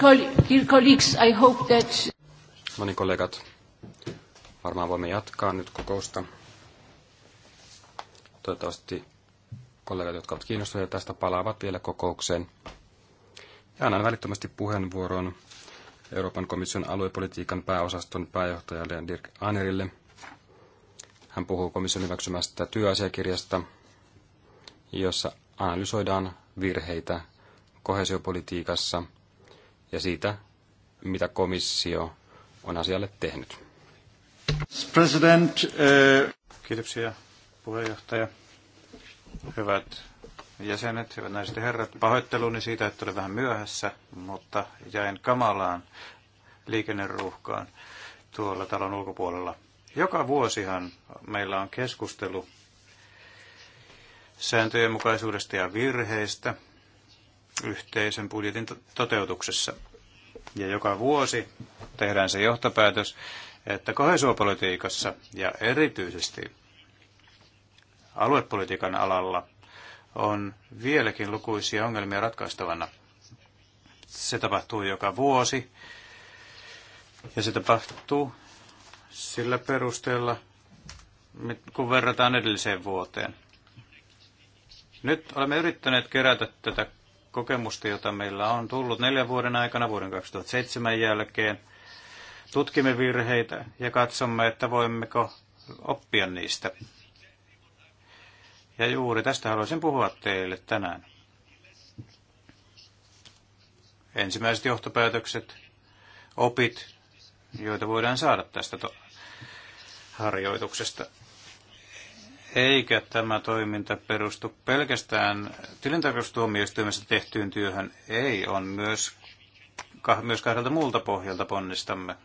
No niin, kollegat. Varmaan voimme jatkaa nyt kokousta. Toivottavasti kollegat, jotka ovat kiinnostuneita tästä, palaavat vielä kokoukseen. Ja annan välittömästi puheenvuoron Euroopan komission aluepolitiikan pääosaston pääjohtajalle Dirk Anerille. Hän puhuu komission hyväksymästä työasiakirjasta, jossa analysoidaan virheitä kohesiopolitiikassa – ja siitä, mitä komissio on asialle tehnyt. President, uh... Kiitoksia puheenjohtaja. Hyvät jäsenet, hyvät naiset ja herrat, pahoitteluni siitä, että olin vähän myöhässä, mutta jäin kamalaan liikenneruuhkaan tuolla talon ulkopuolella. Joka vuosihan meillä on keskustelu sääntöjen mukaisuudesta ja virheistä, yhteisen budjetin toteutuksessa. Ja joka vuosi tehdään se johtopäätös, että kohesuopolitiikassa ja erityisesti aluepolitiikan alalla on vieläkin lukuisia ongelmia ratkaistavana. Se tapahtuu joka vuosi ja se tapahtuu sillä perusteella, kun verrataan edelliseen vuoteen. Nyt olemme yrittäneet kerätä tätä kokemusta, jota meillä on tullut neljän vuoden aikana vuoden 2007 jälkeen. Tutkimme virheitä ja katsomme, että voimmeko oppia niistä. Ja juuri tästä haluaisin puhua teille tänään. Ensimmäiset johtopäätökset, opit, joita voidaan saada tästä harjoituksesta eikä tämä toiminta perustu pelkästään tilintarkastustuomioistuimessa tehtyyn työhön. Ei, on myös, myös kahdelta muulta pohjalta ponnistamme.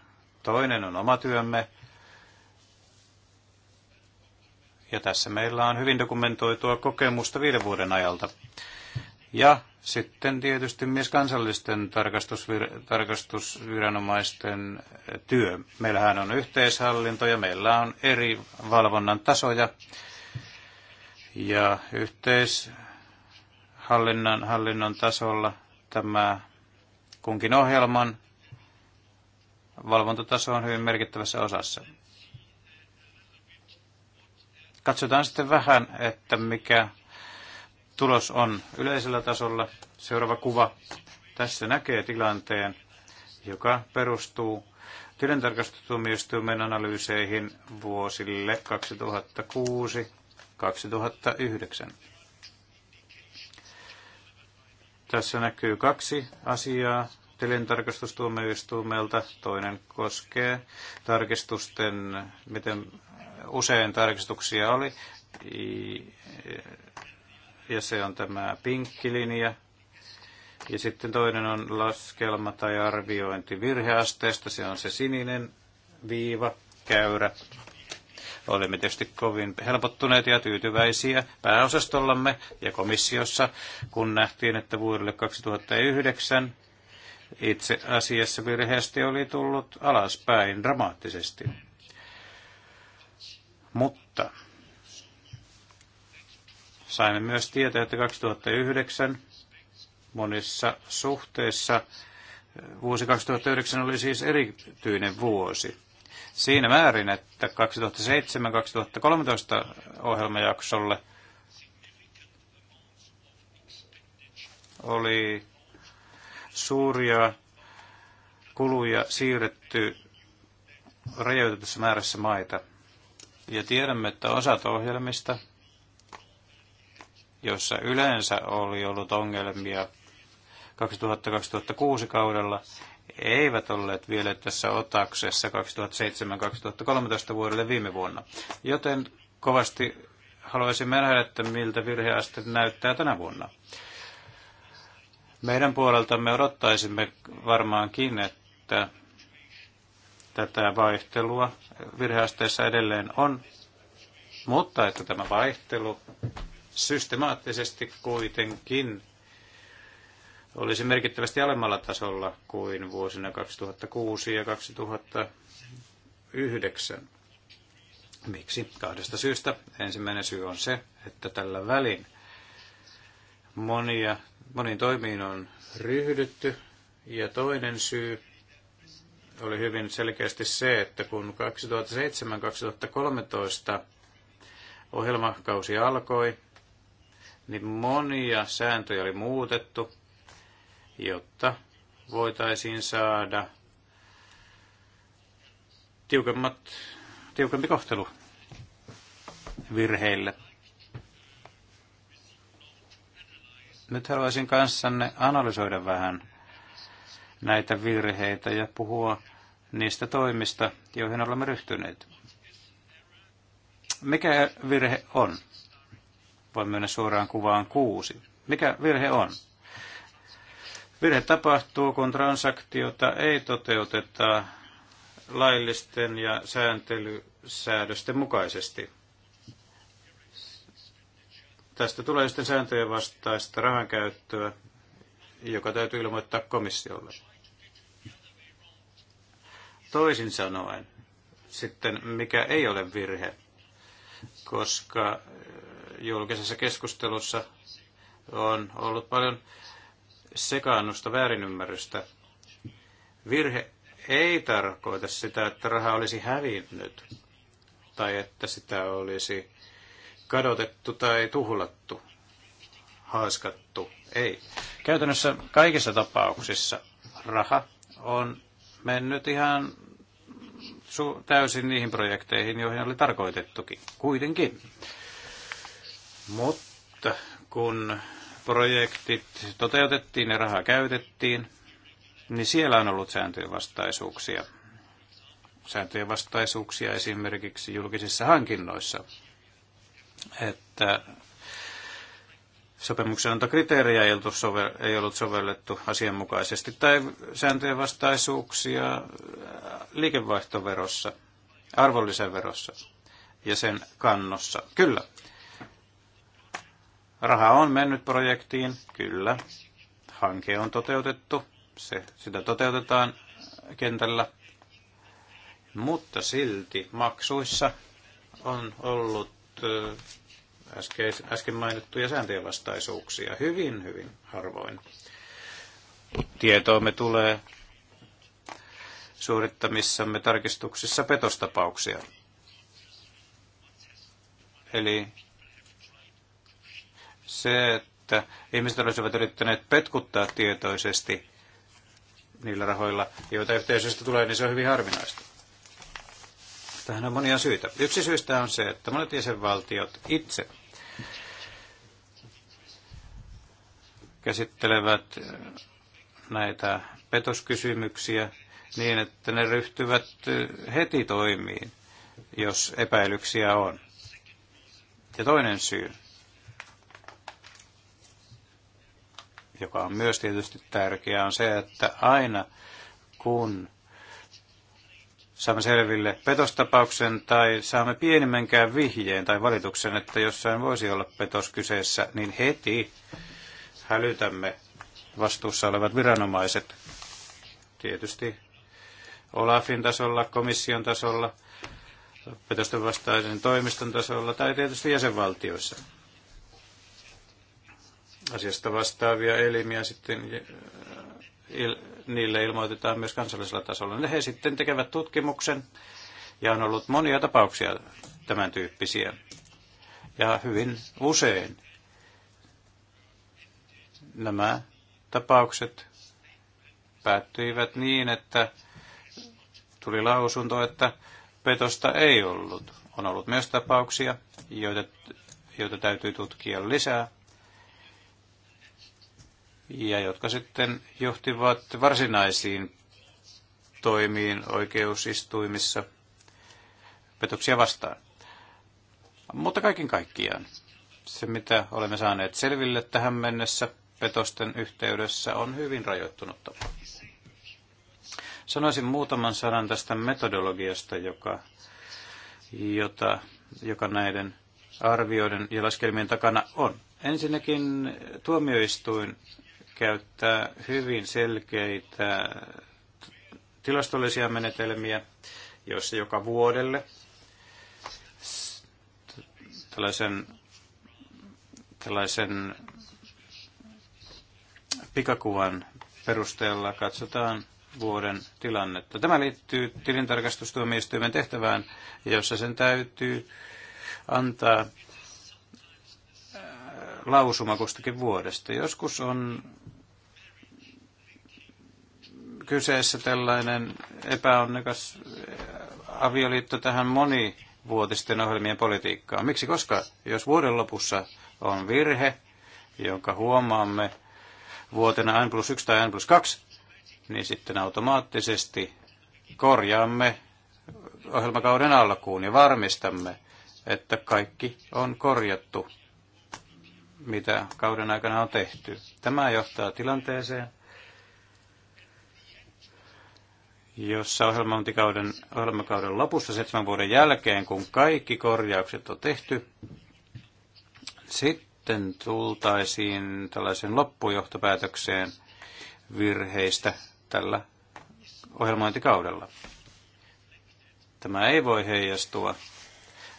Toinen on oma työmme. Ja tässä meillä on hyvin dokumentoitua kokemusta viiden vuoden ajalta. Ja sitten tietysti myös kansallisten tarkastusvir- tarkastusviranomaisten työ. Meillähän on yhteishallinto ja meillä on eri valvonnan tasoja. Ja yhteishallinnon hallinnon tasolla tämä kunkin ohjelman valvontataso on hyvin merkittävässä osassa. Katsotaan sitten vähän, että mikä tulos on yleisellä tasolla. Seuraava kuva. Tässä näkee tilanteen, joka perustuu tilintarkastustuomioistuimen analyyseihin vuosille 2006 2009. Tässä näkyy kaksi asiaa tilintarkastustuomioistuimelta. Toinen koskee tarkistusten, miten usein tarkistuksia oli. Ja se on tämä pinkkilinja. Ja sitten toinen on laskelma tai arviointi virheasteesta. Se on se sininen viiva, käyrä. Olimme tietysti kovin helpottuneita ja tyytyväisiä pääosastollamme ja komissiossa, kun nähtiin, että vuodelle 2009 itse asiassa virheesti oli tullut alaspäin dramaattisesti. Mutta saimme myös tietää, että 2009 monissa suhteissa vuosi 2009 oli siis erityinen vuosi siinä määrin, että 2007-2013 ohjelmajaksolle oli suuria kuluja siirretty rajoitetussa määrässä maita. Ja tiedämme, että osat ohjelmista, joissa yleensä oli ollut ongelmia 2000-2006 kaudella, eivät olleet vielä tässä otaksessa 2007-2013 vuodelle viime vuonna. Joten kovasti haluaisin nähdä, että miltä virheaste näyttää tänä vuonna. Meidän puoleltamme odottaisimme varmaankin, että tätä vaihtelua virheasteessa edelleen on, mutta että tämä vaihtelu systemaattisesti kuitenkin olisi merkittävästi alemmalla tasolla kuin vuosina 2006 ja 2009. Miksi? Kahdesta syystä. Ensimmäinen syy on se, että tällä välin monia, moniin toimiin on ryhdytty. Ja toinen syy oli hyvin selkeästi se, että kun 2007-2013 ohjelmakausi alkoi, niin monia sääntöjä oli muutettu, jotta voitaisiin saada tiukemmat, tiukempi kohtelu virheille. Nyt haluaisin kanssanne analysoida vähän näitä virheitä ja puhua niistä toimista, joihin olemme ryhtyneet. Mikä virhe on? Voin mennä suoraan kuvaan kuusi. Mikä virhe on? Virhe tapahtuu, kun transaktiota ei toteuteta laillisten ja sääntelysäädösten mukaisesti. Tästä tulee sitten sääntöjen vastaista rahankäyttöä, joka täytyy ilmoittaa komissiolle. Toisin sanoen, sitten mikä ei ole virhe, koska julkisessa keskustelussa on ollut paljon sekaannusta, väärinymmärrystä. Virhe ei tarkoita sitä, että raha olisi hävinnyt tai että sitä olisi kadotettu tai tuhlattu, haaskattu. Ei. Käytännössä kaikissa tapauksissa raha on mennyt ihan täysin niihin projekteihin, joihin oli tarkoitettukin. Kuitenkin. Mutta kun projektit toteutettiin ja rahaa käytettiin, niin siellä on ollut sääntöjen vastaisuuksia. Sääntöjen vastaisuuksia esimerkiksi julkisissa hankinnoissa, että antokriteeriä ei, sovel- ei ollut sovellettu asianmukaisesti tai sääntöjen vastaisuuksia liikevaihtoverossa, arvonlisäverossa ja sen kannossa. Kyllä, Raha on mennyt projektiin, kyllä. Hanke on toteutettu, se, sitä toteutetaan kentällä. Mutta silti maksuissa on ollut äsken, mainittuja sääntöjen vastaisuuksia hyvin, hyvin harvoin. Tietoomme tulee suorittamissamme tarkistuksissa petostapauksia. Eli se, että ihmiset olisivat yrittäneet petkuttaa tietoisesti niillä rahoilla, joita yhteisöstä tulee, niin se on hyvin harvinaista. Tähän on monia syitä. Yksi syistä on se, että monet jäsenvaltiot itse käsittelevät näitä petoskysymyksiä niin, että ne ryhtyvät heti toimiin, jos epäilyksiä on. Ja toinen syy joka on myös tietysti tärkeää, on se, että aina kun saamme selville petostapauksen tai saamme pienimmänkään vihjeen tai valituksen, että jossain voisi olla petos kyseessä, niin heti hälytämme vastuussa olevat viranomaiset. Tietysti Olafin tasolla, komission tasolla, petosten vastaisen toimiston tasolla tai tietysti jäsenvaltioissa asiasta vastaavia elimiä sitten äh, il, niille ilmoitetaan myös kansallisella tasolla. He sitten tekevät tutkimuksen ja on ollut monia tapauksia tämän tyyppisiä. Ja hyvin usein nämä tapaukset päättyivät niin, että tuli lausunto, että petosta ei ollut. On ollut myös tapauksia, joita, joita täytyy tutkia lisää ja jotka sitten johtivat varsinaisiin toimiin oikeusistuimissa petoksia vastaan. Mutta kaiken kaikkiaan se, mitä olemme saaneet selville tähän mennessä petosten yhteydessä, on hyvin rajoittunutta. Sanoisin muutaman sanan tästä metodologiasta, joka, jota, joka näiden arvioiden ja laskelmien takana on. Ensinnäkin tuomioistuin käyttää hyvin selkeitä tilastollisia menetelmiä, joissa joka vuodelle tällaisen, tällaisen pikakuvan perusteella katsotaan vuoden tilannetta. Tämä liittyy tilintarkastustuomioistuimen tehtävään, jossa sen täytyy antaa lausuma kustakin vuodesta. Joskus on kyseessä tällainen epäonnekas avioliitto tähän monivuotisten ohjelmien politiikkaan. Miksi? Koska jos vuoden lopussa on virhe, jonka huomaamme vuotena n plus 1 tai n plus 2, niin sitten automaattisesti korjaamme ohjelmakauden alkuun ja varmistamme, että kaikki on korjattu mitä kauden aikana on tehty. Tämä johtaa tilanteeseen, jossa ohjelmointikauden, ohjelmakauden lopussa seitsemän vuoden jälkeen, kun kaikki korjaukset on tehty, sitten tultaisiin tällaisen loppujohtopäätökseen virheistä tällä ohjelmointikaudella. Tämä ei voi heijastua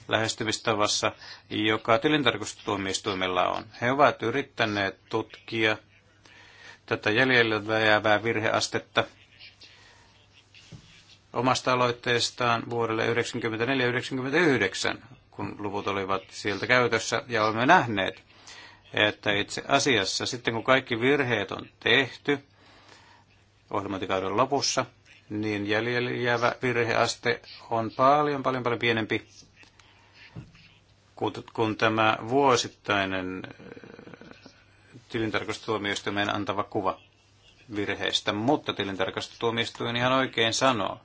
lähestymistavassa, joka tilintarkastustuomioistuimella on. He ovat yrittäneet tutkia tätä jäljellä jäävää virheastetta omasta aloitteestaan vuodelle 1994-1999, kun luvut olivat sieltä käytössä, ja olemme nähneet, että itse asiassa sitten kun kaikki virheet on tehty ohjelmointikauden lopussa, niin jäljellä jäävä virheaste on paljon, paljon, paljon pienempi kun tämä vuosittainen äh, tilintarkastustuomioistuimeen antava kuva virheestä, mutta tilintarkastustuomioistuin ihan oikein sanoo,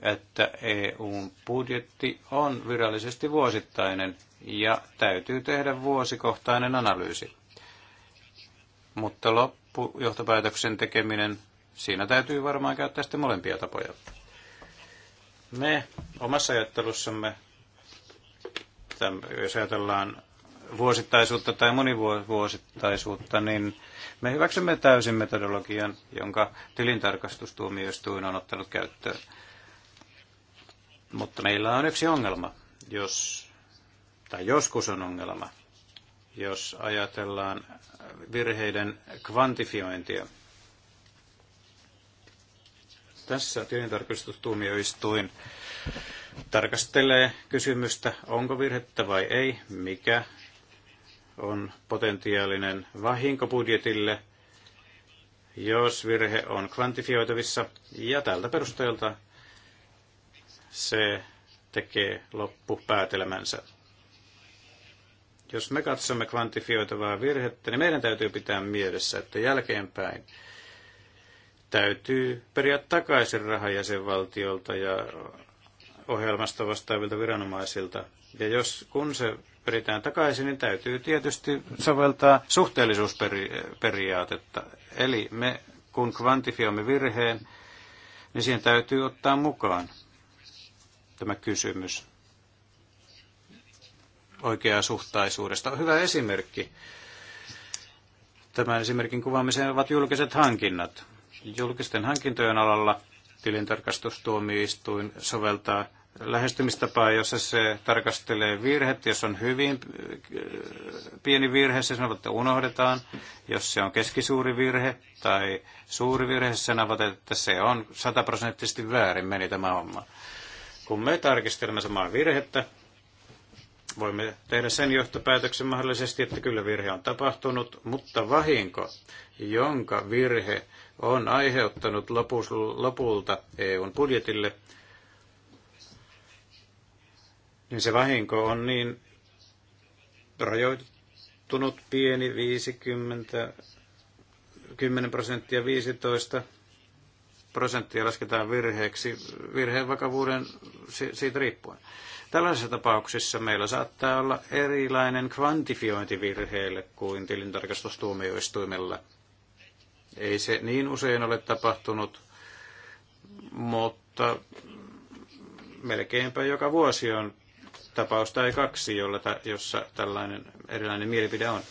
että EUn budjetti on virallisesti vuosittainen ja täytyy tehdä vuosikohtainen analyysi. Mutta loppujohtopäätöksen tekeminen, siinä täytyy varmaan käyttää sitten molempia tapoja. Me omassa ajattelussamme että jos ajatellaan vuosittaisuutta tai monivuosittaisuutta, niin me hyväksymme täysin metodologian, jonka tilintarkastustuomioistuin on ottanut käyttöön. Mutta meillä on yksi ongelma, jos, tai joskus on ongelma, jos ajatellaan virheiden kvantifiointia. Tässä tilintarkastustuomioistuin tarkastelee kysymystä, onko virhettä vai ei, mikä on potentiaalinen vahinko budjetille, jos virhe on kvantifioitavissa, ja tältä perusteelta se tekee loppupäätelmänsä. Jos me katsomme kvantifioitavaa virhettä, niin meidän täytyy pitää mielessä, että jälkeenpäin täytyy periä takaisin raha jäsenvaltiolta ja ohjelmasta vastaavilta viranomaisilta. Ja jos kun se peritään takaisin, niin täytyy tietysti soveltaa suhteellisuusperiaatetta. Eli me kun kvantifioimme virheen, niin siihen täytyy ottaa mukaan tämä kysymys oikeaa suhtaisuudesta. Hyvä esimerkki. Tämän esimerkin kuvaamiseen ovat julkiset hankinnat. Julkisten hankintojen alalla tilintarkastustuomioistuin soveltaa lähestymistapaa, jossa se tarkastelee virhet. Jos on hyvin äh, pieni virhe, se sanoo, että unohdetaan. Jos se on keskisuuri virhe tai suuri virhe, se sanoo, että se on sataprosenttisesti väärin meni tämä homma. Kun me tarkistelemme samaa virhettä, voimme tehdä sen johtopäätöksen mahdollisesti, että kyllä virhe on tapahtunut, mutta vahinko, jonka virhe on aiheuttanut lopulta EUn budjetille, niin se vahinko on niin rajoittunut pieni 50, 10 prosenttia 15 prosenttia lasketaan virheeksi virheen vakavuuden siitä riippuen. Tällaisissa tapauksissa meillä saattaa olla erilainen kvantifiointi virheelle kuin tilintarkastustuomioistuimella. Ei se niin usein ole tapahtunut, mutta melkeinpä joka vuosi on tapaus tai kaksi, jolla, jossa tällainen erilainen mielipide on.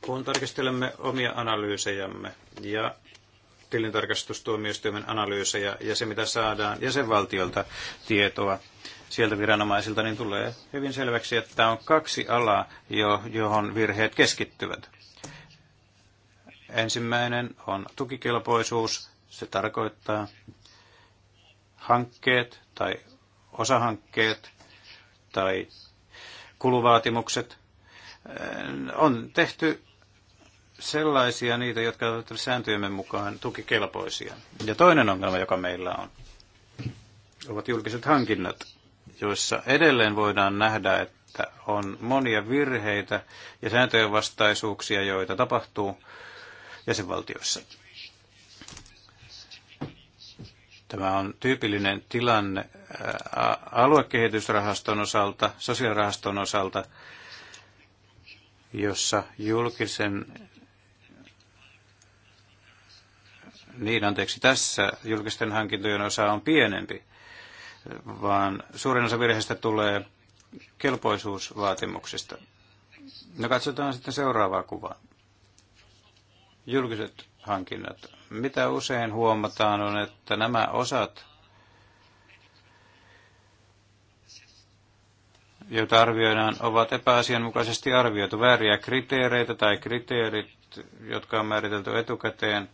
Kun tarkistelemme omia analyysejämme ja tilintarkastustuomioistuimen analyysejä ja se, mitä saadaan jäsenvaltiolta tietoa sieltä viranomaisilta, niin tulee hyvin selväksi, että on kaksi alaa, johon virheet keskittyvät. Ensimmäinen on tukikelpoisuus. Se tarkoittaa, hankkeet tai osahankkeet tai kuluvaatimukset. Äh, on tehty sellaisia niitä, jotka ovat sääntöjemme mukaan tukikelpoisia. Ja toinen ongelma, joka meillä on, ovat julkiset hankinnat, joissa edelleen voidaan nähdä, että on monia virheitä ja sääntöjen vastaisuuksia, joita tapahtuu jäsenvaltioissa. Tämä on tyypillinen tilanne aluekehitysrahaston osalta, sosiaalirahaston osalta, jossa julkisen niin anteeksi, tässä julkisten hankintojen osa on pienempi, vaan suurin osa virheistä tulee kelpoisuusvaatimuksista. No katsotaan sitten seuraavaa kuvaa. Julkiset hankinnat mitä usein huomataan on, että nämä osat, joita arvioidaan, ovat epäasianmukaisesti arvioitu vääriä kriteereitä tai kriteerit, jotka on määritelty etukäteen,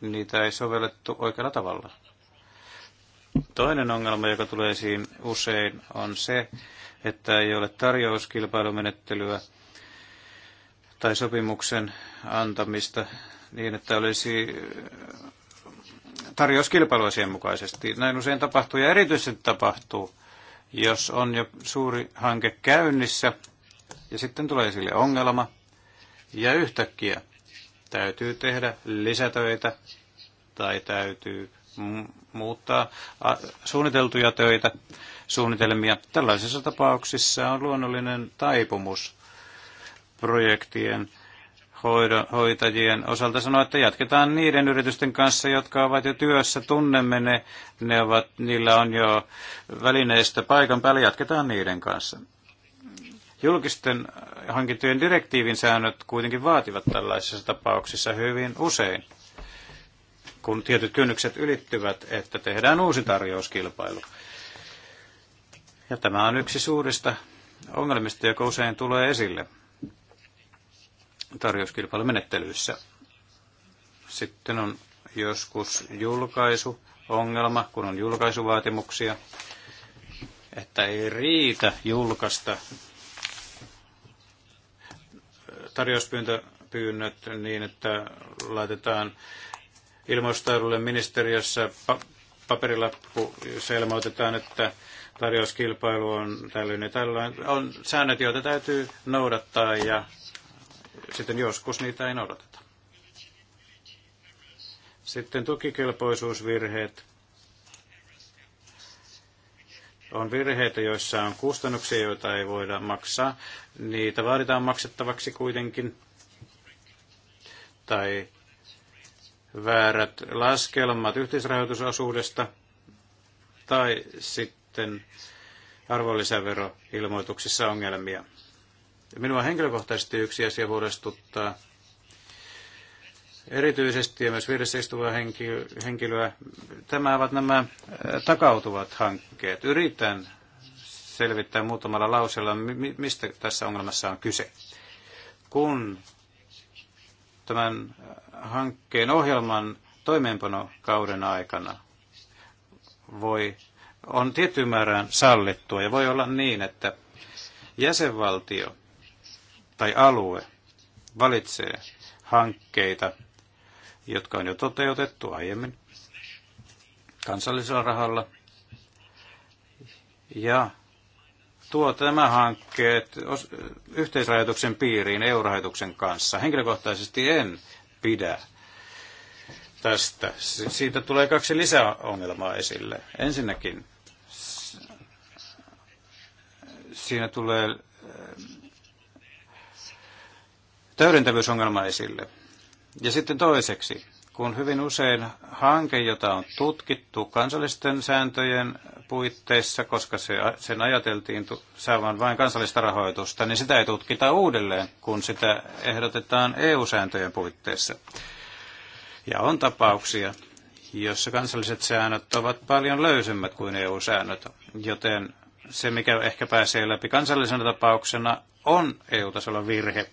niitä ei sovellettu oikealla tavalla. Toinen ongelma, joka tulee esiin usein, on se, että ei ole tarjouskilpailumenettelyä – tai sopimuksen antamista niin, että olisi äh, tarjouskilpailu mukaisesti. Näin usein tapahtuu ja erityisesti tapahtuu, jos on jo suuri hanke käynnissä ja sitten tulee sille ongelma ja yhtäkkiä täytyy tehdä lisätöitä tai täytyy muuttaa suunniteltuja töitä, suunnitelmia. Tällaisissa tapauksissa on luonnollinen taipumus projektien hoitajien osalta sanoa, että jatketaan niiden yritysten kanssa, jotka ovat jo työssä, tunnemme ne, ne ovat, niillä on jo välineistä paikan päällä, jatketaan niiden kanssa. Julkisten hankintojen direktiivin säännöt kuitenkin vaativat tällaisissa tapauksissa hyvin usein, kun tietyt kynnykset ylittyvät, että tehdään uusi tarjouskilpailu. Ja tämä on yksi suurista ongelmista, joka usein tulee esille tarjouskilpailumenettelyissä. Sitten on joskus julkaisuongelma, kun on julkaisuvaatimuksia, että ei riitä julkaista tarjouspyynnöt niin, että laitetaan ilmoistaudulle ministeriössä pa- paperilappu, jossa ilmoitetaan, että tarjouskilpailu on tällainen. tällainen. On säännöt, joita täytyy noudattaa ja sitten joskus niitä ei noudateta. Sitten tukikelpoisuusvirheet. On virheitä, joissa on kustannuksia, joita ei voida maksaa. Niitä vaaditaan maksettavaksi kuitenkin. Tai väärät laskelmat yhteisrahoitusosuudesta. Tai sitten arvonlisäveroilmoituksissa ongelmia. Minua henkilökohtaisesti yksi asia huolestuttaa. Erityisesti ja myös vieressä istuvaa henkilöä. Tämä ovat nämä takautuvat hankkeet. Yritän selvittää muutamalla lauseella, mistä tässä ongelmassa on kyse. Kun tämän hankkeen ohjelman toimeenpanokauden aikana voi, on tietyn määrään sallittua ja voi olla niin, että jäsenvaltio tai alue valitsee hankkeita, jotka on jo toteutettu aiemmin kansallisella rahalla. Ja tuo tämä hankkeet yhteisrajoituksen piiriin eurorahoituksen kanssa. Henkilökohtaisesti en pidä tästä. Siitä tulee kaksi lisäongelmaa esille. Ensinnäkin siinä tulee täydentävyysongelma esille. Ja sitten toiseksi, kun hyvin usein hanke, jota on tutkittu kansallisten sääntöjen puitteissa, koska se, sen ajateltiin saavan vain kansallista rahoitusta, niin sitä ei tutkita uudelleen, kun sitä ehdotetaan EU-sääntöjen puitteissa. Ja on tapauksia, jossa kansalliset säännöt ovat paljon löysemmät kuin EU-säännöt, joten se, mikä ehkä pääsee läpi kansallisena tapauksena, on EU-tasolla virhe.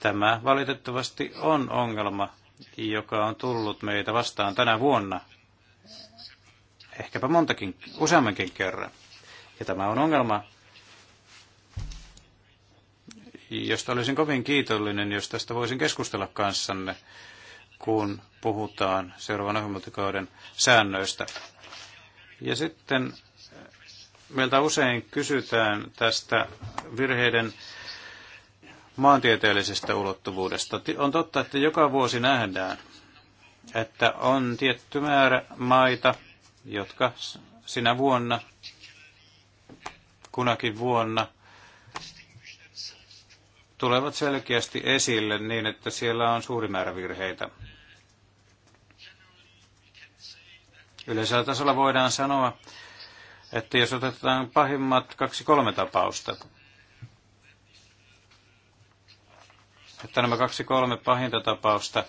Tämä valitettavasti on ongelma, joka on tullut meitä vastaan tänä vuonna. Ehkäpä montakin, useammankin kerran. Ja tämä on ongelma, josta olisin kovin kiitollinen, jos tästä voisin keskustella kanssanne, kun puhutaan seuraavan ohjelmatikauden säännöistä. Ja sitten meiltä usein kysytään tästä virheiden maantieteellisestä ulottuvuudesta. On totta, että joka vuosi nähdään, että on tietty määrä maita, jotka sinä vuonna, kunakin vuonna, tulevat selkeästi esille niin, että siellä on suuri määrä virheitä. Yleisellä tasolla voidaan sanoa, että jos otetaan pahimmat kaksi-kolme tapausta, että nämä kaksi kolme pahinta tapausta,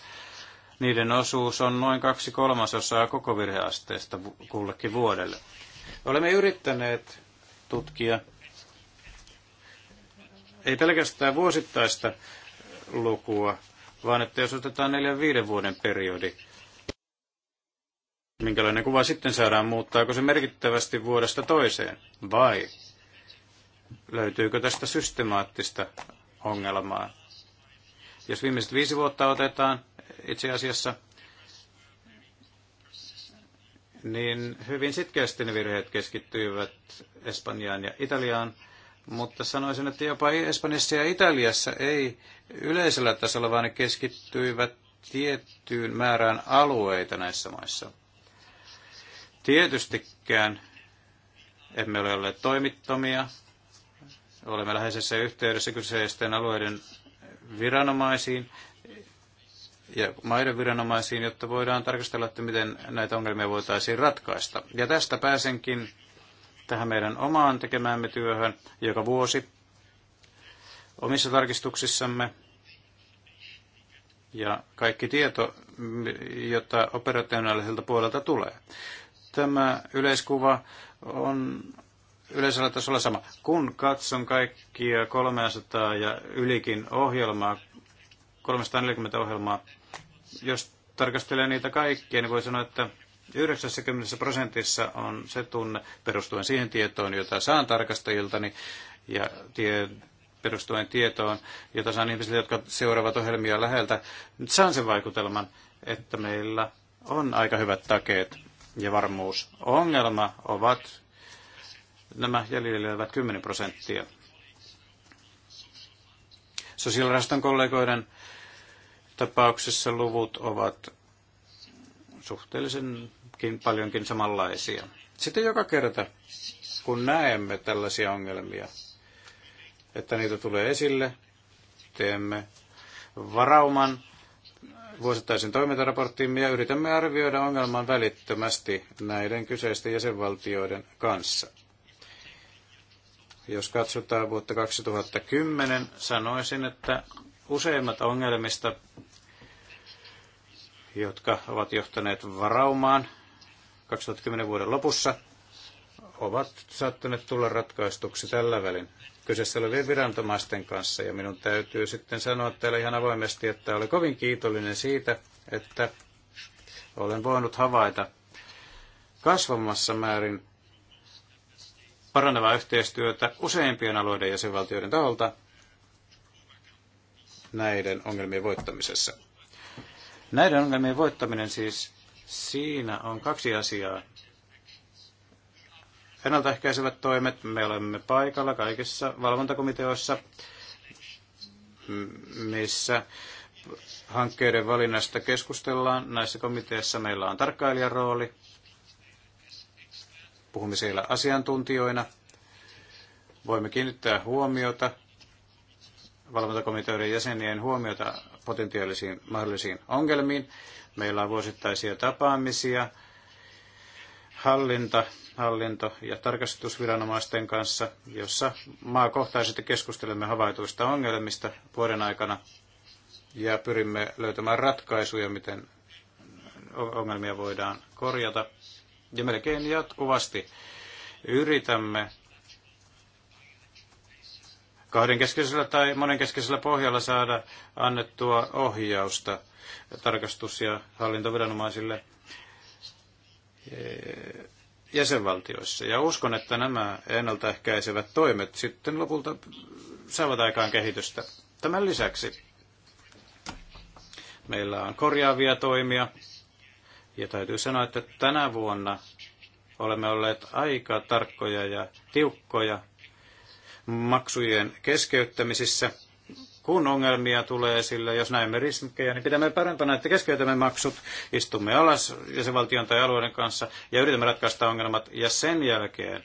niiden osuus on noin kaksi kolmasosaa koko virheasteesta kullekin vuodelle. Olemme yrittäneet tutkia ei pelkästään vuosittaista lukua, vaan että jos otetaan neljän viiden vuoden periodi, minkälainen kuva sitten saadaan, muuttaako se merkittävästi vuodesta toiseen vai löytyykö tästä systemaattista ongelmaa jos viimeiset viisi vuotta otetaan itse asiassa, niin hyvin sitkeästi ne virheet keskittyivät Espanjaan ja Italiaan, mutta sanoisin, että jopa Espanjassa ja Italiassa ei yleisellä tasolla, vaan ne keskittyivät tiettyyn määrään alueita näissä maissa. Tietystikään emme ole olleet toimittomia, olemme läheisessä yhteydessä kyseisten alueiden viranomaisiin ja maiden viranomaisiin, jotta voidaan tarkastella, että miten näitä ongelmia voitaisiin ratkaista. Ja tästä pääsenkin tähän meidän omaan tekemäämme työhön joka vuosi omissa tarkistuksissamme. Ja kaikki tieto, jota operationaaliselta puolelta tulee. Tämä yleiskuva on yleisellä tasolla sama. Kun katson kaikkia 300 ja ylikin ohjelmaa, 340 ohjelmaa, jos tarkastelee niitä kaikkia, niin voi sanoa, että 90 prosentissa on se tunne perustuen siihen tietoon, jota saan tarkastajiltani ja tie, perustuen tietoon, jota saan ihmisiltä, jotka seuraavat ohjelmia läheltä. Nyt saan sen vaikutelman, että meillä on aika hyvät takeet ja varmuus. Ongelma ovat nämä jäljellä ovat 10 prosenttia. Sosiaalirahaston kollegoiden tapauksessa luvut ovat suhteellisenkin paljonkin samanlaisia. Sitten joka kerta, kun näemme tällaisia ongelmia, että niitä tulee esille, teemme varauman vuosittaisen toimintaraporttiimme ja yritämme arvioida ongelman välittömästi näiden kyseisten jäsenvaltioiden kanssa. Jos katsotaan vuotta 2010, sanoisin, että useimmat ongelmista, jotka ovat johtaneet varaumaan 2010 vuoden lopussa, ovat saattaneet tulla ratkaistuksi tällä välin kyseessä olevien viranomaisten kanssa. Ja minun täytyy sitten sanoa teille ihan avoimesti, että olen kovin kiitollinen siitä, että olen voinut havaita kasvamassa määrin parannevaa yhteistyötä useimpien alueiden jäsenvaltioiden taholta näiden ongelmien voittamisessa. Näiden ongelmien voittaminen siis siinä on kaksi asiaa. Ennaltaehkäisevät toimet. Me olemme paikalla kaikissa valvontakomiteoissa, missä hankkeiden valinnasta keskustellaan. Näissä komiteissa meillä on tarkkailijan rooli puhumme siellä asiantuntijoina. Voimme kiinnittää huomiota valvontakomiteoiden jäsenien huomiota potentiaalisiin mahdollisiin ongelmiin. Meillä on vuosittaisia tapaamisia hallinta, hallinto- ja tarkastusviranomaisten kanssa, jossa maakohtaisesti keskustelemme havaituista ongelmista vuoden aikana ja pyrimme löytämään ratkaisuja, miten ongelmia voidaan korjata. Ja melkein jatkuvasti yritämme kahdenkeskisellä tai monenkeskisellä pohjalla saada annettua ohjausta tarkastus- ja hallintoviranomaisille eh, jäsenvaltioissa. Ja uskon, että nämä ennaltaehkäisevät toimet sitten lopulta saavat aikaan kehitystä. Tämän lisäksi meillä on korjaavia toimia, ja täytyy sanoa, että tänä vuonna olemme olleet aika tarkkoja ja tiukkoja maksujen keskeyttämisissä. Kun ongelmia tulee esille, jos näemme riskejä, niin pidämme parempana, että keskeytämme maksut, istumme alas jäsenvaltion tai alueiden kanssa ja yritämme ratkaista ongelmat ja sen jälkeen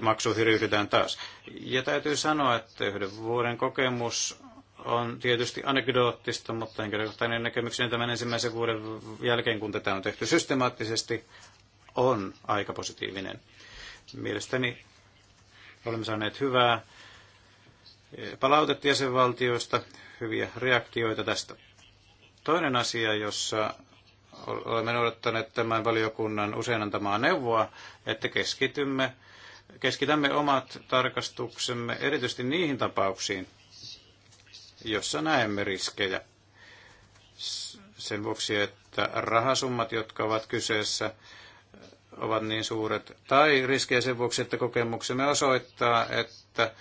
maksuihin ryhdytään taas. Ja täytyy sanoa, että yhden vuoden kokemus on tietysti anekdoottista, mutta henkilökohtainen näkemykseni tämän ensimmäisen vuoden jälkeen, kun tätä on tehty systemaattisesti, on aika positiivinen. Mielestäni olemme saaneet hyvää palautetta jäsenvaltioista, hyviä reaktioita tästä. Toinen asia, jossa olemme noudattaneet tämän valiokunnan usein antamaa neuvoa, että keskitymme, keskitämme omat tarkastuksemme erityisesti niihin tapauksiin, jossa näemme riskejä. Sen vuoksi, että rahasummat, jotka ovat kyseessä, ovat niin suuret. Tai riskejä sen vuoksi, että kokemuksemme osoittaa, että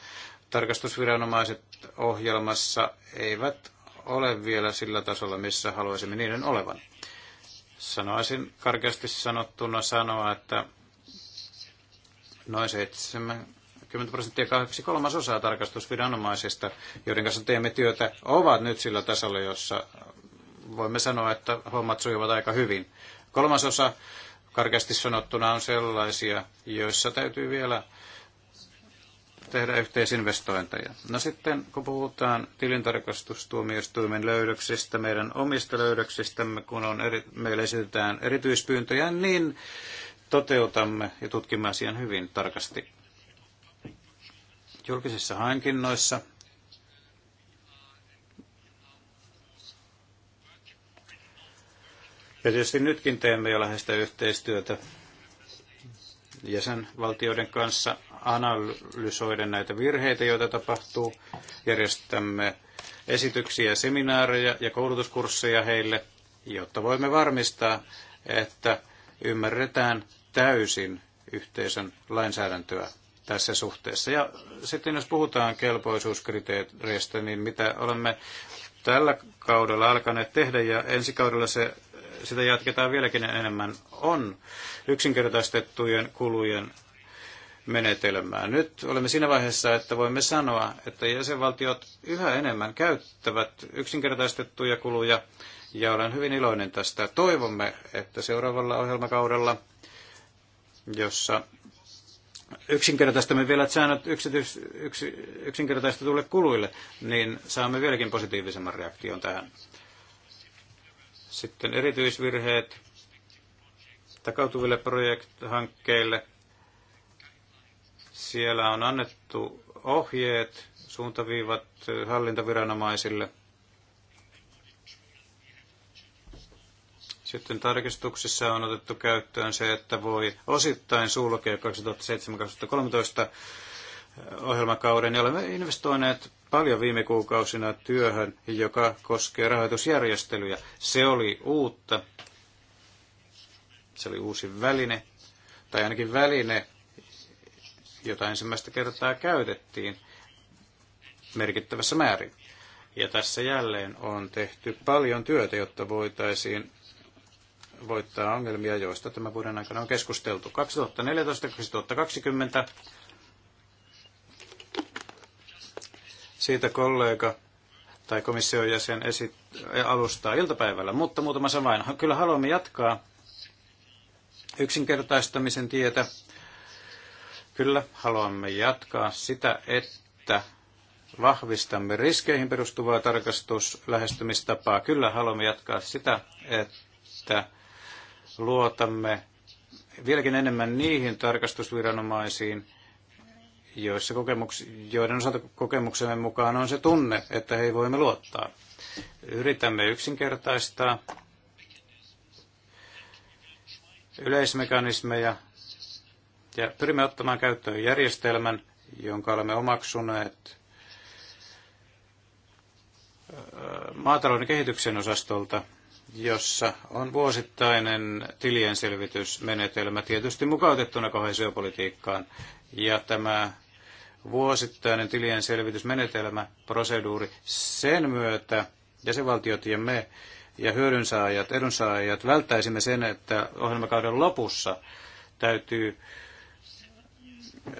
tarkastusviranomaiset ohjelmassa eivät ole vielä sillä tasolla, missä haluaisimme niiden olevan. Sanoisin karkeasti sanottuna sanoa, että noin 7 10 prosenttia kahdeksi kolmasosaa tarkastusviranomaisista, joiden kanssa teemme työtä, ovat nyt sillä tasolla, jossa voimme sanoa, että hommat sujuvat aika hyvin. Kolmasosa karkeasti sanottuna on sellaisia, joissa täytyy vielä tehdä yhteisinvestointeja. No sitten, kun puhutaan tilintarkastustuomioistuimen löydöksistä, meidän omista löydöksistämme, kun on eri, meille esitetään erityispyyntöjä, niin toteutamme ja tutkimme asian hyvin tarkasti julkisissa hankinnoissa. Ja tietysti nytkin teemme jo läheistä yhteistyötä jäsenvaltioiden kanssa analysoiden näitä virheitä, joita tapahtuu. Järjestämme esityksiä, seminaareja ja koulutuskursseja heille, jotta voimme varmistaa, että ymmärretään täysin yhteisön lainsäädäntöä tässä suhteessa. Ja sitten jos puhutaan kelpoisuuskriteereistä, niin mitä olemme tällä kaudella alkaneet tehdä ja ensi kaudella se, sitä jatketaan vieläkin enemmän, on yksinkertaistettujen kulujen menetelmää. Nyt olemme siinä vaiheessa, että voimme sanoa, että jäsenvaltiot yhä enemmän käyttävät yksinkertaistettuja kuluja ja olen hyvin iloinen tästä. Toivomme, että seuraavalla ohjelmakaudella, jossa yksinkertaistamme vielä säännöt yksityis, yks, yksinkertaistetulle kuluille, niin saamme vieläkin positiivisemman reaktion tähän. Sitten erityisvirheet takautuville projekthankkeille. Siellä on annettu ohjeet, suuntaviivat hallintaviranomaisille. Sitten tarkistuksissa on otettu käyttöön se, että voi osittain sulkea 2007-2013 ohjelmakauden, ja olemme investoineet paljon viime kuukausina työhön, joka koskee rahoitusjärjestelyjä. Se oli uutta, se oli uusi väline, tai ainakin väline, jota ensimmäistä kertaa käytettiin merkittävässä määrin. Ja tässä jälleen on tehty paljon työtä, jotta voitaisiin voittaa ongelmia, joista tämän vuoden aikana on keskusteltu. 2014-2020 siitä kollega tai komission jäsen esit- alustaa iltapäivällä, mutta muutama vain. Kyllä haluamme jatkaa yksinkertaistamisen tietä. Kyllä haluamme jatkaa sitä, että vahvistamme riskeihin perustuvaa tarkastuslähestymistapaa. Kyllä haluamme jatkaa sitä, että luotamme vieläkin enemmän niihin tarkastusviranomaisiin, joissa kokemuks, joiden osalta kokemuksemme mukaan on se tunne, että hei voimme luottaa. Yritämme yksinkertaistaa yleismekanismeja ja pyrimme ottamaan käyttöön järjestelmän, jonka olemme omaksuneet maatalouden kehityksen osastolta – jossa on vuosittainen tilienselvitysmenetelmä tietysti mukautettuna kohesiopolitiikkaan. Ja tämä vuosittainen tilienselvitysmenetelmä, proseduuri, sen myötä jäsenvaltiot ja me ja hyödynsaajat, edunsaajat välttäisimme sen, että ohjelmakauden lopussa täytyy äh,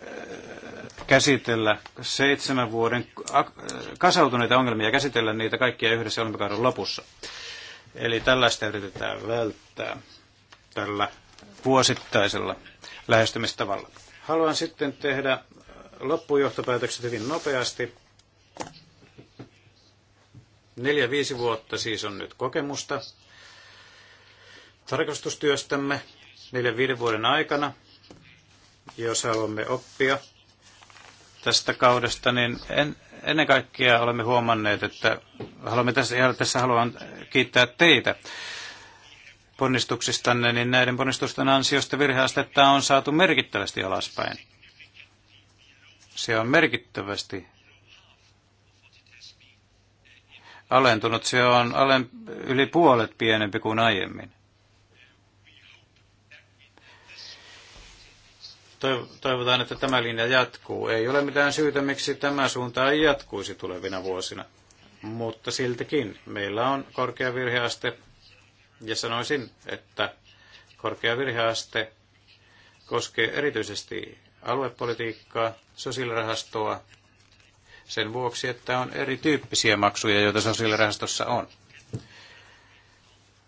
käsitellä seitsemän vuoden äh, kasautuneita ongelmia ja käsitellä niitä kaikkia yhdessä ohjelmakauden lopussa. Eli tällaista yritetään välttää tällä vuosittaisella lähestymistavalla. Haluan sitten tehdä loppujohtopäätökset hyvin nopeasti. Neljä, viisi vuotta siis on nyt kokemusta tarkastustyöstämme neljän viiden vuoden aikana. Jos haluamme oppia tästä kaudesta, niin en, Ennen kaikkea olemme huomanneet, että haluamme tässä, ja tässä haluan kiittää teitä ponnistuksistanne, niin näiden ponnistusten ansiosta virheastetta on saatu merkittävästi alaspäin. Se on merkittävästi alentunut. Se on alen, yli puolet pienempi kuin aiemmin. toivotaan, että tämä linja jatkuu. Ei ole mitään syytä, miksi tämä suunta ei jatkuisi tulevina vuosina. Mutta siltikin meillä on korkea virheaste, ja sanoisin, että korkea virheaste koskee erityisesti aluepolitiikkaa, sosiaalirahastoa, sen vuoksi, että on erityyppisiä maksuja, joita sosiaalirahastossa on.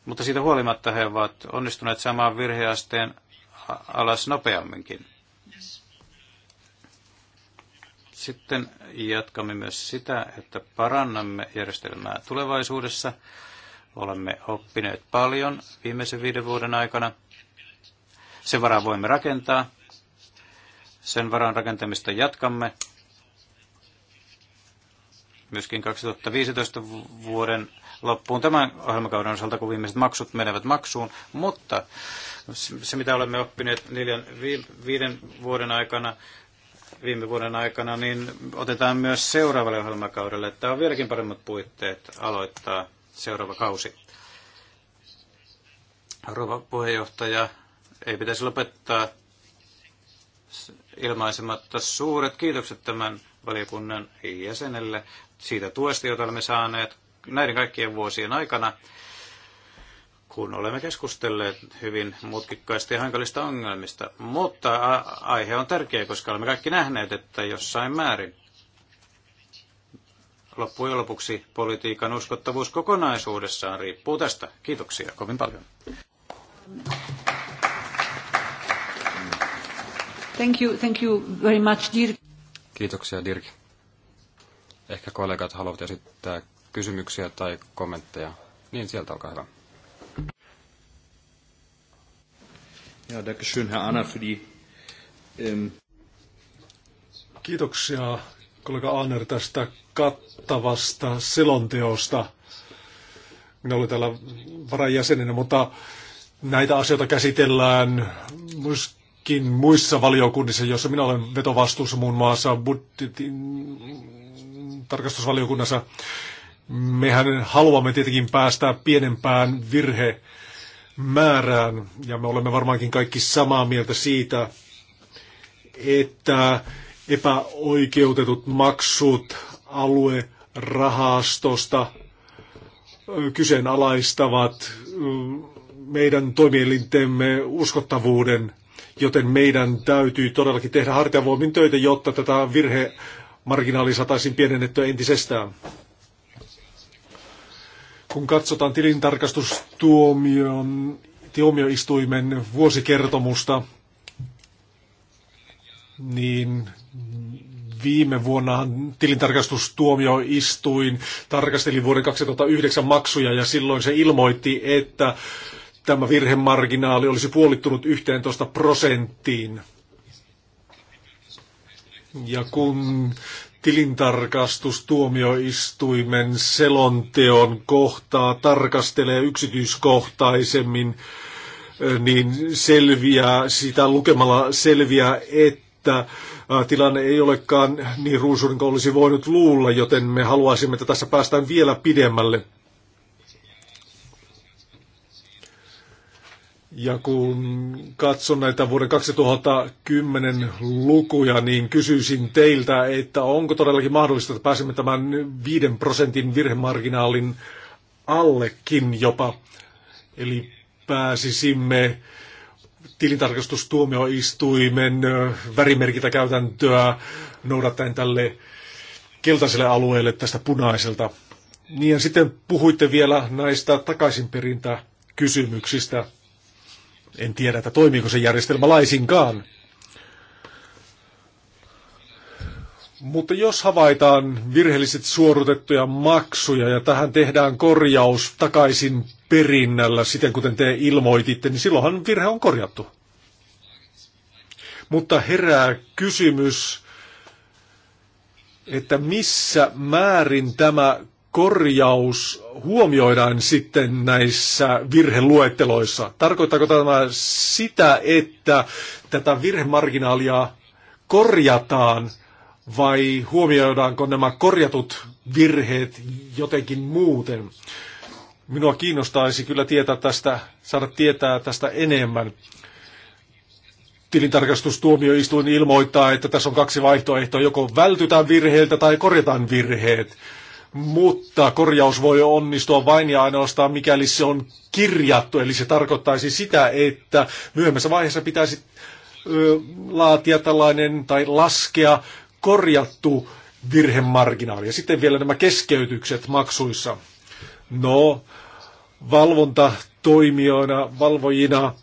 Mutta siitä huolimatta he ovat onnistuneet saamaan virheasteen alas nopeamminkin. Sitten jatkamme myös sitä, että parannamme järjestelmää tulevaisuudessa. Olemme oppineet paljon viimeisen viiden vuoden aikana. Sen varaan voimme rakentaa. Sen varaan rakentamista jatkamme. Myöskin 2015 vuoden loppuun tämän ohjelmakauden osalta, kun viimeiset maksut menevät maksuun. Mutta se, mitä olemme oppineet neljän, viiden vuoden aikana, viime vuoden aikana, niin otetaan myös seuraavalle ohjelmakaudelle, että on vieläkin paremmat puitteet aloittaa seuraava kausi. Rouva puheenjohtaja, ei pitäisi lopettaa ilmaisematta suuret kiitokset tämän valiokunnan jäsenelle siitä tuesta, jota olemme saaneet näiden kaikkien vuosien aikana kun olemme keskustelleet hyvin mutkikkaista ja hankalista ongelmista. Mutta aihe on tärkeä, koska olemme kaikki nähneet, että jossain määrin loppujen lopuksi politiikan uskottavuus kokonaisuudessaan riippuu tästä. Kiitoksia kovin paljon. Thank you, thank you very much, Dirk. Kiitoksia, Dirk. Ehkä kollegat haluavat esittää kysymyksiä tai kommentteja. Niin, sieltä olkaa hyvä. Ja, schön, Herr Anna, für die, ähm... Kiitoksia kollega Aaner tästä kattavasta selonteosta. Minä olen täällä varajäsenenä, mutta näitä asioita käsitellään myöskin muissa valiokunnissa, joissa minä olen vetovastuussa muun muassa budjetin tarkastusvaliokunnassa. Mehän haluamme tietenkin päästä pienempään virhe määrään. Ja me olemme varmaankin kaikki samaa mieltä siitä, että epäoikeutetut maksut aluerahastosta kyseenalaistavat meidän toimielintemme uskottavuuden, joten meidän täytyy todellakin tehdä hartiavoimin töitä, jotta tätä virhemarginaalia saataisiin pienennettyä entisestään kun katsotaan tilintarkastustuomion tuomioistuimen vuosikertomusta, niin viime vuonna tilintarkastustuomioistuin tarkasteli vuoden 2009 maksuja ja silloin se ilmoitti, että tämä virhemarginaali olisi puolittunut 11 prosenttiin. Ja kun tilintarkastustuomioistuimen selonteon kohtaa tarkastelee yksityiskohtaisemmin, niin selviää, sitä lukemalla selviää, että tilanne ei olekaan niin ruusuinen kuin olisi voinut luulla, joten me haluaisimme, että tässä päästään vielä pidemmälle. Ja kun katson näitä vuoden 2010 lukuja, niin kysyisin teiltä, että onko todellakin mahdollista, että pääsemme tämän 5 prosentin virhemarginaalin allekin jopa. Eli pääsisimme tilintarkastustuomioistuimen värimerkitä käytäntöä noudattaen tälle keltaiselle alueelle tästä punaiselta. Niin ja sitten puhuitte vielä näistä takaisinperintäkysymyksistä. kysymyksistä en tiedä, että toimiiko se järjestelmä laisinkaan. Mutta jos havaitaan virheelliset suorutettuja maksuja ja tähän tehdään korjaus takaisin perinnällä, siten kuten te ilmoititte, niin silloinhan virhe on korjattu. Mutta herää kysymys, että missä määrin tämä korjaus huomioidaan sitten näissä virheluetteloissa? Tarkoittaako tämä sitä, että tätä virhemarginaalia korjataan vai huomioidaanko nämä korjatut virheet jotenkin muuten? Minua kiinnostaisi kyllä tietää tästä, saada tietää tästä enemmän. Tilintarkastustuomioistuin ilmoittaa, että tässä on kaksi vaihtoehtoa, joko vältytään virheiltä tai korjataan virheet mutta korjaus voi onnistua vain ja ainoastaan, mikäli se on kirjattu. Eli se tarkoittaisi sitä, että myöhemmässä vaiheessa pitäisi ö, laatia tällainen tai laskea korjattu virhemarginaali. Ja sitten vielä nämä keskeytykset maksuissa. No, valvontatoimijoina, valvojina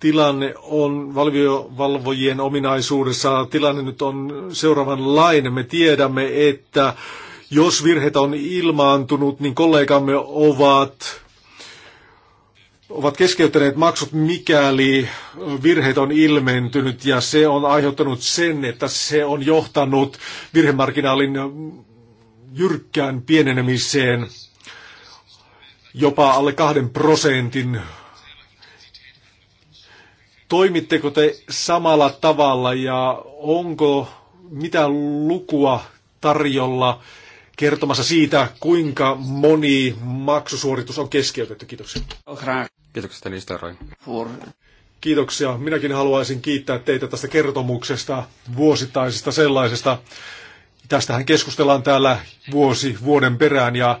tilanne on valvojien ominaisuudessa, tilanne nyt on seuraavanlainen. Me tiedämme, että jos virheitä on ilmaantunut, niin kollegamme ovat ovat keskeyttäneet maksut, mikäli virheet on ilmentynyt, ja se on aiheuttanut sen, että se on johtanut virhemarginaalin jyrkkään pienenemiseen jopa alle kahden prosentin Toimitteko te samalla tavalla ja onko mitä lukua tarjolla kertomassa siitä, kuinka moni maksusuoritus on keskeytetty? Kiitoksia. Kiitoksia niistä, Kiitoksia. Minäkin haluaisin kiittää teitä tästä kertomuksesta, vuosittaisesta sellaisesta. Tästähän keskustellaan täällä vuosi vuoden perään ja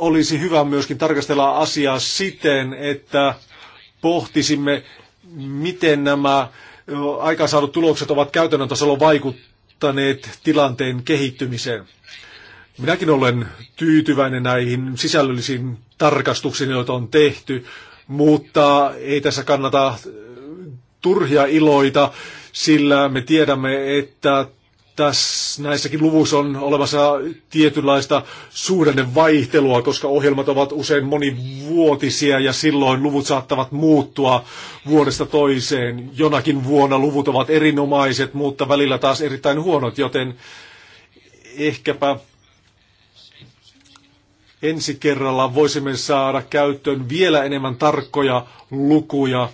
olisi hyvä myöskin tarkastella asiaa siten, että pohtisimme, miten nämä aikaansaadut tulokset ovat käytännön tasolla vaikuttaneet tilanteen kehittymiseen. Minäkin olen tyytyväinen näihin sisällöllisiin tarkastuksiin, joita on tehty, mutta ei tässä kannata turhia iloita, sillä me tiedämme, että tässä, näissäkin luvuissa on olemassa tietynlaista vaihtelua, koska ohjelmat ovat usein monivuotisia ja silloin luvut saattavat muuttua vuodesta toiseen. Jonakin vuonna luvut ovat erinomaiset, mutta välillä taas erittäin huonot, joten ehkäpä ensi kerralla voisimme saada käyttöön vielä enemmän tarkkoja lukuja.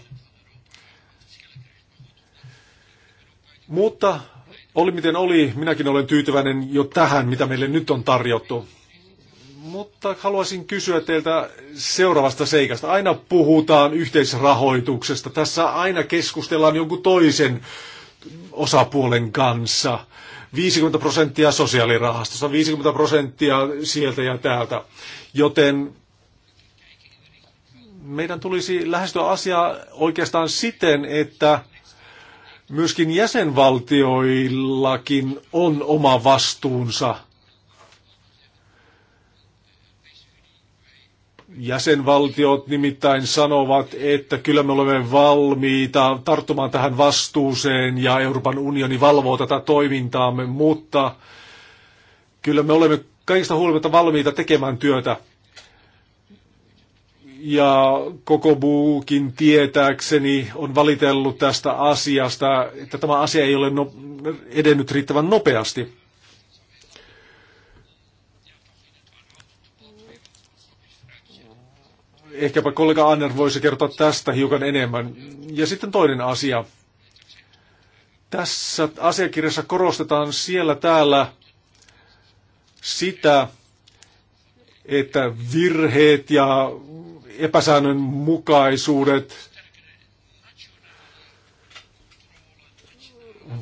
Mutta oli miten oli, minäkin olen tyytyväinen jo tähän, mitä meille nyt on tarjottu. Mutta haluaisin kysyä teiltä seuraavasta seikasta. Aina puhutaan yhteisrahoituksesta. Tässä aina keskustellaan jonkun toisen osapuolen kanssa. 50 prosenttia sosiaalirahastosta, 50 prosenttia sieltä ja täältä. Joten meidän tulisi lähestyä asiaa oikeastaan siten, että Myöskin jäsenvaltioillakin on oma vastuunsa. Jäsenvaltiot nimittäin sanovat, että kyllä me olemme valmiita tarttumaan tähän vastuuseen ja Euroopan unioni valvoo tätä toimintaamme, mutta kyllä me olemme kaikista huolimatta valmiita tekemään työtä ja koko muukin tietääkseni on valitellut tästä asiasta, että tämä asia ei ole no, edennyt riittävän nopeasti. Ehkäpä kollega Anner voisi kertoa tästä hiukan enemmän. Ja sitten toinen asia. Tässä asiakirjassa korostetaan siellä täällä sitä, että virheet ja epäsäännönmukaisuudet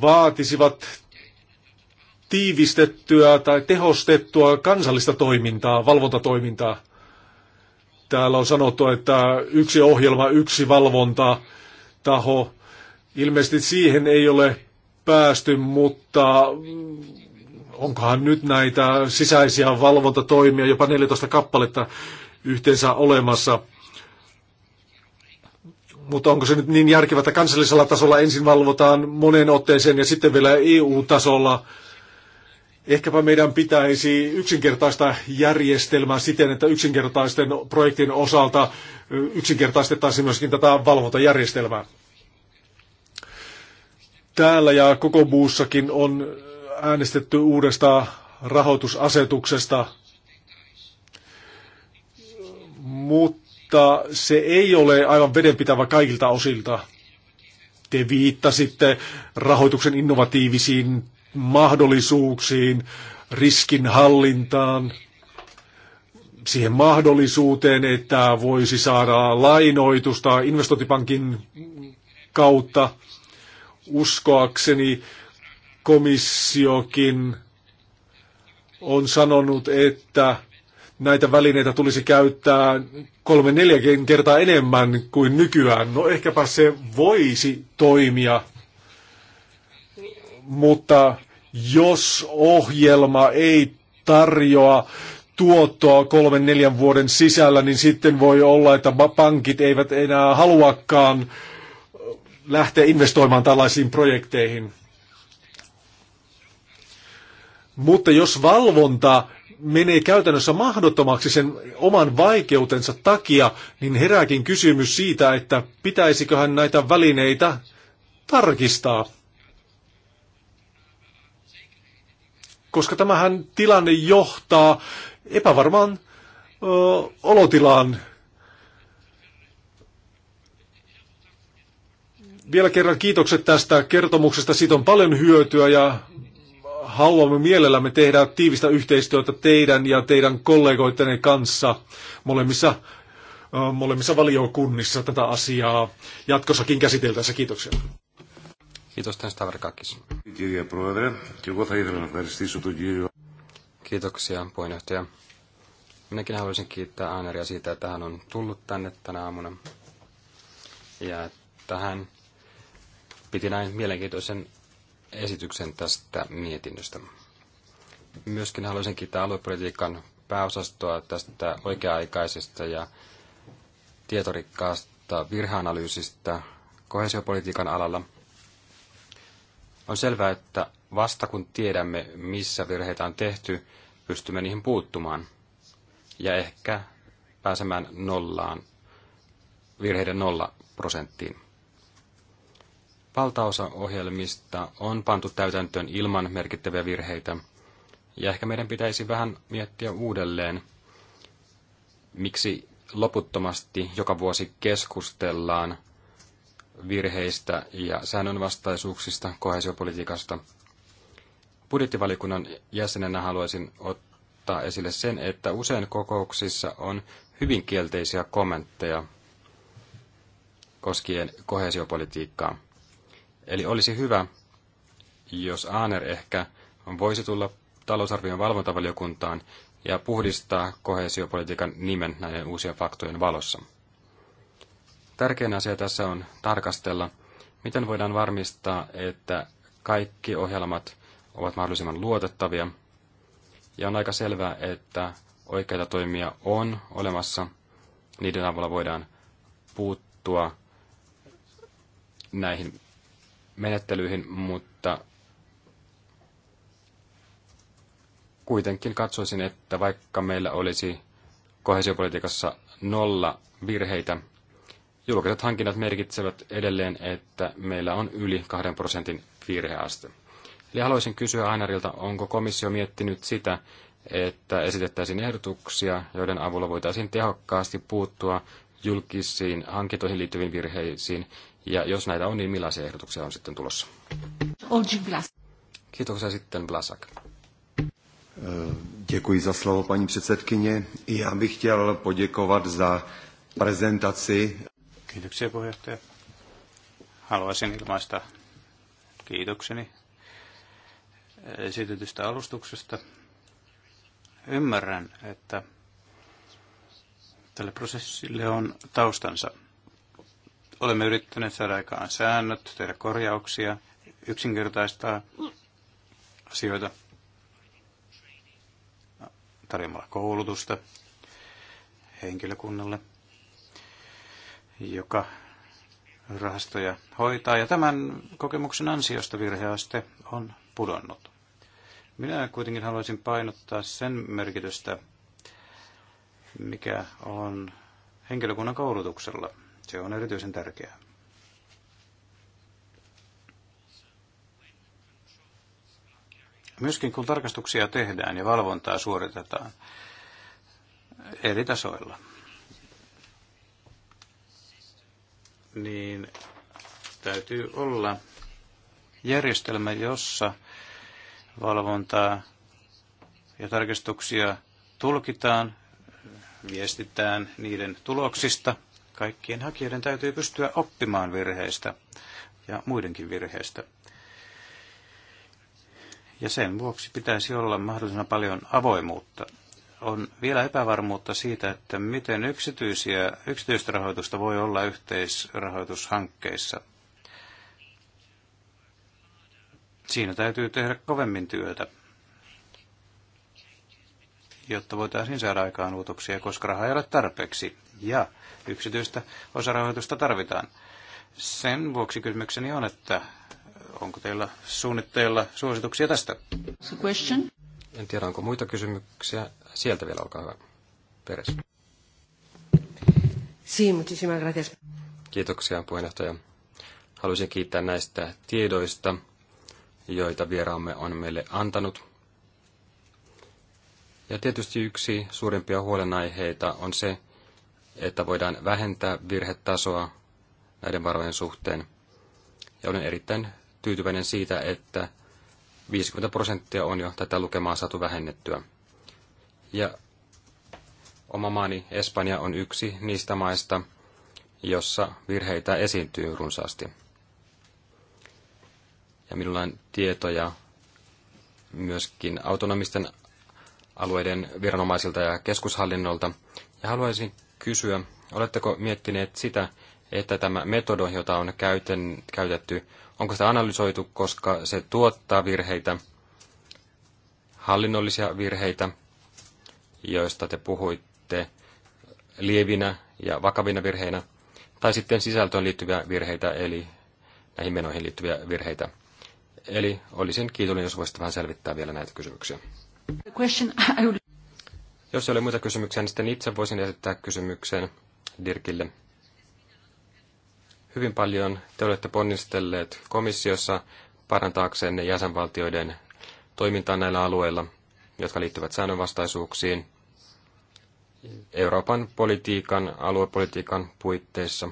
vaatisivat tiivistettyä tai tehostettua kansallista toimintaa, valvontatoimintaa. Täällä on sanottu, että yksi ohjelma, yksi valvonta, taho. Ilmeisesti siihen ei ole päästy, mutta onkohan nyt näitä sisäisiä valvontatoimia, jopa 14 kappaletta yhteensä olemassa. Mutta onko se nyt niin järkevää, että kansallisella tasolla ensin valvotaan monen otteeseen ja sitten vielä EU-tasolla? Ehkäpä meidän pitäisi yksinkertaista järjestelmää siten, että yksinkertaisten projektin osalta yksinkertaistettaisiin myöskin tätä valvontajärjestelmää. Täällä ja koko muussakin on äänestetty uudesta rahoitusasetuksesta – mutta se ei ole aivan vedenpitävä kaikilta osilta. Te viittasitte rahoituksen innovatiivisiin mahdollisuuksiin, riskinhallintaan, siihen mahdollisuuteen, että voisi saada lainoitusta investointipankin kautta. Uskoakseni komissiokin on sanonut, että näitä välineitä tulisi käyttää kolme neljä kertaa enemmän kuin nykyään. No ehkäpä se voisi toimia, mutta jos ohjelma ei tarjoa tuottoa kolmen neljän vuoden sisällä, niin sitten voi olla, että pankit eivät enää haluakaan lähteä investoimaan tällaisiin projekteihin. Mutta jos valvonta menee käytännössä mahdottomaksi sen oman vaikeutensa takia, niin herääkin kysymys siitä, että pitäisiköhän näitä välineitä tarkistaa. Koska tämähän tilanne johtaa epävarmaan ö, olotilaan. Vielä kerran kiitokset tästä kertomuksesta. Siitä on paljon hyötyä ja haluamme mielellämme tehdä tiivistä yhteistyötä teidän ja teidän kollegoittenne kanssa molemmissa, molemmissa valiokunnissa tätä asiaa jatkossakin käsiteltäessä. Kiitoksia. Kiitos tästä Stavrikakis. Kiitoksia puheenjohtaja. Minäkin haluaisin kiittää Aaneria siitä, että hän on tullut tänne tänä aamuna. Ja että hän piti näin mielenkiintoisen esityksen tästä mietinnöstä. Myöskin haluaisin kiittää aluepolitiikan pääosastoa tästä oikea-aikaisesta ja tietorikkaasta virheanalyysistä kohesiopolitiikan alalla. On selvää, että vasta kun tiedämme, missä virheitä on tehty, pystymme niihin puuttumaan ja ehkä pääsemään nollaan, virheiden nolla prosenttiin. Valtaosa ohjelmista on pantu täytäntöön ilman merkittäviä virheitä, ja ehkä meidän pitäisi vähän miettiä uudelleen, miksi loputtomasti joka vuosi keskustellaan virheistä ja säännönvastaisuuksista kohesiopolitiikasta. Budjettivalikunnan jäsenenä haluaisin ottaa esille sen, että usein kokouksissa on hyvin kielteisiä kommentteja koskien kohesiopolitiikkaa. Eli olisi hyvä, jos Aaner ehkä voisi tulla talousarvion valvontavaliokuntaan ja puhdistaa kohesiopolitiikan nimen näiden uusien faktojen valossa. Tärkein asia tässä on tarkastella, miten voidaan varmistaa, että kaikki ohjelmat ovat mahdollisimman luotettavia. Ja on aika selvää, että oikeita toimia on olemassa. Niiden avulla voidaan puuttua näihin menettelyihin, mutta kuitenkin katsoisin, että vaikka meillä olisi kohesiopolitiikassa nolla virheitä, julkiset hankinnat merkitsevät edelleen, että meillä on yli 2 prosentin virheaste. Eli haluaisin kysyä Ainarilta, onko komissio miettinyt sitä, että esitettäisiin ehdotuksia, joiden avulla voitaisiin tehokkaasti puuttua julkisiin hankintoihin liittyviin virheisiin ja jos näitä on, niin millaisia ehdotuksia on sitten tulossa? Kiitoksia sitten Blasak. Eh, děkuji za slovo, paní předsedkyně. Já bych chtěl poděkovat za prezentaci. Kiitoksia puheenjohtaja. Haluaisin ilmaista kiitokseni esitetystä alustuksesta. Ymmärrän, että tälle prosessille on taustansa – Olemme yrittäneet saada aikaan säännöt, tehdä korjauksia, yksinkertaistaa asioita tarjomalla koulutusta henkilökunnalle, joka rahastoja hoitaa. Ja tämän kokemuksen ansiosta virheaste on pudonnut. Minä kuitenkin haluaisin painottaa sen merkitystä, mikä on henkilökunnan koulutuksella se on erityisen tärkeää. Myöskin kun tarkastuksia tehdään ja valvontaa suoritetaan eri tasoilla, niin täytyy olla järjestelmä, jossa valvontaa ja tarkastuksia tulkitaan, viestitään niiden tuloksista – Kaikkien hakijoiden täytyy pystyä oppimaan virheistä ja muidenkin virheistä. Ja sen vuoksi pitäisi olla mahdollisimman paljon avoimuutta. On vielä epävarmuutta siitä, että miten yksityisiä, yksityistä rahoitusta voi olla yhteisrahoitushankkeissa. Siinä täytyy tehdä kovemmin työtä jotta voitaisiin saada aikaan muutoksia, koska raha ei ole tarpeeksi ja yksityistä osarahoitusta tarvitaan. Sen vuoksi kysymykseni on, että onko teillä suunnitteilla suosituksia tästä? Question. En tiedä, onko muita kysymyksiä. Sieltä vielä, olkaa hyvä. Peres. Sí, muchísimas Kiitoksia puheenjohtaja. Haluaisin kiittää näistä tiedoista, joita vieraamme on meille antanut. Ja tietysti yksi suurimpia huolenaiheita on se, että voidaan vähentää virhetasoa näiden varojen suhteen. Ja olen erittäin tyytyväinen siitä, että 50 prosenttia on jo tätä lukemaa saatu vähennettyä. Ja oma maani Espanja on yksi niistä maista, jossa virheitä esiintyy runsaasti. Ja minulla on tietoja myöskin autonomisten alueiden viranomaisilta ja keskushallinnolta. Ja haluaisin kysyä, oletteko miettineet sitä, että tämä metodo, jota on käyten, käytetty, onko sitä analysoitu, koska se tuottaa virheitä, hallinnollisia virheitä, joista te puhuitte lievinä ja vakavina virheinä, tai sitten sisältöön liittyviä virheitä, eli näihin menoihin liittyviä virheitä. Eli olisin kiitollinen, jos voisit vähän selvittää vielä näitä kysymyksiä. Jos ei ole muita kysymyksiä, niin sitten itse voisin esittää kysymyksen Dirkille. Hyvin paljon te olette ponnistelleet komissiossa parantaakseen jäsenvaltioiden toimintaa näillä alueilla, jotka liittyvät säännönvastaisuuksiin Euroopan politiikan, aluepolitiikan puitteissa.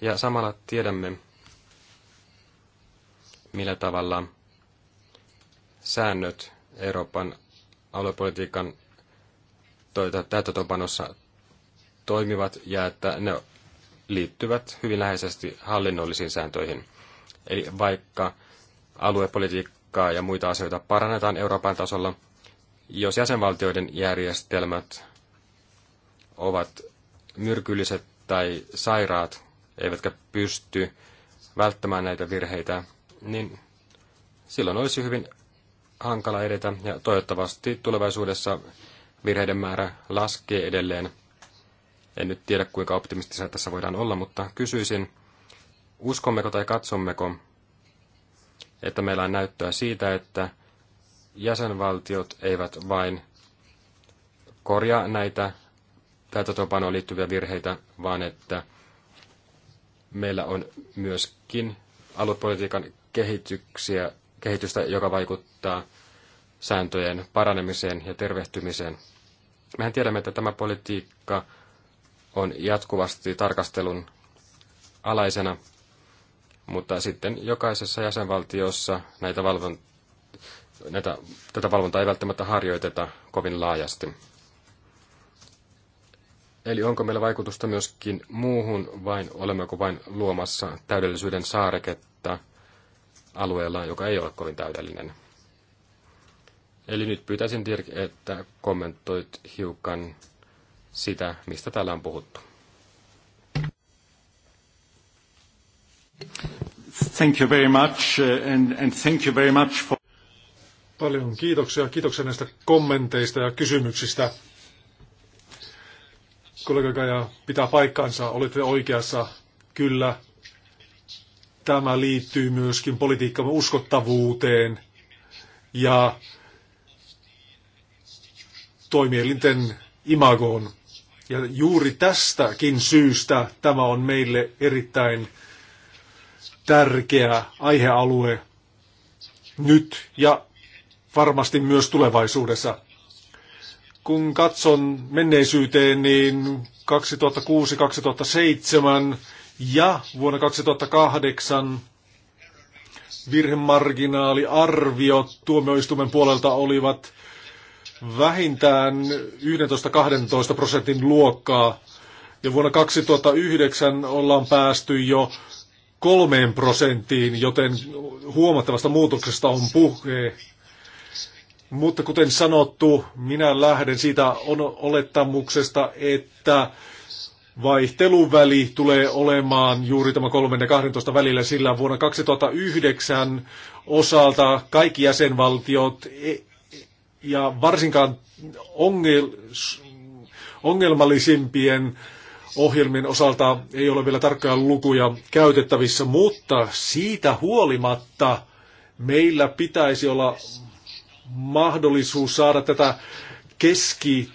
Ja samalla tiedämme, millä tavalla säännöt Euroopan aluepolitiikan täytäntöönpanossa toimivat ja että ne liittyvät hyvin läheisesti hallinnollisiin sääntöihin. Eli vaikka aluepolitiikkaa ja muita asioita parannetaan Euroopan tasolla, jos jäsenvaltioiden järjestelmät ovat myrkylliset tai sairaat, eivätkä pysty välttämään näitä virheitä, niin silloin olisi hyvin hankala edetä ja toivottavasti tulevaisuudessa virheiden määrä laskee edelleen. En nyt tiedä, kuinka optimistisia tässä voidaan olla, mutta kysyisin, uskommeko tai katsommeko, että meillä on näyttöä siitä, että jäsenvaltiot eivät vain korjaa näitä täytäntöönpanoon liittyviä virheitä, vaan että meillä on myöskin aluepolitiikan kehityksiä kehitystä, joka vaikuttaa sääntöjen paranemiseen ja tervehtymiseen. Mehän tiedämme, että tämä politiikka on jatkuvasti tarkastelun alaisena, mutta sitten jokaisessa jäsenvaltiossa näitä valvon, näitä, tätä valvontaa ei välttämättä harjoiteta kovin laajasti. Eli onko meillä vaikutusta myöskin muuhun, vai olemmeko vain luomassa täydellisyyden saareketta? alueella, joka ei ole kovin täydellinen. Eli nyt pyytäisin Dirk, että kommentoit hiukan sitä, mistä täällä on puhuttu. Thank you very much uh, and, and thank you very much for... Paljon kiitoksia. Kiitoksia näistä kommenteista ja kysymyksistä. Kollega Kaja pitää paikkansa. Olette oikeassa. Kyllä, Tämä liittyy myöskin politiikkamme uskottavuuteen ja toimielinten imagoon. Ja juuri tästäkin syystä tämä on meille erittäin tärkeä aihealue nyt ja varmasti myös tulevaisuudessa. Kun katson menneisyyteen, niin 2006-2007 ja vuonna 2008 virhemarginaaliarviot tuomioistuimen puolelta olivat vähintään 11-12 prosentin luokkaa. Ja vuonna 2009 ollaan päästy jo kolmeen prosenttiin, joten huomattavasta muutoksesta on puhe. Mutta kuten sanottu, minä lähden siitä olettamuksesta, että vaihteluväli tulee olemaan juuri tämä 3 ja 12 välillä, sillä vuonna 2009 osalta kaikki jäsenvaltiot e- ja varsinkaan ongel, ongelmallisimpien ohjelmien osalta ei ole vielä tarkkoja lukuja käytettävissä, mutta siitä huolimatta meillä pitäisi olla mahdollisuus saada tätä keski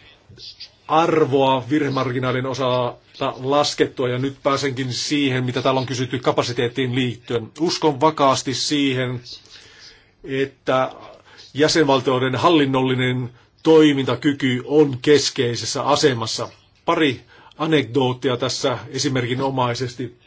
arvoa virhemarginaalin osaa laskettua ja nyt pääsenkin siihen, mitä täällä on kysytty kapasiteettiin liittyen. Uskon vakaasti siihen, että jäsenvaltioiden hallinnollinen toimintakyky on keskeisessä asemassa. Pari anekdoottia tässä esimerkinomaisesti.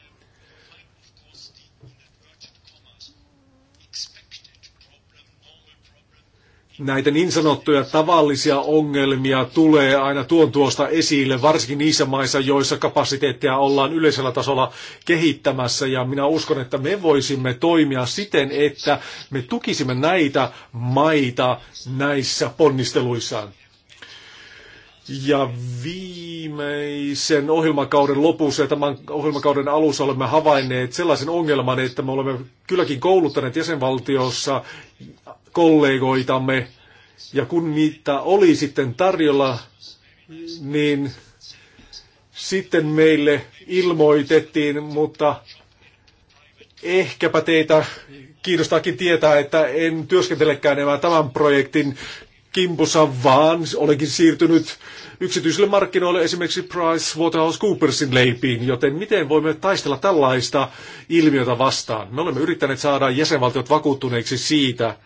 näitä niin sanottuja tavallisia ongelmia tulee aina tuon tuosta esille, varsinkin niissä maissa, joissa kapasiteettia ollaan yleisellä tasolla kehittämässä. Ja minä uskon, että me voisimme toimia siten, että me tukisimme näitä maita näissä ponnisteluissaan. Ja viimeisen ohjelmakauden lopussa ja tämän ohjelmakauden alussa olemme havainneet sellaisen ongelman, että me olemme kylläkin kouluttaneet jäsenvaltiossa kollegoitamme. Ja kun niitä oli sitten tarjolla, niin sitten meille ilmoitettiin, mutta ehkäpä teitä kiinnostaakin tietää, että en työskentelekään enää tämän projektin kimpussa, vaan olenkin siirtynyt yksityisille markkinoille esimerkiksi Price Waterhouse Coopersin leipiin, joten miten voimme taistella tällaista ilmiötä vastaan? Me olemme yrittäneet saada jäsenvaltiot vakuuttuneiksi siitä,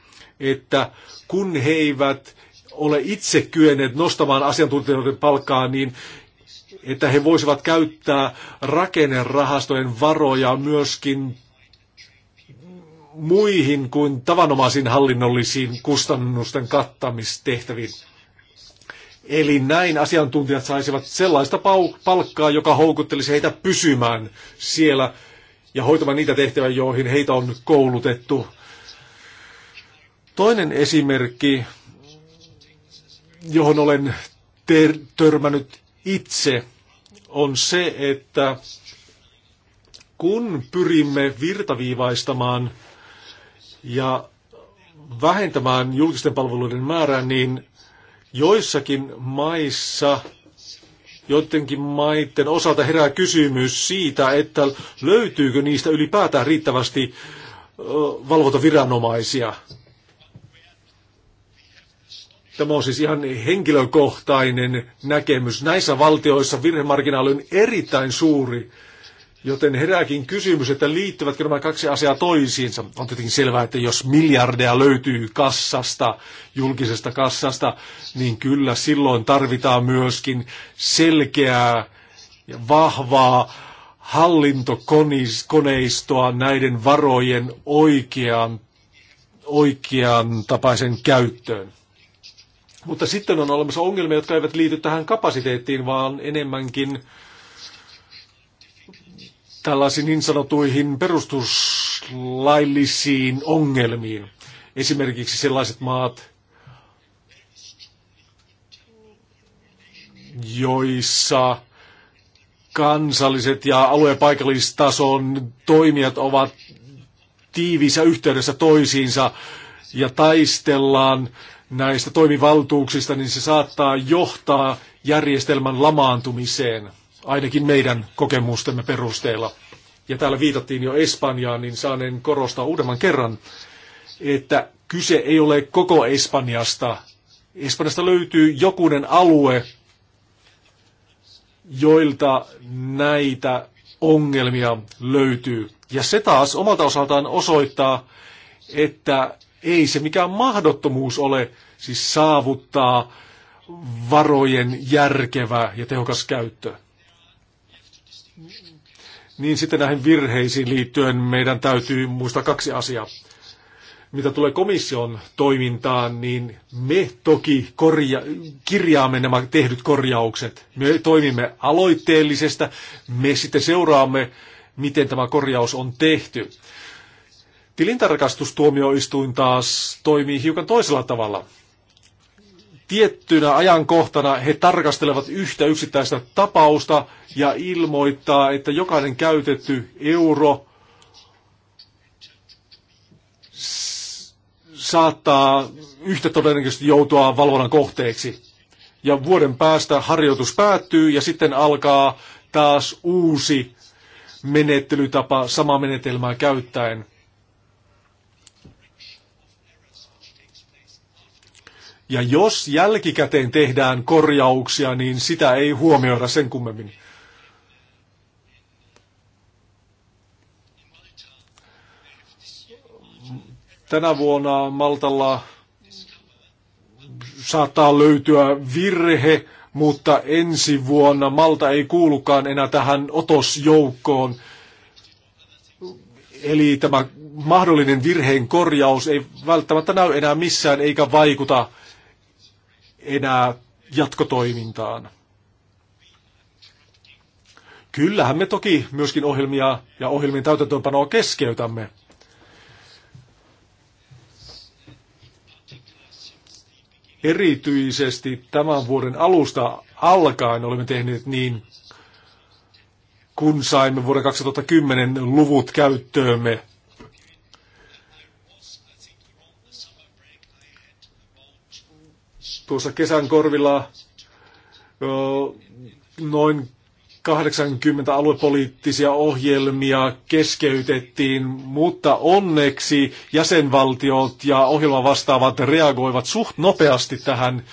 että kun he eivät ole itse kyenneet nostamaan asiantuntijoiden palkkaa, niin että he voisivat käyttää rakennerahastojen varoja myöskin muihin kuin tavanomaisiin hallinnollisiin kustannusten kattamistehtäviin. Eli näin asiantuntijat saisivat sellaista palkkaa, joka houkuttelisi heitä pysymään siellä ja hoitamaan niitä tehtäviä, joihin heitä on koulutettu. Toinen esimerkki, johon olen ter- törmännyt itse, on se, että kun pyrimme virtaviivaistamaan ja vähentämään julkisten palveluiden määrää, niin joissakin maissa, joidenkin maiden osalta herää kysymys siitä, että löytyykö niistä ylipäätään riittävästi valvontaviranomaisia. Tämä on siis ihan henkilökohtainen näkemys. Näissä valtioissa virhemarginaali on erittäin suuri, joten herääkin kysymys, että liittyvätkö nämä kaksi asiaa toisiinsa. On tietenkin selvää, että jos miljardeja löytyy kassasta, julkisesta kassasta, niin kyllä silloin tarvitaan myöskin selkeää ja vahvaa hallintokoneistoa näiden varojen oikean, oikean tapaisen käyttöön. Mutta sitten on olemassa ongelmia, jotka eivät liity tähän kapasiteettiin, vaan enemmänkin tällaisiin niin sanotuihin perustuslaillisiin ongelmiin. Esimerkiksi sellaiset maat, joissa kansalliset ja aluepaikallistason toimijat ovat tiiviissä yhteydessä toisiinsa ja taistellaan näistä toimivaltuuksista, niin se saattaa johtaa järjestelmän lamaantumiseen, ainakin meidän kokemustemme perusteella. Ja täällä viitattiin jo Espanjaan, niin saanen korostaa uudemman kerran, että kyse ei ole koko Espanjasta. Espanjasta löytyy jokunen alue, joilta näitä ongelmia löytyy. Ja se taas omalta osaltaan osoittaa, että ei se mikään mahdottomuus ole siis saavuttaa varojen järkevä ja tehokas käyttö. Niin sitten näihin virheisiin liittyen meidän täytyy muistaa kaksi asiaa. Mitä tulee komission toimintaan, niin me toki korja- kirjaamme nämä tehdyt korjaukset. Me toimimme aloitteellisesta, me sitten seuraamme, miten tämä korjaus on tehty. Tilintarkastustuomioistuin taas toimii hiukan toisella tavalla. Tiettynä ajankohtana he tarkastelevat yhtä yksittäistä tapausta ja ilmoittaa, että jokainen käytetty euro saattaa yhtä todennäköisesti joutua valvonnan kohteeksi. Ja vuoden päästä harjoitus päättyy ja sitten alkaa taas uusi menettelytapa samaa menetelmää käyttäen. Ja jos jälkikäteen tehdään korjauksia, niin sitä ei huomioida sen kummemmin. Tänä vuonna Maltalla saattaa löytyä virhe, mutta ensi vuonna Malta ei kuulukaan enää tähän otosjoukkoon. Eli tämä mahdollinen virheen korjaus ei välttämättä näy enää missään eikä vaikuta enää jatkotoimintaan. Kyllähän me toki myöskin ohjelmia ja ohjelmien täytäntöönpanoa keskeytämme. Erityisesti tämän vuoden alusta alkaen olemme tehneet niin, kun saimme vuoden 2010 luvut käyttöömme tuossa kesän korvilla noin 80 aluepoliittisia ohjelmia keskeytettiin, mutta onneksi jäsenvaltiot ja ohjelma vastaavat reagoivat suht nopeasti tähän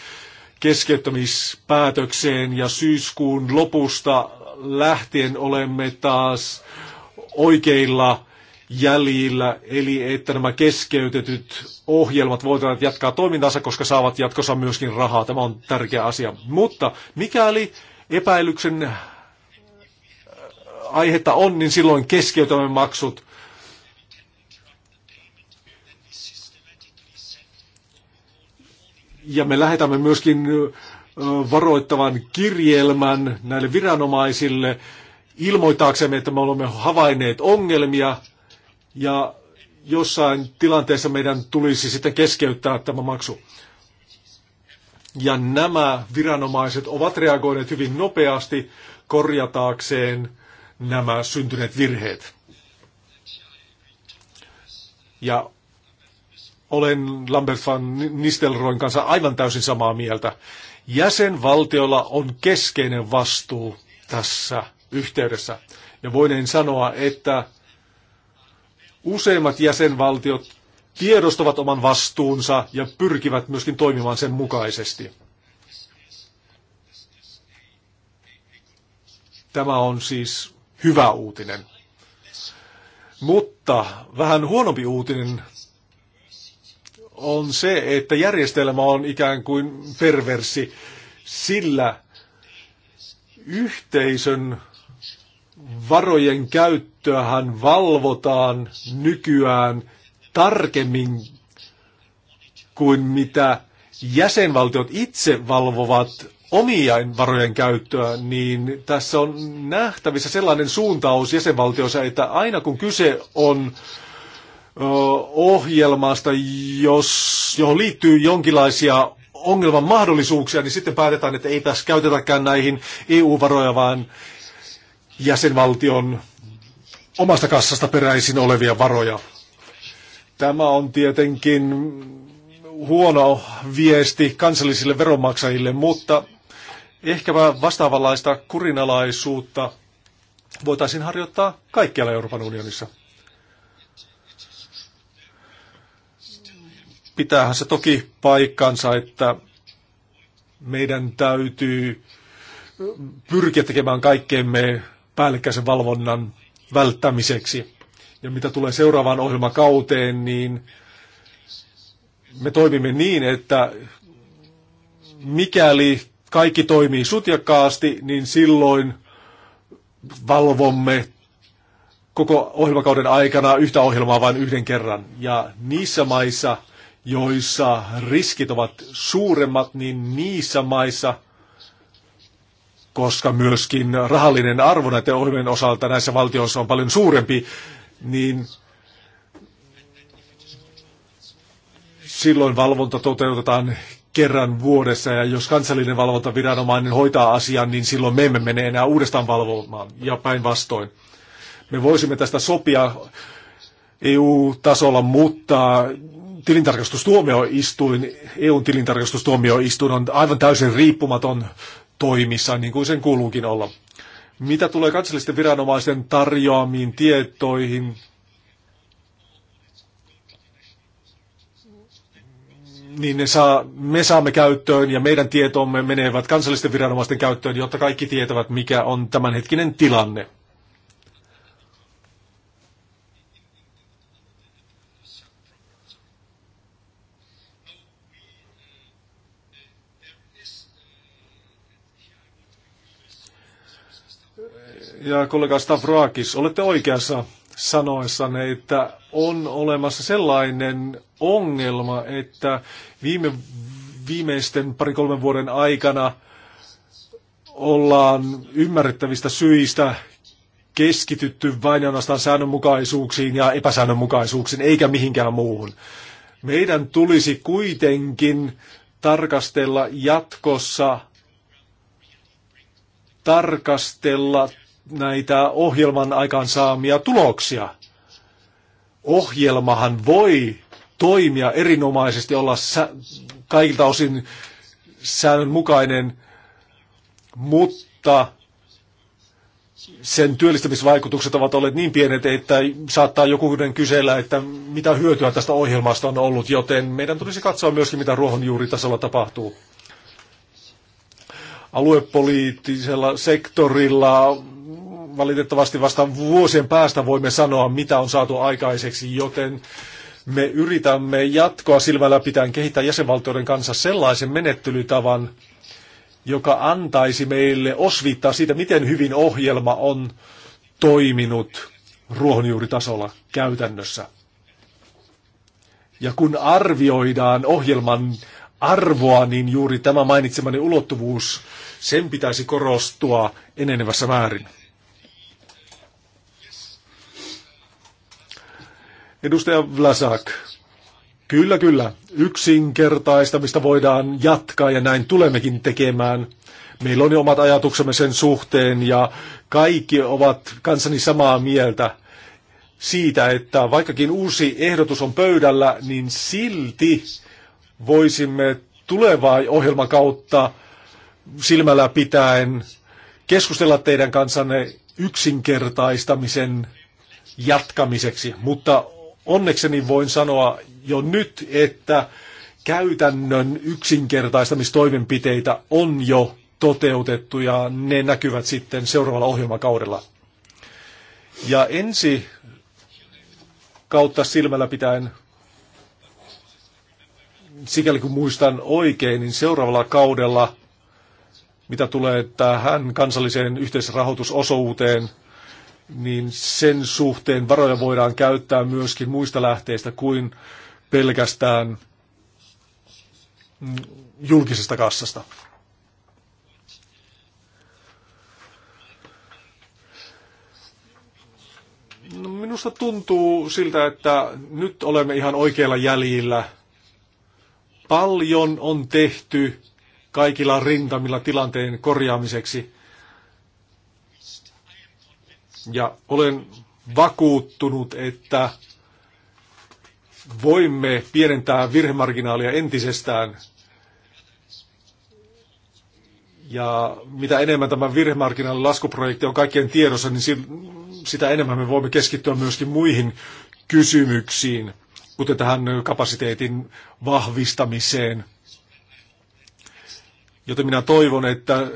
keskeyttämispäätökseen ja syyskuun lopusta lähtien olemme taas oikeilla jäljillä, eli että nämä keskeytetyt ohjelmat voivat jatkaa toimintansa, koska saavat jatkossa myöskin rahaa. Tämä on tärkeä asia. Mutta mikäli epäilyksen äh, aihetta on, niin silloin keskeytämme maksut. Ja me lähetämme myöskin äh, varoittavan kirjelmän näille viranomaisille ilmoitaaksemme, että me olemme havainneet ongelmia ja jossain tilanteessa meidän tulisi sitten keskeyttää tämä maksu. Ja nämä viranomaiset ovat reagoineet hyvin nopeasti korjataakseen nämä syntyneet virheet. Ja olen Lambert van Nistelroin kanssa aivan täysin samaa mieltä. Jäsenvaltiolla on keskeinen vastuu tässä yhteydessä. Ja voin sanoa, että Useimmat jäsenvaltiot tiedostavat oman vastuunsa ja pyrkivät myöskin toimimaan sen mukaisesti. Tämä on siis hyvä uutinen. Mutta vähän huonompi uutinen on se, että järjestelmä on ikään kuin perversi, sillä yhteisön varojen käyttöähän valvotaan nykyään tarkemmin kuin mitä jäsenvaltiot itse valvovat omia varojen käyttöä, niin tässä on nähtävissä sellainen suuntaus jäsenvaltioissa, että aina kun kyse on ohjelmasta, jos, johon liittyy jonkinlaisia ongelman mahdollisuuksia, niin sitten päätetään, että ei tässä käytetäkään näihin EU-varoja, vaan jäsenvaltion omasta kassasta peräisin olevia varoja. Tämä on tietenkin huono viesti kansallisille veronmaksajille, mutta ehkäpä vastaavanlaista kurinalaisuutta voitaisiin harjoittaa kaikkialla Euroopan unionissa. Pitäähän se toki paikkansa, että meidän täytyy pyrkiä tekemään kaikkeemme päällekkäisen valvonnan välttämiseksi. Ja mitä tulee seuraavaan ohjelmakauteen, niin me toimimme niin, että mikäli kaikki toimii sutjakkaasti, niin silloin valvomme koko ohjelmakauden aikana yhtä ohjelmaa vain yhden kerran. Ja niissä maissa, joissa riskit ovat suuremmat, niin niissä maissa – koska myöskin rahallinen arvo näiden ohjelmien osalta näissä valtioissa on paljon suurempi, niin silloin valvonta toteutetaan kerran vuodessa, ja jos kansallinen valvontaviranomainen hoitaa asian, niin silloin me emme mene enää uudestaan valvomaan, ja päinvastoin. Me voisimme tästä sopia EU-tasolla, mutta tilintarkastustuomioistuin, eu tilintarkastustuomioistuin on aivan täysin riippumaton toimissa, niin kuin sen kuuluukin olla. Mitä tulee kansallisten viranomaisten tarjoamiin tietoihin, niin ne saa, me saamme käyttöön ja meidän tietomme menevät kansallisten viranomaisten käyttöön, jotta kaikki tietävät, mikä on tämänhetkinen tilanne. ja kollega Stavrakis, olette oikeassa sanoessanne, että on olemassa sellainen ongelma, että viime, viimeisten pari-kolmen vuoden aikana ollaan ymmärrettävistä syistä keskitytty vain ainoastaan säännönmukaisuuksiin ja epäsäännönmukaisuuksiin, eikä mihinkään muuhun. Meidän tulisi kuitenkin tarkastella jatkossa tarkastella näitä ohjelman aikaansaamia tuloksia. Ohjelmahan voi toimia erinomaisesti, olla kaikilta osin säännönmukainen, mutta sen työllistämisvaikutukset ovat olleet niin pienet, että saattaa joku kysellä, että mitä hyötyä tästä ohjelmasta on ollut, joten meidän tulisi katsoa myöskin, mitä ruohonjuuritasolla tapahtuu. Aluepoliittisella sektorilla valitettavasti vasta vuosien päästä voimme sanoa, mitä on saatu aikaiseksi, joten me yritämme jatkoa silmällä pitäen kehittää jäsenvaltioiden kanssa sellaisen menettelytavan, joka antaisi meille osviittaa siitä, miten hyvin ohjelma on toiminut ruohonjuuritasolla käytännössä. Ja kun arvioidaan ohjelman arvoa, niin juuri tämä mainitsemani ulottuvuus, sen pitäisi korostua enenevässä määrin. Edustaja Vlasak, kyllä kyllä, yksinkertaistamista voidaan jatkaa ja näin tulemmekin tekemään. Meillä on jo omat ajatuksemme sen suhteen ja kaikki ovat kanssani samaa mieltä siitä, että vaikkakin uusi ehdotus on pöydällä, niin silti voisimme tulevaa ohjelman kautta silmällä pitäen keskustella teidän kanssanne yksinkertaistamisen jatkamiseksi, mutta Onnekseni voin sanoa jo nyt, että käytännön yksinkertaistamistoimenpiteitä on jo toteutettu ja ne näkyvät sitten seuraavalla ohjelmakaudella. Ja ensi kautta silmällä pitäen, sikäli kun muistan oikein, niin seuraavalla kaudella, mitä tulee tähän kansalliseen yhteisrahoitusosuuteen, niin sen suhteen varoja voidaan käyttää myöskin muista lähteistä kuin pelkästään mm, julkisesta kassasta. No, minusta tuntuu siltä, että nyt olemme ihan oikeilla jäljillä. Paljon on tehty kaikilla rintamilla tilanteen korjaamiseksi. Ja olen vakuuttunut, että voimme pienentää virhemarginaalia entisestään. Ja mitä enemmän tämä virhemarginaalin laskuprojekti on kaikkien tiedossa, niin sitä enemmän me voimme keskittyä myöskin muihin kysymyksiin, kuten tähän kapasiteetin vahvistamiseen. Joten minä toivon, että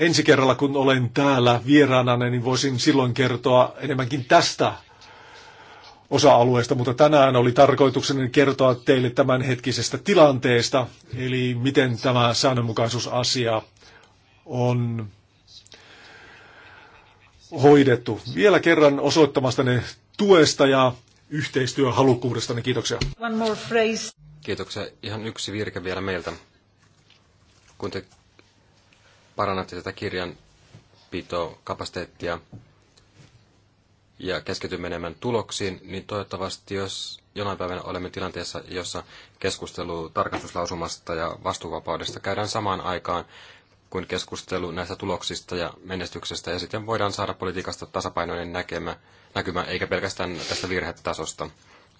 ensi kerralla, kun olen täällä vieraana, niin voisin silloin kertoa enemmänkin tästä osa-alueesta, mutta tänään oli tarkoituksena kertoa teille tämänhetkisestä tilanteesta, eli miten tämä säännönmukaisuusasia on hoidettu. Vielä kerran osoittamastanne tuesta ja yhteistyöhalukkuudestanne. Kiitoksia. One more phrase. Kiitoksia. Ihan yksi virke vielä meiltä. Kun te parannatte tätä kirjanpitokapasiteettia ja keskitymme menemään tuloksiin, niin toivottavasti jos jonain päivänä olemme tilanteessa, jossa keskustelu tarkastuslausumasta ja vastuuvapaudesta käydään samaan aikaan kuin keskustelu näistä tuloksista ja menestyksestä, ja sitten voidaan saada politiikasta tasapainoinen näkemä, näkymä, eikä pelkästään tästä virhetasosta,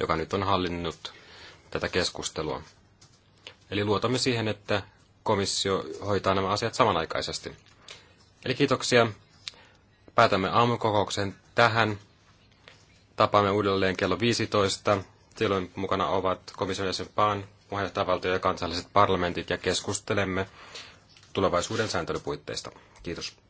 joka nyt on hallinnut tätä keskustelua. Eli luotamme siihen, että komissio hoitaa nämä asiat samanaikaisesti. Eli kiitoksia. Päätämme aamukokouksen tähän. Tapaamme uudelleen kello 15. Silloin mukana ovat komission jäsen Paan, puheenjohtajavaltio ja kansalliset parlamentit ja keskustelemme tulevaisuuden sääntelypuitteista. Kiitos.